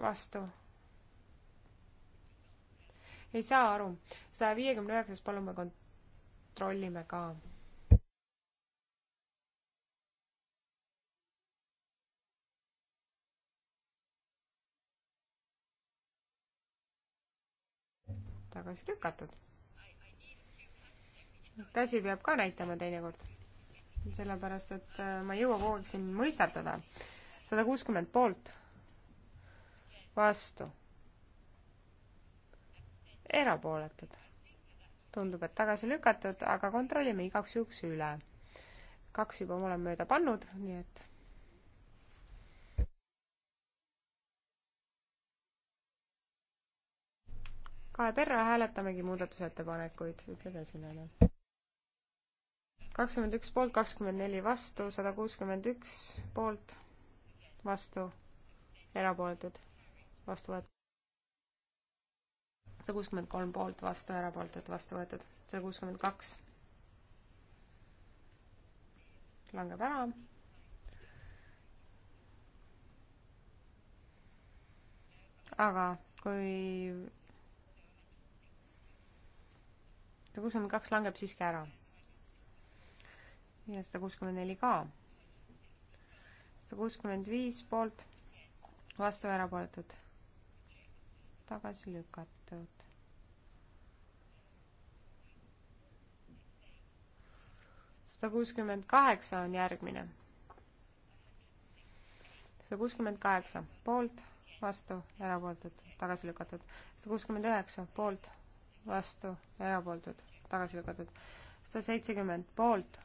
Speaker 3: vastu. ei saa aru, saja viiekümne üheksas palun me kontrollime ka. tagasi lükatud. käsi peab ka näitama teinekord, sellepärast et äh, ma ei jõua kogu aeg siin mõistatada. sada kuuskümmend poolt vastu. erapooletud. tundub, et tagasi lükatud, aga kontrollime igaks juhuks üle. kaks juba ma olen mööda pannud, nii et. kahe perre hääletamegi muudatusettepanekuid, ütleb esinejana. kakskümmend üks poolt, kakskümmend neli vastu, sada kuuskümmend üks poolt, vastu, erapooletud vastu võetud. sada kuuskümmend kolm poolt, vastu, erapooletud, vastu võetud. sada kuuskümmend kaks langeb ära. aga kui sada kuuskümmend kaks langeb siiski ära. ja sada kuuskümmend neli ka. sada kuuskümmend viis poolt, vastu erapooletud, tagasi lükatud. sada kuuskümmend kaheksa on järgmine. sada kuuskümmend kaheksa poolt, vastu, erapooletud, tagasi lükatud. sada kuuskümmend üheksa poolt, vastu, erapooletud, tagasi lükatud. sada seitsekümmend poolt,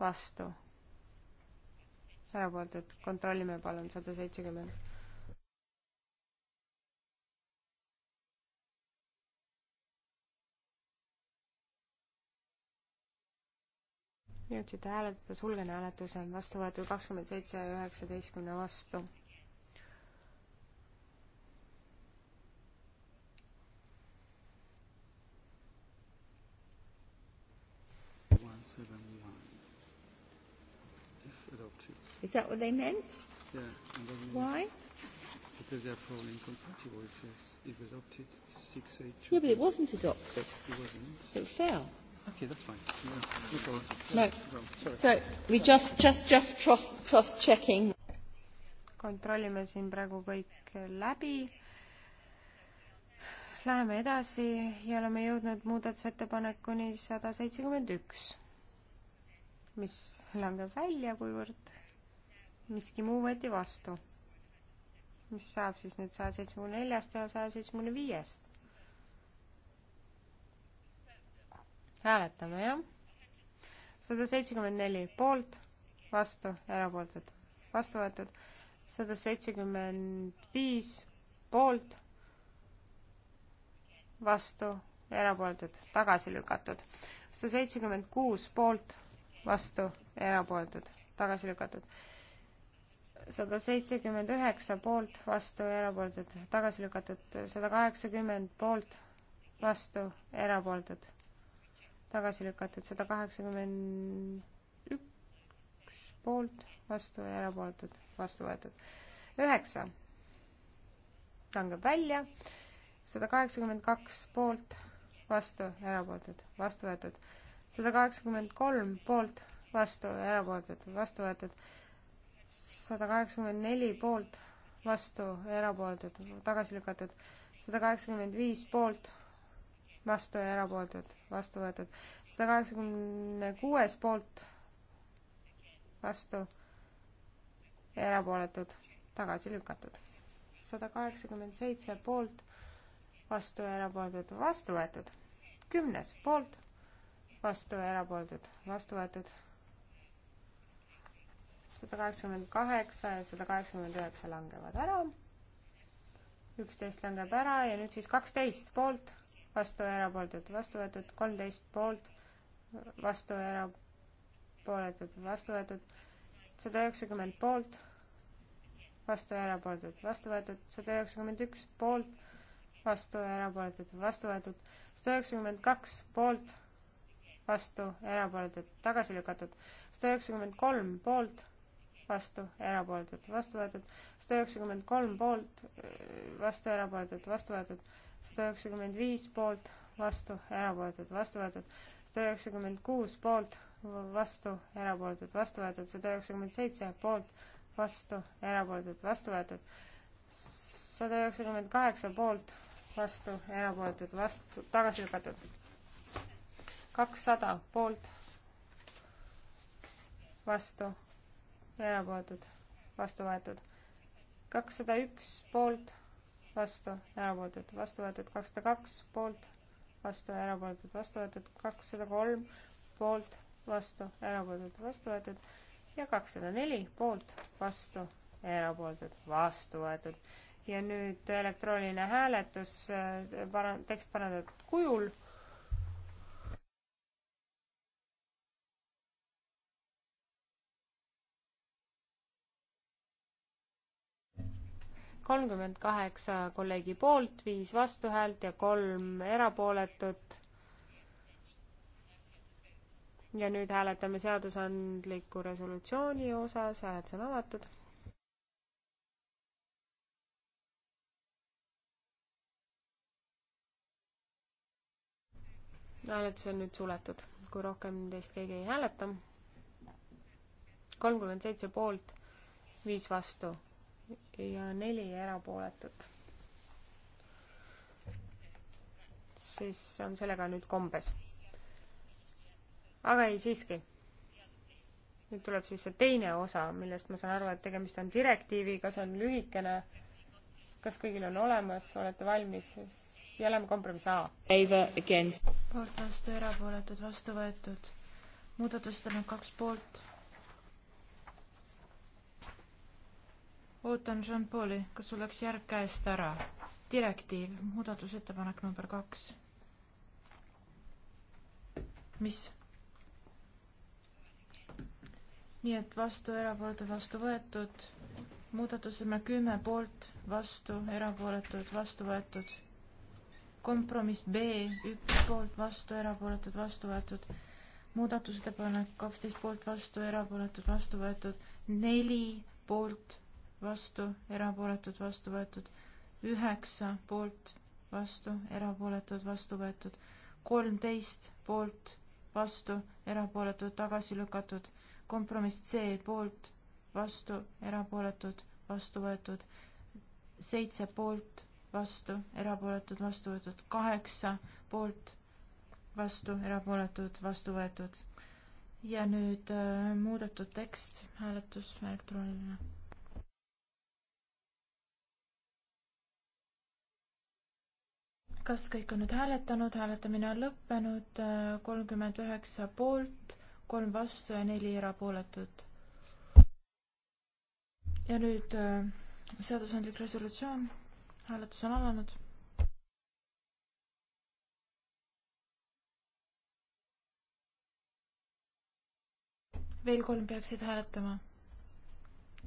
Speaker 3: vastu, erapooletud, kontrollime palun, sada seitsekümmend jõudsite hääletada, sulgen hääletuse, vastu võetud kakskümmend seitse ja üheksateistkümne vastu.
Speaker 4: Is that what they meant?
Speaker 1: Yeah. And then Why?
Speaker 4: Because they are probably incompatible. It says if adopted, 682. Yeah, but it wasn't adopted. It wasn't. It fell. Okay, that's fine. No. So we just,
Speaker 2: just, just cross, cross checking.
Speaker 3: kontrollime siin praegu kõik läbi. Läheme edasi ja oleme jõudnud muudatusettepanekuni sada seitsekümmend üks, mis langeb välja, kuivõrd miski muu võeti vastu. mis saab siis nüüd saja seitsmekümne neljast ja saja seitsmekümne viiest? hääletame, jah. sada seitsekümmend neli poolt, vastu, erapooletud, vastu võetud. sada seitsekümmend viis poolt, vastu, erapooletud, tagasi lükatud. sada seitsekümmend kuus poolt, vastu, erapooletud, tagasi lükatud sada seitsekümmend üheksa poolt, vastu, erapooletud, tagasi lükatud, sada kaheksakümmend poolt, vastu, erapooletud, tagasi lükatud, sada kaheksakümmend üks poolt, vastu ja erapooletud, vastu võetud. üheksa langeb välja, sada kaheksakümmend kaks poolt, vastu ja erapooletud, vastu võetud. sada kaheksakümmend kolm poolt, vastu ja erapooletud, vastu võetud. sada kaheksakümmend neli poolt, vastu ja erapooletud, tagasi lükatud. sada kaheksakümmend viis poolt vastu ja erapooletud, vastu võetud. sada kaheksakümne kuues poolt, vastu ja erapooletud, tagasi lükatud. sada kaheksakümmend seitse poolt, vastu ja erapooletud, vastu võetud. kümnes poolt, vastu ja erapooletud, vastu võetud sada kaheksakümmend kaheksa ja sada kaheksakümmend üheksa langevad ära. üksteist langeb ära ja nüüd siis kaksteist poolt, vastu erapooletud, vastu võetud, kolmteist poolt, vastu erapooletud, vastu võetud, sada üheksakümmend poolt, vastu erapooletud, vastu võetud, sada üheksakümmend üks poolt, vastu erapooletud, vastu võetud, sada üheksakümmend kaks poolt, vastu erapooletud, tagasi lükatud, sada üheksakümmend kolm poolt vastu, erapooletud, vastu võetud, sada üheksakümmend kolm poolt, vastu erapooletud, vastu võetud, sada üheksakümmend viis poolt, vastu, erapooletud, vastu võetud, sada üheksakümmend kuus poolt, vastu, erapooletud, vastu võetud, sada üheksakümmend seitse poolt, vastu, erapooletud, vastu võetud, sada üheksakümmend kaheksa poolt, vastu, erapooletud, vastu, tagasi lükatud, kakssada poolt, vastu, erapooletud, vastu võetud, kakssada üks poolt vastu, erapooletud, vastu võetud kakssada kaks, poolt, vastu, erapooletud, vastu võetud kakssada kolm, poolt, vastu, erapooletud, vastu võetud ja kakssada neli, poolt, vastu, erapooletud, vastu võetud. ja nüüd elektrooniline hääletus, äh, para-, tekst parandatud kujul kolmkümmend kaheksa kolleegi poolt, viis vastuhäält ja kolm erapooletut. ja nüüd hääletame seadusandliku resolutsiooni osas, hääletus on avatud hääletus on nüüd suletud, kui rohkem teist keegi ei hääleta. kolmkümmend seitse poolt, viis vastu, ja neli erapooletut. siis on sellega nüüd kombes. aga ei, siiski. nüüd tuleb siis see teine osa, millest ma saan aru, et tegemist on direktiiviga, see on lühikene. kas kõigil on olemas, olete valmis? ja läheme kompromissi A.
Speaker 2: poolt vastu, erapooletud, vastu võetud. muudatusettepanek kaks poolt ootan Jean-Pauli, kas sul läks järg käest ära? direktiiv, muudatusettepanek number kaks. mis? nii et vastu, erapooletud, vastu võetud. muudatusena kümme poolt, vastu, erapooletud, vastu võetud. kompromiss B, üks poolt, vastu, erapooletud, vastu võetud. muudatusettepanek kaksteist poolt, vastu, erapooletud, vastu võetud. neli poolt vastu, erapooletud, vastu võetud, üheksa poolt, vastu, erapooletud, vastu võetud, kolmteist poolt, vastu, erapooletud, tagasi lükatud, kompromiss C poolt, vastu, erapooletud, vastu võetud, seitse poolt, vastu, erapooletud, vastu võetud, kaheksa poolt, vastu, erapooletud, vastu võetud. ja nüüd äh, muudetud tekst, hääletus elektrooniline kas kõik on nüüd hääletanud, hääletamine on lõppenud, äh, kolmkümmend üheksa poolt, kolm vastu ja neli erapooletut. ja nüüd äh, seadusandlik resolutsioon, hääletus on alanud veel kolm peaksid hääletama.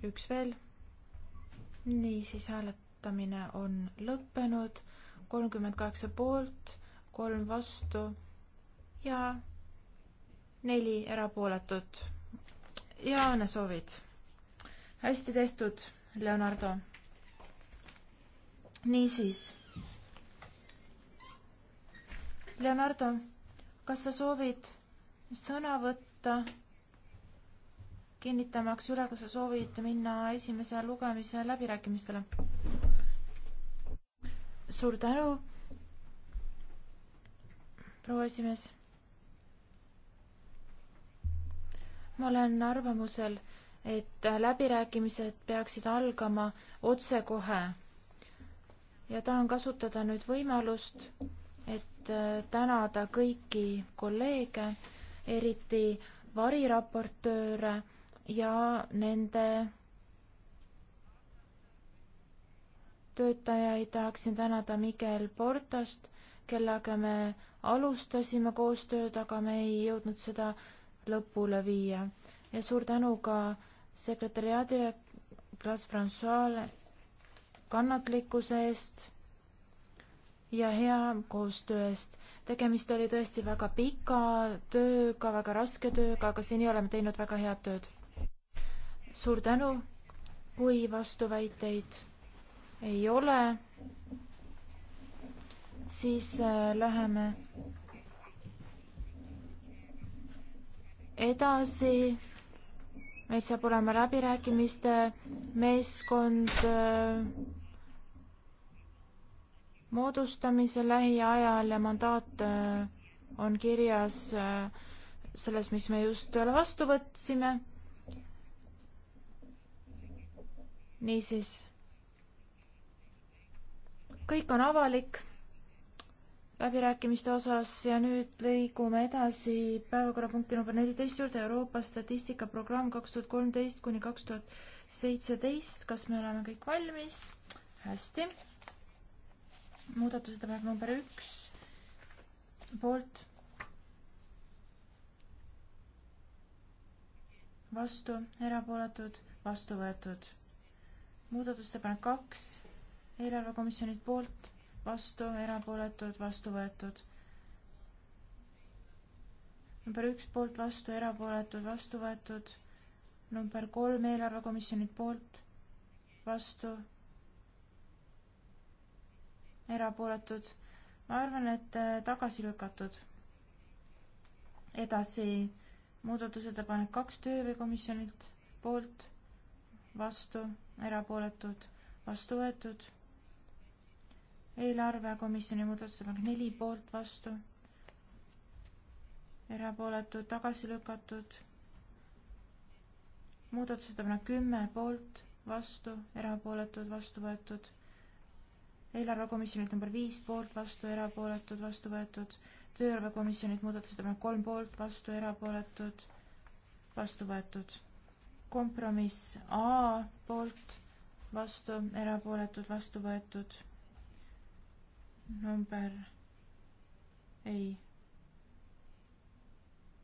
Speaker 2: üks veel. niisiis, hääletamine on lõppenud kolmkümmend kaheksa poolt, kolm vastu ja neli erapooletut. ja õnnesoovid. hästi tehtud, Leonardo. niisiis. Leonardo, kas sa soovid sõna võtta, kinnitamaks üle, kas sa soovid minna esimese lugemise läbirääkimistele? suur tänu, proua esimees. ma olen arvamusel, et läbirääkimised peaksid algama otsekohe. ja tahan kasutada nüüd võimalust, et tänada kõiki kolleege, eriti variraportööre ja nende töötajaid tahaksin tänada Miguel Portast, kellega me alustasime koostööd, aga me ei jõudnud seda lõpule viia. ja suur tänu ka sekretäriaadile Claes Francois'le kannatlikkuse eest ja hea koostöö eest. tegemist oli tõesti väga pika tööga, väga raske tööga, aga seni oleme teinud väga head tööd. suur tänu, kui vastuväiteid ei ole, siis äh, läheme edasi. meil saab olema läbirääkimiste meeskond äh, moodustamise lähiajal ja mandaat äh, on kirjas selles, mis me just vastu võtsime. niisiis kõik on avalik läbirääkimiste osas ja nüüd liigume edasi päevakorrapunkti number neliteist juurde, Euroopa statistikaprogramm kaks tuhat kolmteist kuni kaks tuhat seitseteist. kas me oleme kõik valmis? hästi. muudatusettepanek number üks, poolt. vastu, erapooletud, vastu võetud. muudatusettepanek kaks eelarvekomisjonilt poolt, vastu, erapooletud, vastu võetud. number üks poolt, vastu, erapooletud, vastu võetud. number kolm eelarvekomisjonilt poolt, vastu, erapooletud. ma arvan, et äh, tagasi lükatud. edasi muudatusettepanek kaks tööhõivekomisjonilt poolt, vastu, erapooletud, vastu võetud eelarvekomisjoni muudatusettepanek neli poolt vastu, erapooletud tagasi lükatud. muudatusettepanek kümme poolt vastu, erapooletud vastu võetud. eelarvekomisjonilt number viis poolt vastu, erapooletud vastu võetud. tööarvekomisjonilt muudatusettepanek kolm poolt vastu, erapooletud vastu võetud. kompromiss A poolt vastu, erapooletud vastu võetud number ei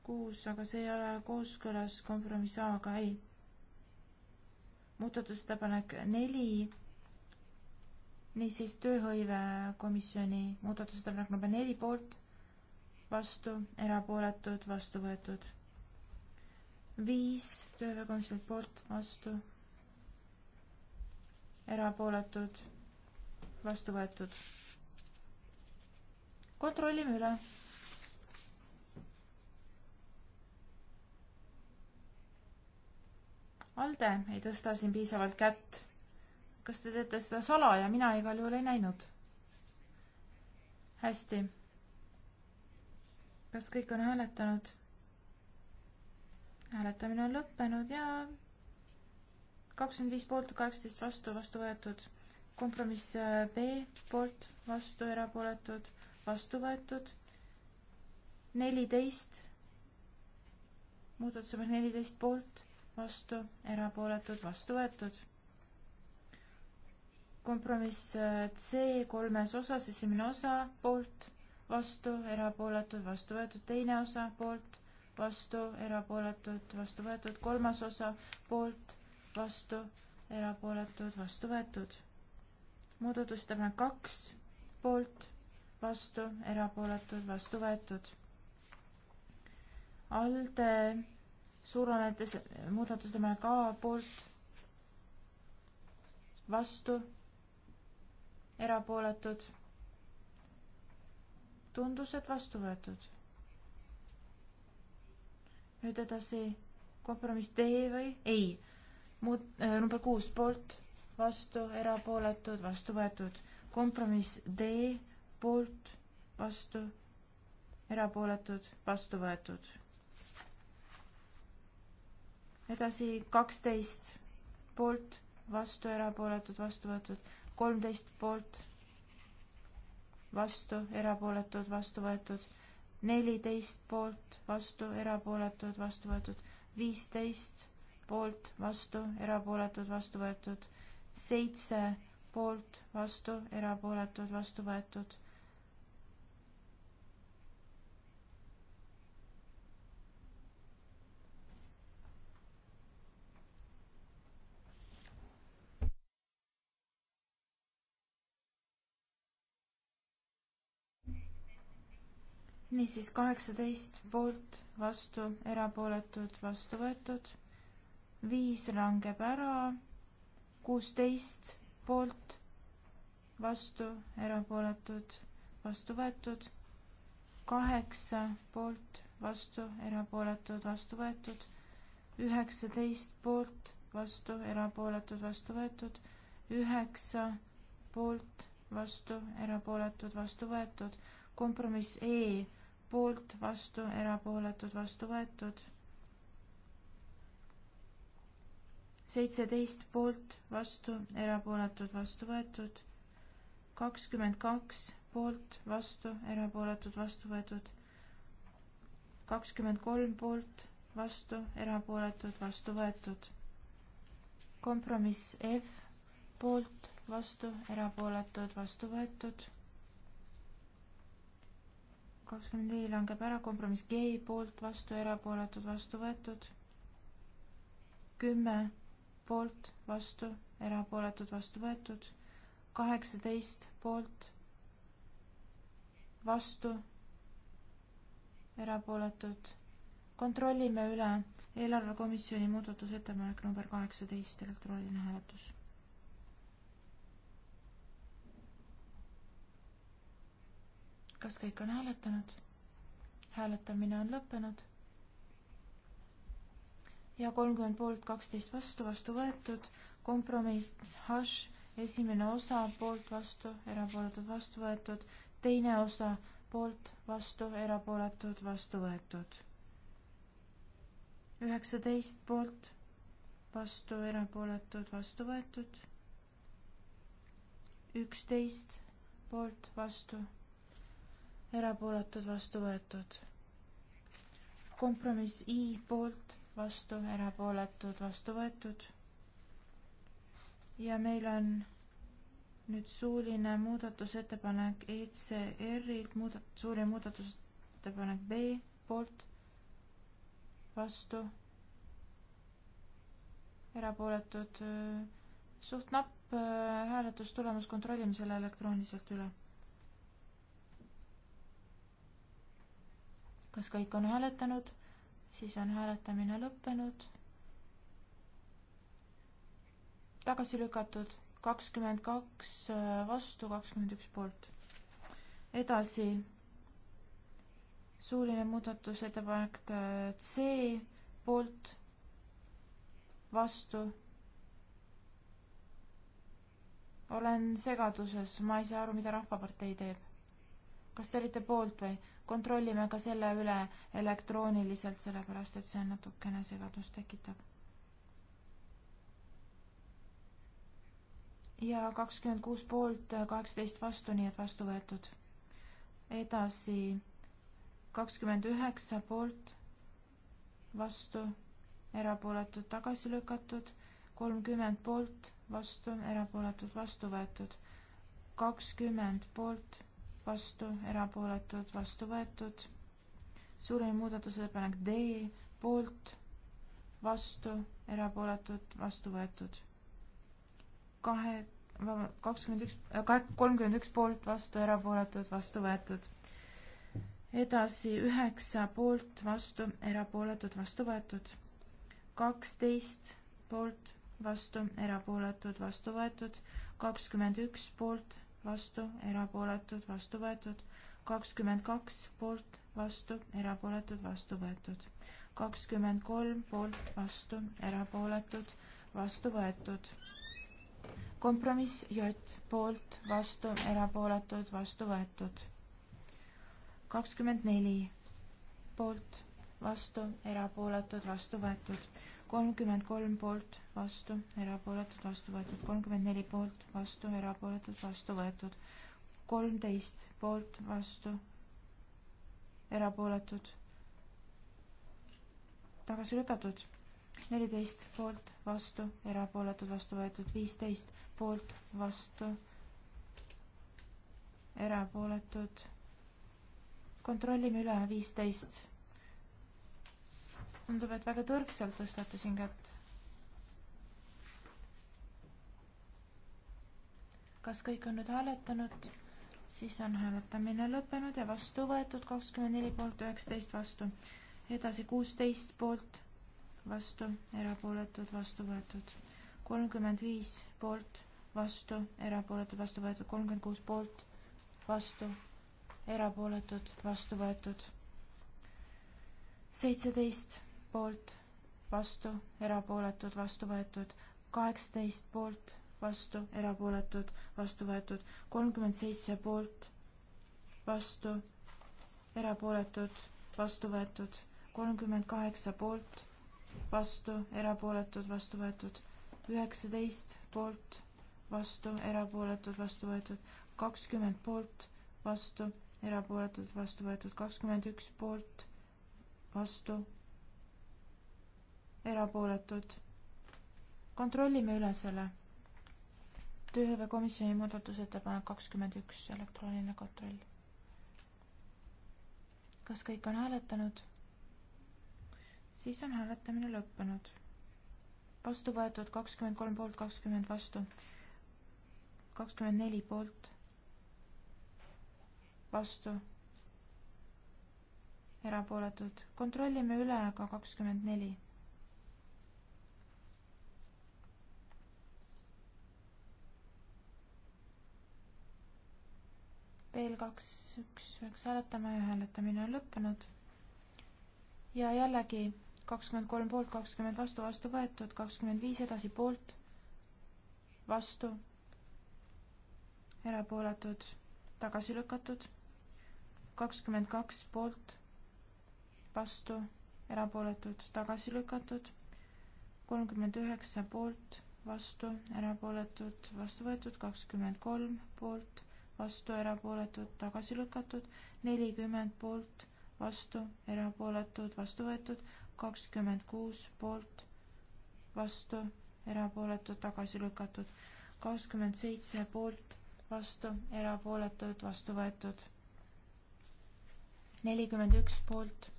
Speaker 2: kuus, aga see ei ole kooskõlas kompromiss A-ga, ei. muudatusettepanek neli, niisiis tööhõivekomisjoni muudatusettepanek number neli poolt, vastu, erapooletud, vastu võetud. viis tööhõivekomisjoni poolt, vastu, erapooletud, vastu võetud kontrollime üle. Alde ei tõsta siin piisavalt kätt. kas te teete seda salaja, mina igal juhul ei näinud. hästi. kas kõik on hääletanud? hääletamine on lõppenud ja kakskümmend viis poolt, kaheksateist vastu, vastu võetud. kompromiss äh, B poolt, vastu, erapooletud vastu võetud. neliteist, muudatusepanek neliteist poolt, vastu, erapooletud, vastu võetud. kompromiss äh, C kolmes osas, esimene osa poolt, vastu, erapooletud, vastu võetud, teine osa poolt, vastu, erapooletud, vastu võetud, kolmas osa poolt, vastu, erapooletud, vastu võetud. muudatusettepanek kaks poolt vastu, erapooletud, vastu võetud. ALDE suuranetes muudatusettepanek A poolt, vastu, erapooletud. tundus, et vastu võetud. nüüd edasi kompromiss D või ei, muud äh,, number kuus poolt, vastu, erapooletud, vastu võetud. kompromiss D poolt, vastu, erapooletud, vastu võetud. edasi kaksteist poolt, vastu, erapooletud, vastu võetud, kolmteist poolt, vastu, erapooletud, vastu võetud, neliteist poolt, vastu, erapooletud, vastu võetud, viisteist poolt, vastu, erapooletud, vastu võetud, seitse poolt, vastu, erapooletud, vastu võetud niisiis kaheksateist poolt, vastu, erapooletud, vastu võetud. viis langeb ära, kuusteist poolt, vastu, erapooletud, vastu võetud. kaheksa poolt, vastu, erapooletud, vastu võetud. üheksateist poolt, vastu, erapooletud, vastu võetud. üheksa poolt, vastu, erapooletud, vastu võetud. kompromiss E poolt, vastu, erapooletud, vastu võetud. seitseteist poolt, vastu, erapooletud, vastu võetud. kakskümmend kaks poolt, vastu, erapooletud, vastu võetud. kakskümmend kolm poolt, vastu, erapooletud, vastu võetud. kompromiss F poolt, vastu, erapooletud, vastu võetud kakskümmend neli langeb ära, kompromiss G poolt, vastu, erapooletud, vastu võetud. kümme poolt, vastu, erapooletud, vastu võetud. kaheksateist poolt, vastu, erapooletud. kontrollime üle eelarvekomisjoni muudatusettepanek number kaheksateist, elektrooniline hääletus kas kõik on hääletanud? hääletamine on lõppenud. ja kolmkümmend poolt, kaksteist vastu, vastu võetud, kompromiss, hash, esimene osa, poolt, vastu, erapooletud, vastu võetud, teine osa, poolt, vastu, erapooletud, vastu võetud. üheksateist poolt, vastu, erapooletud, vastu võetud. üksteist poolt, vastu erapooletud, vastu võetud. kompromiss I poolt, vastu, erapooletud, vastu võetud. ja meil on nüüd suuline muudatusettepanek ECR-ilt, muudat-, suuline muudatusettepanek B poolt, vastu, erapooletud, suht napp äh, hääletustulemus, kontrollime selle elektrooniliselt üle kas kõik on hääletanud? siis on hääletamine lõppenud. tagasi lükatud kakskümmend kaks äh, vastu, kakskümmend üks poolt. edasi suuline muudatusettepanek äh, C poolt, vastu. olen segaduses, ma ei saa aru, mida Rahvapartei teeb. kas te olite poolt või? kontrollime ka selle üle elektrooniliselt, sellepärast et see natukene segadust tekitab. ja kakskümmend kuus poolt, kaheksateist vastu, nii et vastu võetud. edasi kakskümmend üheksa poolt, vastu, erapooletud, tagasi lükatud, kolmkümmend poolt, vastu, erapooletud, vastu võetud, kakskümmend poolt vastu, erapooletud, vastu võetud. suurim muudatusettepanek D poolt, vastu, erapooletud, vastu võetud. kahe, kakskümmend üks, äh, kolmkümmend üks poolt, vastu, erapooletud, vastu võetud. edasi üheksa poolt, vastu, erapooletud, vastu võetud. kaksteist poolt, vastu, erapooletud, vastu võetud. kakskümmend üks poolt, vastu, erapooletud, vastu võetud, kakskümmend kaks poolt, vastu, erapooletud, vastu võetud, kakskümmend kolm poolt, vastu, erapooletud, vastu võetud. kompromiss J poolt, vastu, erapooletud, vastu võetud. kakskümmend neli poolt, vastu, erapooletud, vastu võetud kolmkümmend kolm poolt, vastu, erapooletud, vastu võetud, kolmkümmend neli poolt, vastu, erapooletud, vastu võetud, kolmteist poolt, vastu, erapooletud, tagasi lükatud, neliteist poolt, vastu, erapooletud, vastu võetud, viisteist poolt, vastu, erapooletud, kontrollime üle, viisteist tundub, et väga tõrkselt tõstatasin kätt. kas kõik on nüüd hääletanud? siis on hääletamine lõppenud ja vastu võetud kakskümmend neli poolt, üheksateist vastu. edasi kuusteist poolt, vastu, erapooletud, vastu võetud. kolmkümmend viis poolt, vastu, erapooletud, vastu võetud. kolmkümmend kuus poolt, vastu, erapooletud, vastu võetud. seitseteist poolt, vastu, erapooletud, vastu võetud, kaheksateist poolt, vastu, erapooletud, vastu võetud, kolmkümmend seitse poolt, vastu, erapooletud, vastu võetud, kolmkümmend kaheksa poolt, vastu, erapooletud, vastu võetud, üheksateist poolt, vastu, erapooletud, vastu võetud, kakskümmend poolt, vastu, erapooletud, vastu võetud, kakskümmend üks poolt, vastu erapooletud. kontrollime üle selle. tööhõivekomisjoni muudatusettepanek kakskümmend üks, elektrooniline kontroll. kas kõik on hääletanud? siis on hääletamine lõppenud. vastu võetud kakskümmend kolm poolt, kakskümmend vastu, kakskümmend neli poolt, vastu, erapooletud. kontrollime üle, aga kakskümmend neli veel kaks, üks, üks hääletame, hääletamine on lõppenud. ja jällegi kakskümmend kolm poolt, kakskümmend vastu, vastu võetud, kakskümmend viis edasi poolt, vastu, erapooletud, tagasi lükatud, kakskümmend kaks poolt, vastu, erapooletud, tagasi lükatud, kolmkümmend üheksa poolt, vastu, erapooletud, vastu võetud, kakskümmend kolm poolt vastu, erapooletud, tagasi lükatud, nelikümmend poolt, vastu, erapooletud, vastu võetud, kakskümmend kuus poolt, vastu, erapooletud, tagasi lükatud, kakskümmend seitse poolt, vastu, erapooletud, vastu võetud, nelikümmend üks poolt,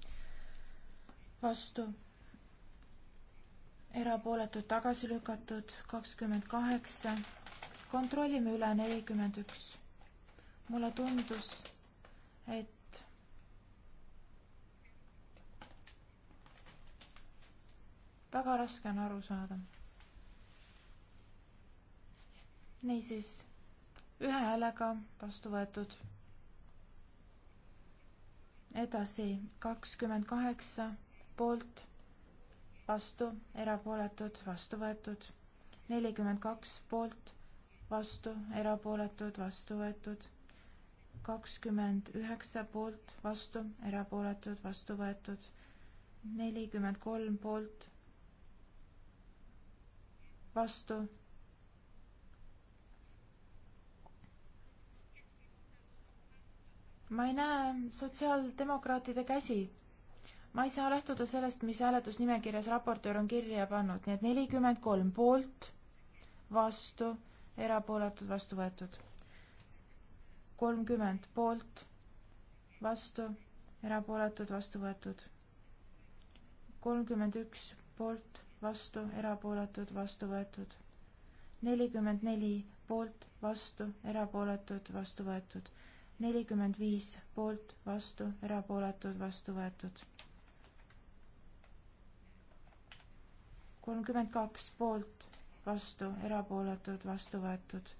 Speaker 2: vastu, erapooletud, tagasi lükatud, kakskümmend kaheksa, kontrollime üle, nelikümmend üks mulle tundus, et väga raske on aru saada. niisiis, ühe häälega vastu võetud. edasi kakskümmend kaheksa poolt, vastu, erapooletud, vastu võetud. nelikümmend kaks poolt, vastu, erapooletud, vastu võetud kakskümmend üheksa poolt, vastu, erapooletud, vastu võetud, nelikümmend kolm poolt, vastu. ma ei näe sotsiaaldemokraatide käsi. ma ei saa lähtuda sellest, mis hääletusnimekirjas raportöör on kirja pannud, nii et nelikümmend kolm poolt, vastu, erapooletud, vastu võetud kolmkümmend poolt, vastu, erapooletud, vastu võetud. kolmkümmend üks poolt, vastu, erapooletud, vastu võetud. nelikümmend neli poolt, vastu, erapooletud, vastu võetud. nelikümmend viis poolt, vastu, erapooletud, vastu võetud. kolmkümmend kaks poolt, vastu, erapooletud, vastu võetud.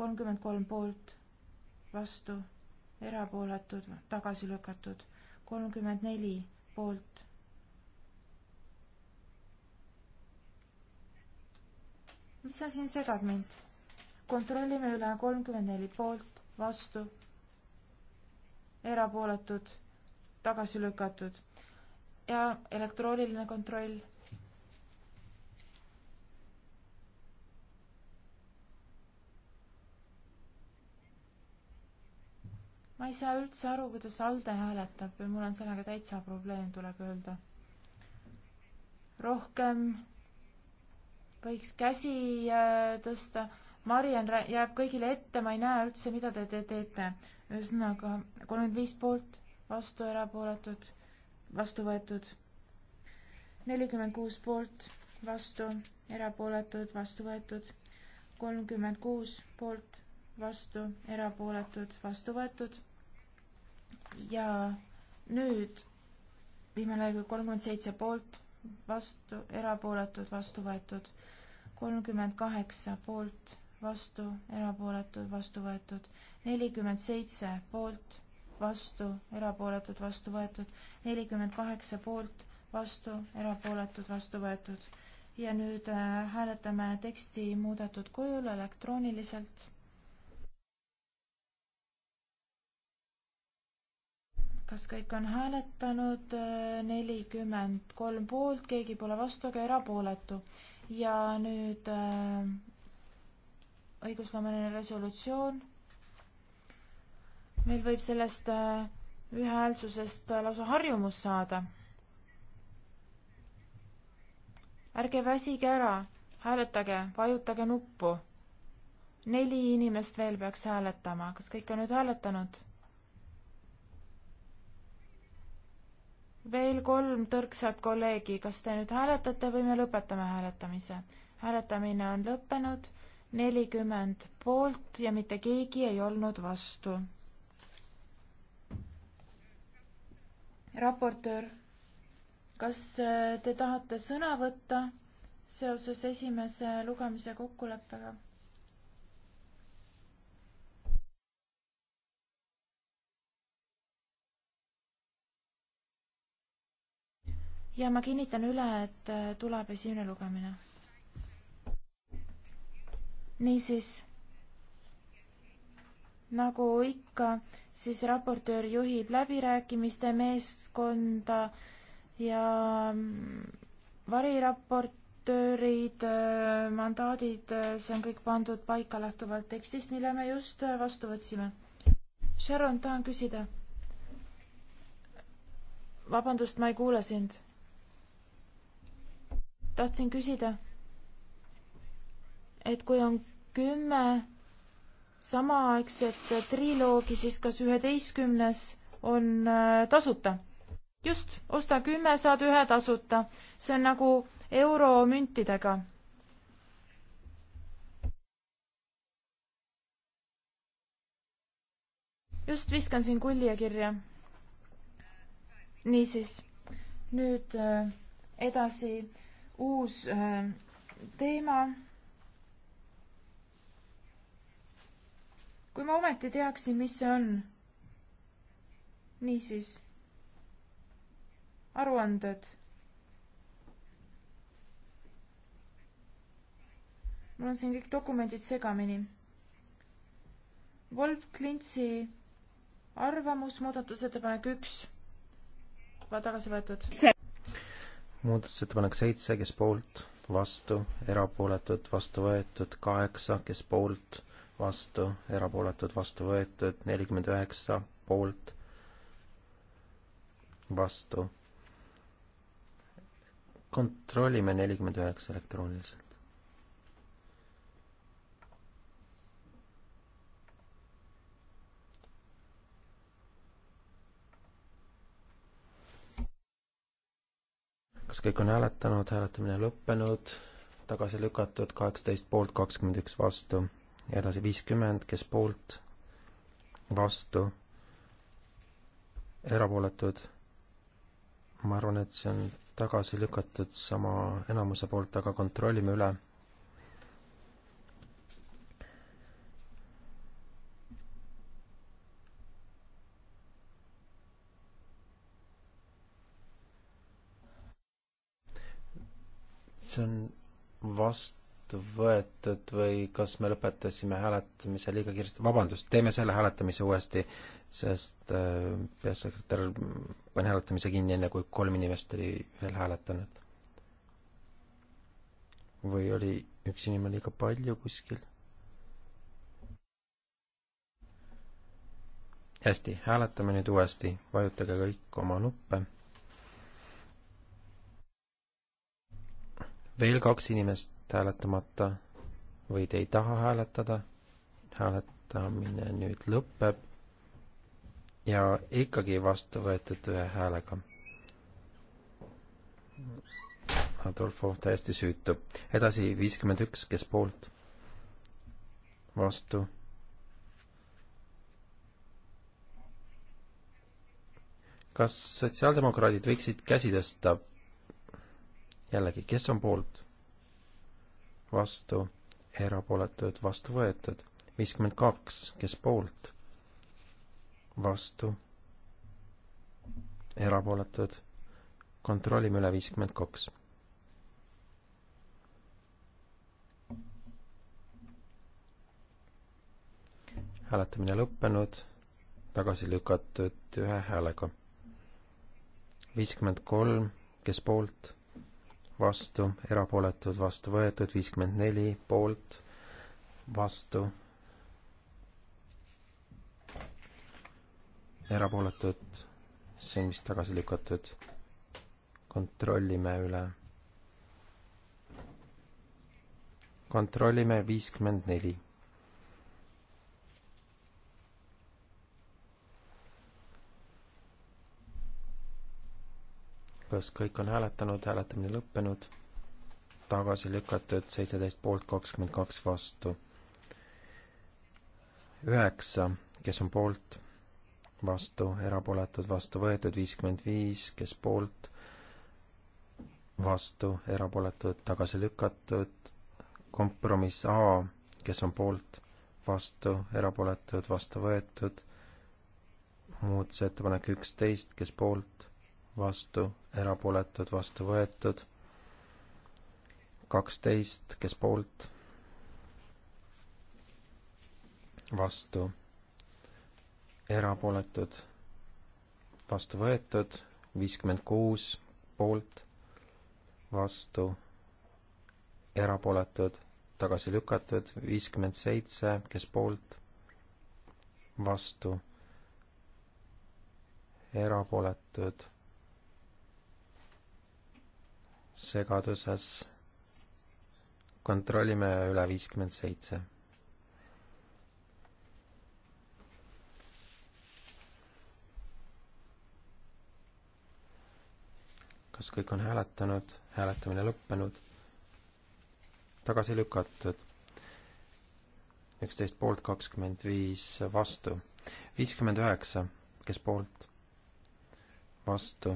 Speaker 2: kolmkümmend kolm poolt, vastu, erapooletud, tagasi lükatud, kolmkümmend neli poolt. mis sa siin segad mind? kontrollime üle, kolmkümmend neli poolt, vastu, erapooletud, tagasi lükatud ja elektrooniline kontroll ma ei saa üldse aru, kuidas ALDE hääletab või mul on sellega täitsa probleem, tuleb öelda. rohkem võiks käsi äh, tõsta. Mariann jääb kõigile ette, ma ei näe üldse, mida te, te teete. ühesõnaga kolmkümmend viis poolt, vastu erapooletud, vastu võetud. nelikümmend kuus poolt, vastu erapooletud, vastu võetud. kolmkümmend kuus poolt, vastu erapooletud, vastu võetud ja nüüd viimane lõige kolmkümmend seitse poolt, vastu, erapooletud, vastu võetud. kolmkümmend kaheksa poolt, vastu, erapooletud, vastu võetud. nelikümmend seitse poolt, vastu, erapooletud, vastu võetud. nelikümmend kaheksa poolt, vastu, erapooletud, vastu võetud. ja nüüd äh, hääletame teksti muudetud kujul elektrooniliselt kas kõik on hääletanud? nelikümmend kolm poolt, keegi pole vastu ega erapooletu. ja nüüd äh, õigusloomeline resolutsioon. meil võib sellest äh, ühehäälsusest äh, lausa harjumus saada. ärge väsige ära, hääletage, vajutage nuppu. neli inimest veel peaks hääletama, kas kõik on nüüd hääletanud? veel kolm tõrksat kolleegi, kas te nüüd hääletate või me lõpetame hääletamise? hääletamine on lõppenud, nelikümmend poolt ja mitte keegi ei olnud vastu. raportöör, kas äh, te tahate sõna võtta seoses esimese lugemise kokkuleppega? ja ma kinnitan üle, et äh, tuleb esimene lugemine. niisiis, nagu ikka, siis raportöör juhib läbirääkimiste meeskonda ja mm, variraportöörid, äh, mandaadid, äh, see on kõik pandud paika lähtuvalt tekstist, mille me just vastu võtsime. Sharon, tahan küsida. vabandust, ma ei kuule sind tahtsin küsida, et kui on kümme samaaegset triloogi, siis kas üheteistkümnes on äh, tasuta? just, osta kümme, saad ühe tasuta. see on nagu euromüntidega. just viskan siin kulje kirja. niisiis, nüüd äh, edasi uus äh, teema. kui ma ometi teaksin, mis see on. niisiis, aruanded. mul on siin kõik dokumendid segamini. Wolf Klintsi arvamus, muudatusettepanek üks, tagasi võetud. see
Speaker 4: muudatusettepanek seitse, kes poolt, vastu, erapooletud, vastu võetud, kaheksa, kes poolt, vastu, erapooletud, vastu võetud, nelikümmend üheksa, poolt, vastu. kontrollime nelikümmend üheksa elektrooniliselt. kas kõik on hääletanud, hääletamine lõppenud, tagasi lükatud, kaheksateist poolt, kakskümmend üks vastu. edasi viiskümmend, kes poolt, vastu, erapooletud. ma arvan, et see on tagasi lükatud sama enamuse poolt, aga kontrollime üle see on vastu võetud või kas me lõpetasime hääletamise liiga kiiresti, vabandust, teeme selle hääletamise uuesti, sest äh, peasekretär pani hääletamise kinni enne, kui kolm inimest oli veel hääletanud. või oli üks inimene liiga palju kuskil? hästi, hääletame nüüd uuesti, vajutage kõik oma nuppe veel kaks inimest hääletamata või te ei taha hääletada, hääletamine nüüd lõpeb ja ikkagi vastu võetud ühe häälega. Adolfo täiesti süütu. edasi viiskümmend üks, kes poolt? vastu. kas sotsiaaldemokraadid võiksid käsi tõsta jällegi, kes on poolt? vastu, erapooletud, vastu võetud. viiskümmend kaks, kes poolt? vastu, erapooletud, kontrollime üle viiskümmend kaks. hääletamine lõppenud, tagasi lükatud ühe häälega. viiskümmend kolm, kes poolt? vastu, erapooletud, vastu võetud, viiskümmend neli poolt, vastu, erapooletud, see on vist tagasi lükatud. kontrollime üle. kontrollime viiskümmend neli kas kõik on hääletanud, hääletamine lõppenud, tagasi lükatud, seitseteist poolt, kakskümmend kaks vastu. üheksa, kes on poolt, vastu, erapooletud, vastu võetud, viiskümmend viis, kes poolt, vastu, erapooletud, tagasi lükatud, kompromiss A, kes on poolt, vastu, erapooletud, vastu võetud, muudatusettepanek üksteist, kes poolt, vastu, erapooletud, vastu võetud. kaksteist, kes poolt? vastu, erapooletud, vastu võetud, viiskümmend kuus poolt, vastu, erapooletud, tagasi lükatud, viiskümmend seitse, kes poolt, vastu, erapooletud segaduses. kontrollime üle viiskümmend seitse. kas kõik on hääletanud, hääletamine lõppenud, tagasi lükatud, üksteist poolt, kakskümmend viis vastu, viiskümmend üheksa, kes poolt, vastu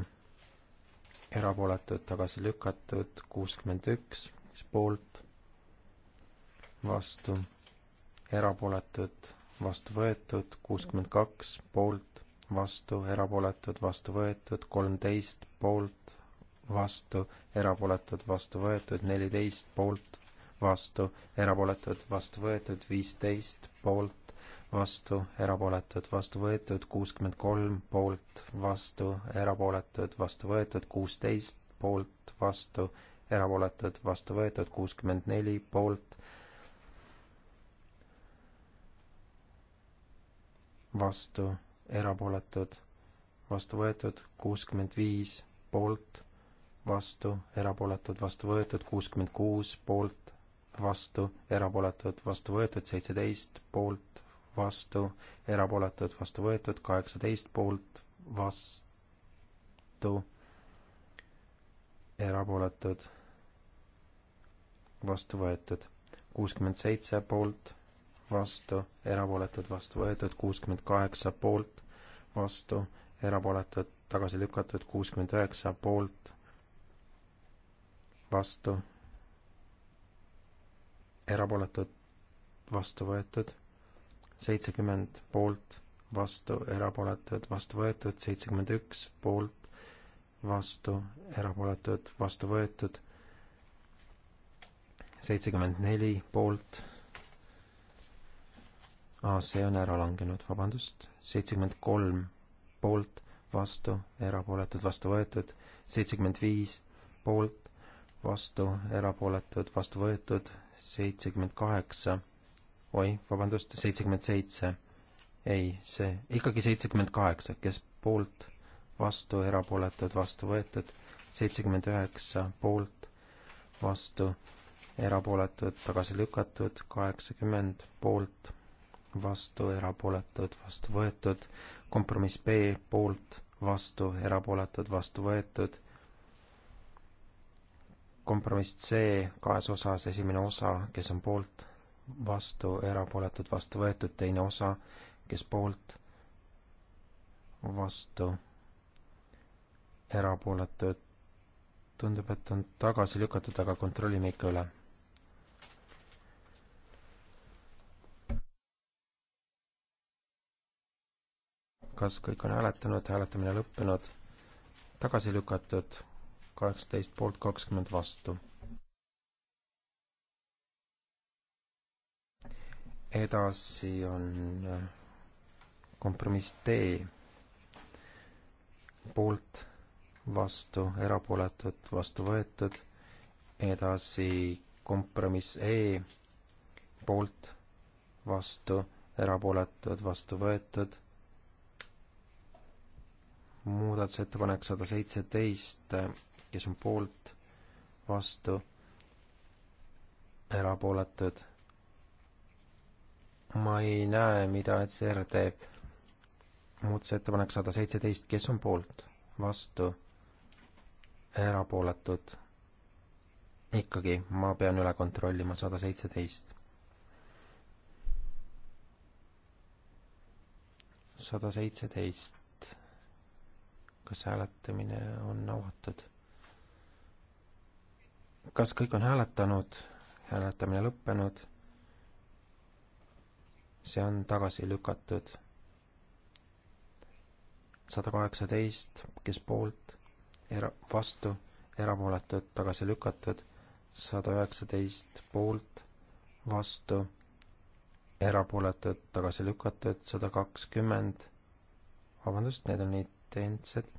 Speaker 4: erapooletud, tagasi lükatud, kuuskümmend üks, üks poolt, vastu, erapooletud, vastu võetud, kuuskümmend kaks, poolt, vastu, erapooletud, vastu võetud, kolmteist, poolt, vastu, erapooletud, vastu võetud, neliteist, poolt, vastu, erapooletud, vastu võetud, viisteist, poolt, vastu, erapooletud, vastu võetud, kuuskümmend kolm poolt, vastu, erapooletud, vastu võetud, kuusteist poolt, vastu, erapooletud, vastu võetud, kuuskümmend neli poolt, vastu, erapooletud, vastu võetud, kuuskümmend viis poolt, vastu, erapooletud, vastu võetud, kuuskümmend kuus poolt, vastu, erapooletud, vastu võetud, seitseteist poolt, vastu, erapooletud, vastu võetud, kaheksateist poolt, vastu, erapooletud, vastu võetud, kuuskümmend seitse poolt, vastu, erapooletud, vastu võetud, kuuskümmend kaheksa poolt, vastu, erapooletud, tagasi lükatud, kuuskümmend üheksa poolt, vastu, erapooletud, vastu võetud seitsekümmend poolt, vastu, erapooletud, vastu võetud, seitsekümmend üks poolt, vastu, erapooletud, vastu võetud, seitsekümmend neli poolt, see on ära langenud, vabandust, seitsekümmend kolm poolt, vastu, erapooletud, vastu võetud, seitsekümmend viis poolt, vastu, erapooletud, vastu võetud, seitsekümmend kaheksa oi, vabandust, seitsekümmend seitse. ei, see, ikkagi seitsekümmend kaheksa, kes poolt, vastu, erapooletud, vastu võetud, seitsekümmend üheksa poolt, vastu, erapooletud, tagasi lükatud, kaheksakümmend poolt, vastu, erapooletud, vastu võetud, kompromiss B poolt, vastu, erapooletud, vastu võetud, kompromiss C kahes osas, esimene osa, kes on poolt, vastu, erapooletud, vastu võetud, teine osa, kes poolt, vastu, erapooletud. tundub, et on tagasi lükatud, aga kontrollime ikka üle. kas kõik on hääletanud, hääletamine lõppenud, tagasi lükatud, kaheksateist poolt, kakskümmend vastu edasi on äh, kompromiss D poolt, vastu, erapooletud, vastu võetud, edasi kompromiss E poolt, vastu, erapooletud, vastu võetud, muudatusettepanek sada seitseteist, kes on poolt, vastu, erapooletud ma ei näe, mida ECR teeb. muudatusettepanek sada seitseteist, kes on poolt, vastu, erapooletud? ikkagi, ma pean üle kontrollima, sada seitseteist. sada seitseteist. kas hääletamine on avatud? kas kõik on hääletanud? hääletamine lõppenud see on tagasi lükatud. sada kaheksateist, kes poolt, era-, vastu, erapooletud, tagasi lükatud, sada üheksateist poolt, vastu, erapooletud, tagasi lükatud, sada kakskümmend, vabandust, need on identsed,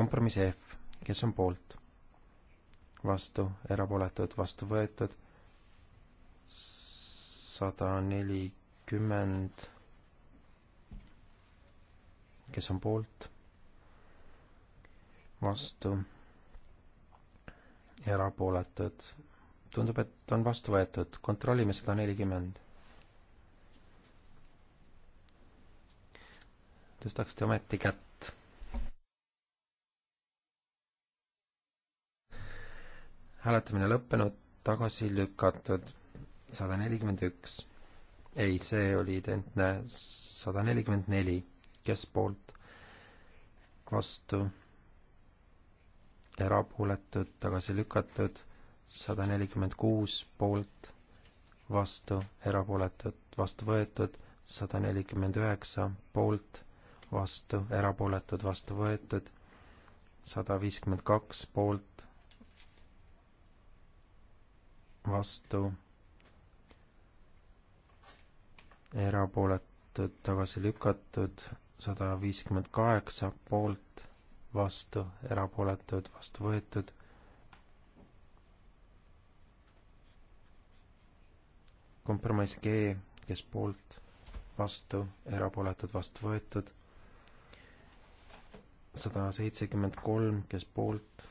Speaker 4: kompromiss F, kes on poolt vastu, erapooletud vastu võetud, sada neli kakskümmend, kes on poolt, vastu, erapooletud. tundub, et on vastu võetud, kontrollime sada nelikümmend. tõstaksite ometi kätt. hääletamine lõppenud, tagasi lükatud sada nelikümmend üks ei, see oli identne sada nelikümmend neli, kes poolt, vastu, erapooletud, tagasi lükatud, sada nelikümmend kuus poolt, vastu, erapooletud, vastu võetud, sada nelikümmend üheksa poolt, vastu, erapooletud, vastu võetud, sada viiskümmend kaks poolt, vastu erapooletud, tagasi lükatud, sada viiskümmend kaheksa poolt, vastu, erapooletud, vastu võetud. kompromiss G, kes poolt, vastu, erapooletud, vastu võetud. sada seitsekümmend kolm, kes poolt,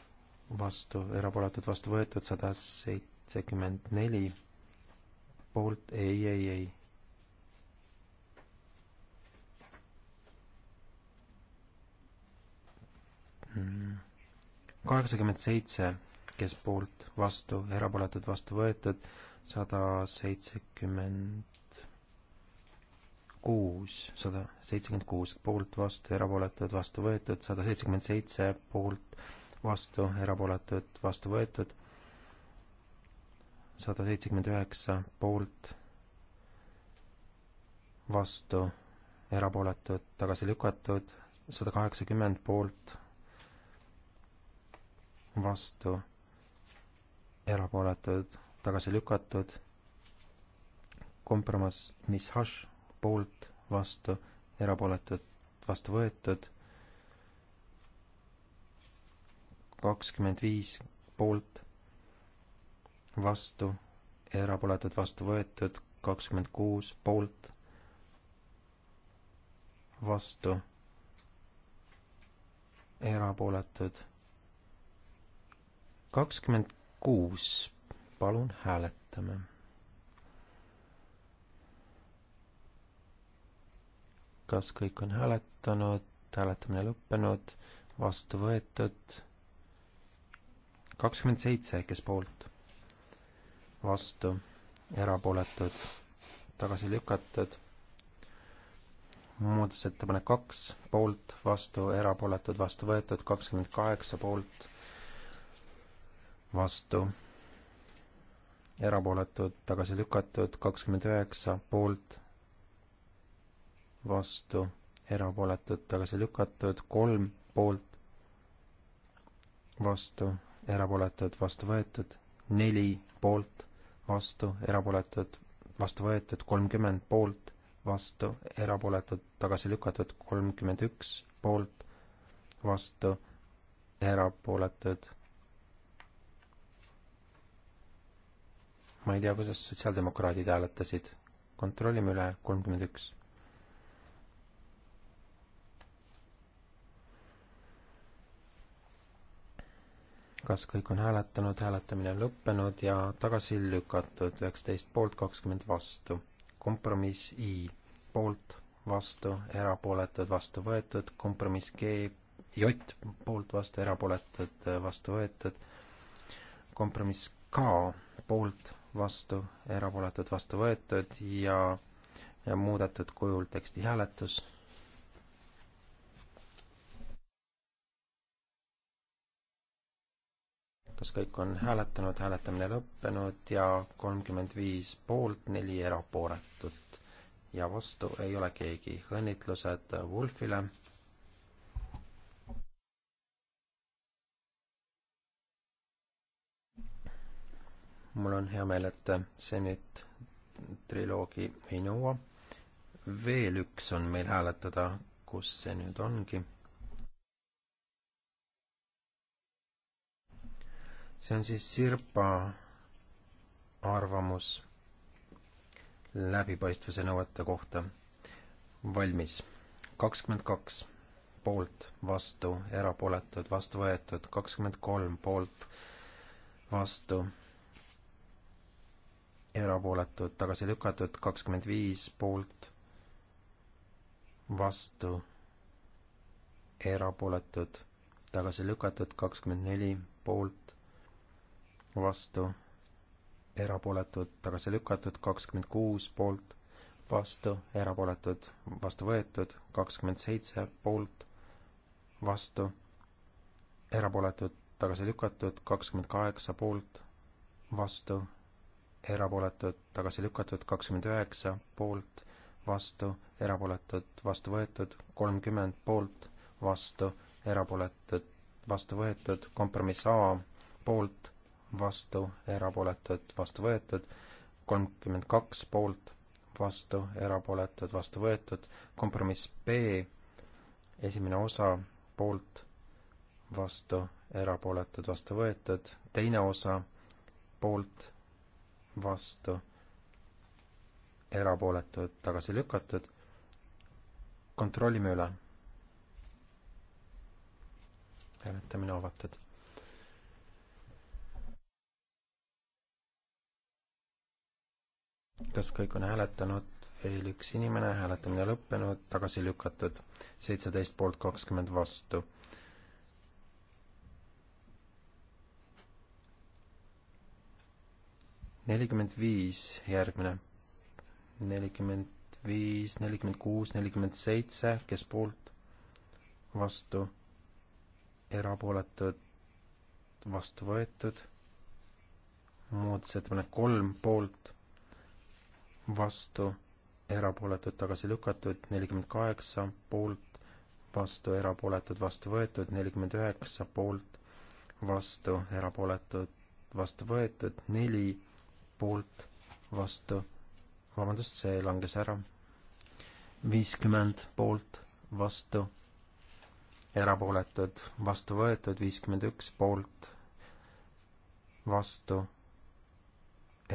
Speaker 4: vastu, erapooletud, vastu võetud, sada seitsekümmend neli poolt, ei, ei, ei, kaheksakümmend seitse, kes poolt, vastu, erapooletud, vastu võetud, sada seitsekümmend kuus, sada seitsekümmend kuus poolt, vastu, erapooletud, vastu võetud, sada seitsekümmend seitse poolt, vastu, erapooletud, vastu võetud, sada seitsekümmend üheksa poolt, vastu, erapooletud, tagasi lükatud, sada kaheksakümmend poolt, vastu, erapooletud, tagasi lükatud, kompromiss, mis hash, poolt, vastu, erapooletud, vastu võetud, kakskümmend viis poolt, vastu, erapooletud, vastu võetud, kakskümmend kuus poolt, vastu, erapooletud kakskümmend kuus, palun hääletame. kas kõik on hääletanud, hääletamine lõppenud, vastu võetud? kakskümmend seitse, kes poolt? vastu, erapooletud, tagasi lükatud. muudatusettepanek kaks, poolt, vastu, erapooletud, vastu võetud, kakskümmend kaheksa poolt vastu, erapooletud, tagasi lükatud, kakskümmend üheksa poolt, vastu, erapooletud, tagasi lükatud, kolm poolt, vastu, erapooletud, vastu võetud, neli poolt, vastu, erapooletud, vastu võetud, kolmkümmend poolt, vastu, erapooletud, tagasi lükatud, kolmkümmend üks poolt, vastu, erapooletud ma ei tea, kuidas sotsiaaldemokraadid hääletasid. kontrollime üle, kolmkümmend üks. kas kõik on hääletanud, hääletamine on lõppenud ja tagasi lükatud, üheksateist poolt, kakskümmend vastu. kompromiss I, poolt, vastu, erapooletud, vastu võetud, kompromiss G, J, poolt, vastu, erapooletud, vastu võetud, kompromiss K, poolt, vastu, erapooletud vastu võetud ja, ja muudetud kujul teksti hääletus. kas kõik on hääletanud, hääletamine lõppenud ja kolmkümmend viis poolt, neli erapooletut ja vastu ei ole keegi. õnnitlused Wolfile mul on hea meel, et see nüüd triloogi ei nõua. veel üks on meil hääletada, kus see nüüd ongi. see on siis Sirpa arvamus läbipaistvuse nõuete kohta. valmis. kakskümmend kaks poolt, vastu, erapooletud, vastu võetud, kakskümmend kolm poolt, vastu erapooletud, tagasi lükatud, kakskümmend viis poolt, vastu, erapooletud, tagasi lükatud, kakskümmend neli poolt, vastu, erapooletud, tagasi lükatud, kakskümmend kuus poolt, vastu, erapooletud, vastu võetud, kakskümmend seitse poolt, vastu, erapooletud, tagasi lükatud, kakskümmend kaheksa poolt, vastu, erapooletud, tagasi lükatud, kakskümmend üheksa poolt, vastu, erapooletud, vastu võetud, kolmkümmend poolt, vastu, erapooletud, vastu võetud, kompromiss A poolt, vastu, erapooletud, vastu võetud, kolmkümmend kaks poolt, vastu, erapooletud, vastu võetud, kompromiss B esimene osa poolt, vastu, erapooletud, vastu võetud, teine osa poolt vastu, erapooletud, tagasi lükatud. kontrollime üle. hääletamine avatud. kas kõik on hääletanud? veel üks inimene, hääletamine lõppenud, tagasi lükatud. seitseteist poolt kakskümmend vastu nelikümmend viis järgmine. nelikümmend viis, nelikümmend kuus, nelikümmend seitse, kes poolt, vastu, erapooletud, vastu võetud, muudatusettepanek kolm poolt, vastu, erapooletud, tagasi lükatud, nelikümmend kaheksa poolt, vastu, erapooletud, vastu võetud, nelikümmend üheksa poolt, vastu, erapooletud, vastu võetud, neli poolt, vastu, vabandust, see langes ära. viiskümmend poolt, vastu, erapooletud, vastu võetud, viiskümmend üks poolt, vastu,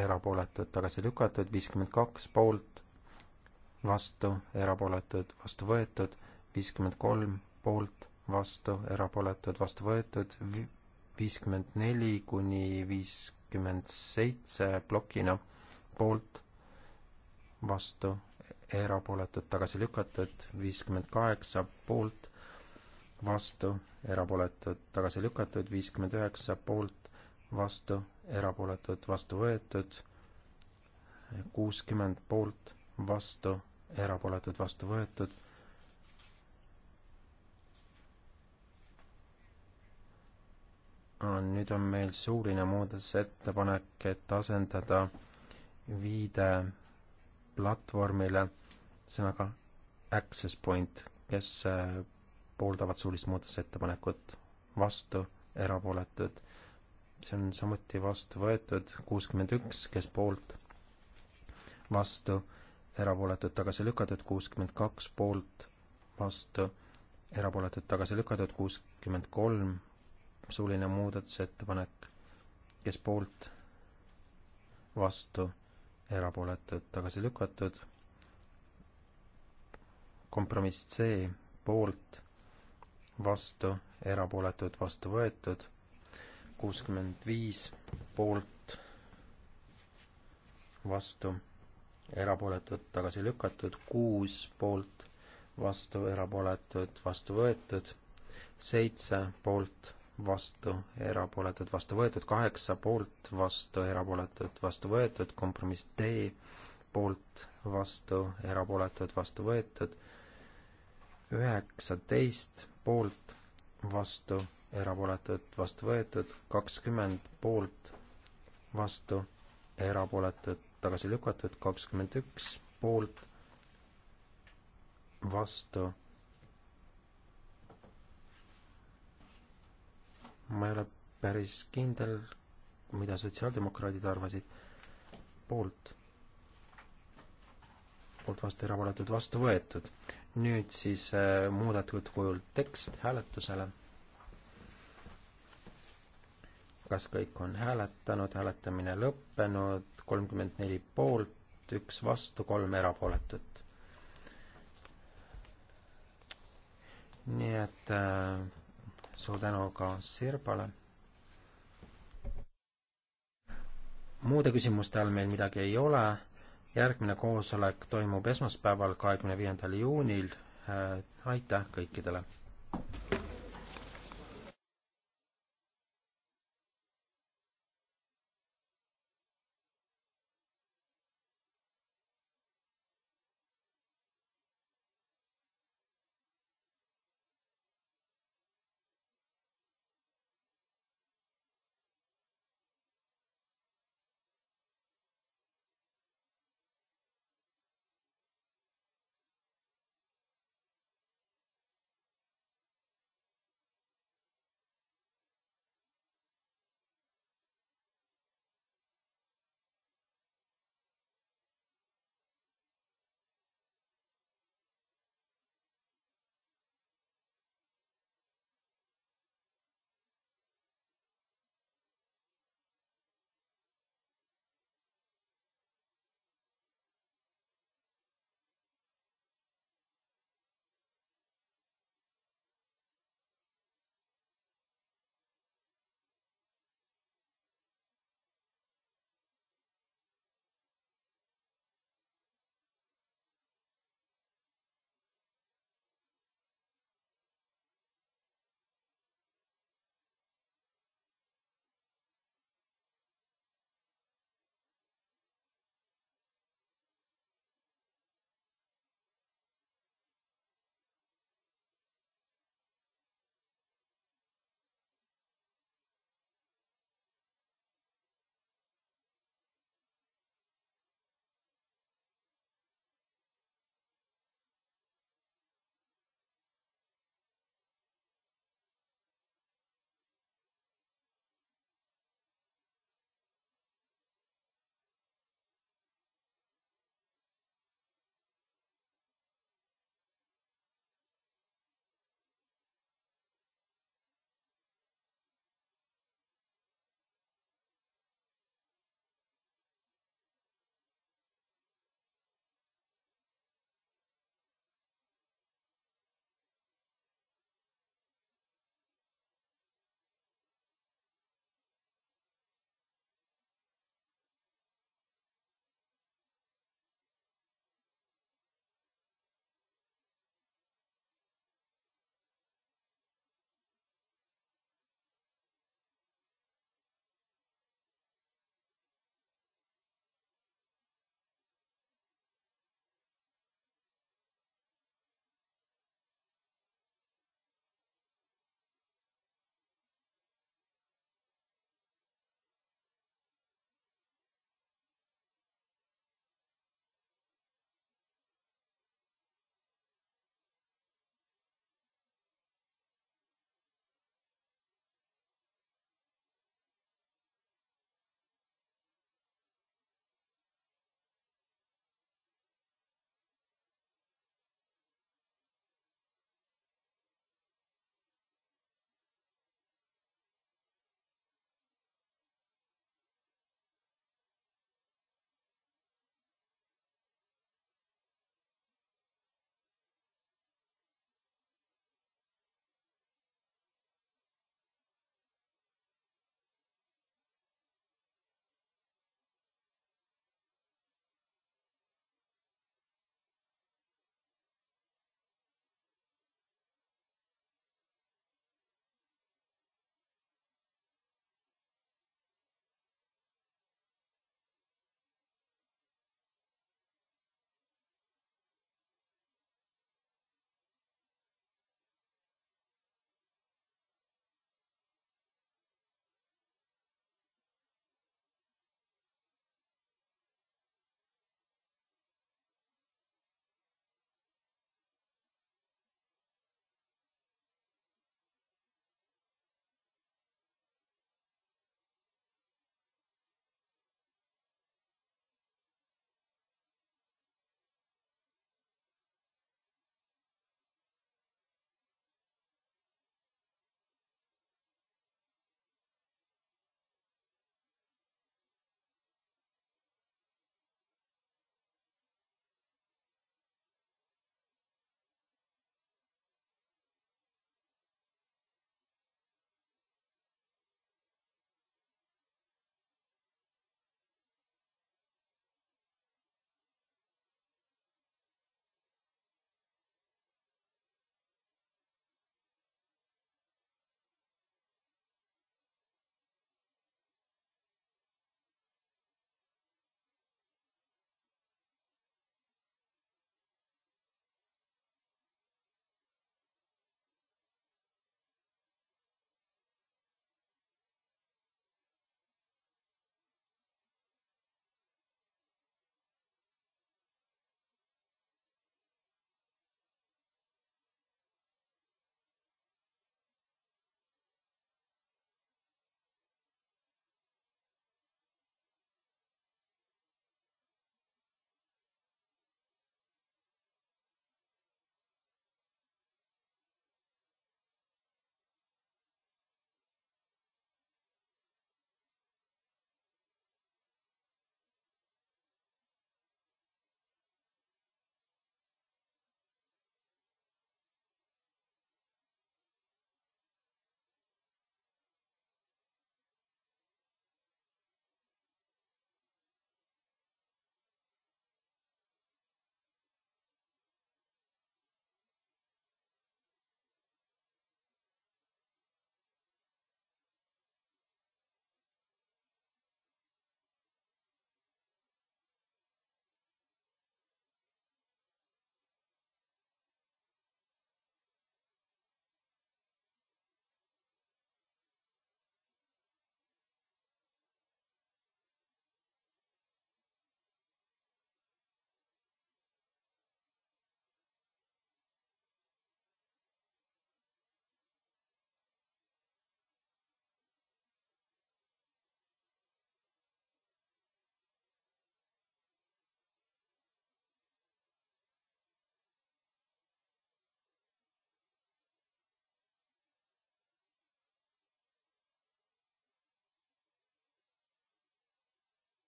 Speaker 4: erapooletud, tagasi lükatud, viiskümmend kaks poolt, vastu, erapooletud, vastu võetud, viiskümmend kolm poolt, vastu, erapooletud, vastu võetud, viiskümmend neli kuni viiskümmend seitse plokina poolt, vastu, erapooletud, tagasi lükatud, viiskümmend kaheksa poolt, vastu, erapooletud, tagasi lükatud, viiskümmend üheksa poolt, vastu, erapooletud, vastu võetud, kuuskümmend poolt, vastu, erapooletud, vastu võetud nüüd on meil suuline muudatusettepanek, et asendada viide platvormile sõnaga access point, kes äh, pooldavad suulist muudatusettepanekut, vastu, erapooletud. see on samuti vastu võetud, kuuskümmend üks, kes poolt, vastu, erapooletud, tagasi lükatud, kuuskümmend kaks poolt, vastu, erapooletud, tagasi lükatud, kuuskümmend kolm suuline muudatusettepanek, kes poolt, vastu, erapooletud, tagasi lükatud. kompromiss C, poolt, vastu, erapooletud, vastu võetud. kuuskümmend viis, poolt, vastu, erapooletud, tagasi lükatud. kuus, poolt, vastu, erapooletud, vastu võetud. seitse, poolt vastu, erapooletud, vastu võetud, kaheksa poolt, vastu, erapooletud, vastu võetud, kompromiss D poolt, vastu, erapooletud, vastu võetud, üheksateist poolt, vastu, erapooletud, vastu võetud, kakskümmend poolt, vastu, erapooletud, tagasi lükatud, kakskümmend üks poolt, vastu ma ei ole päris kindel, mida sotsiaaldemokraadid arvasid. poolt, poolt vastu, erapooletud vastu võetud. nüüd siis äh, muudetud kujul tekst hääletusele. kas kõik on hääletanud, hääletamine lõppenud, kolmkümmend neli poolt, üks vastu, kolm erapooletut. nii et äh, suur tänu ka Sirbale. muude küsimuste all meil midagi ei ole. järgmine koosolek toimub esmaspäeval, kahekümne viiendal juunil. Äh, aitäh kõikidele!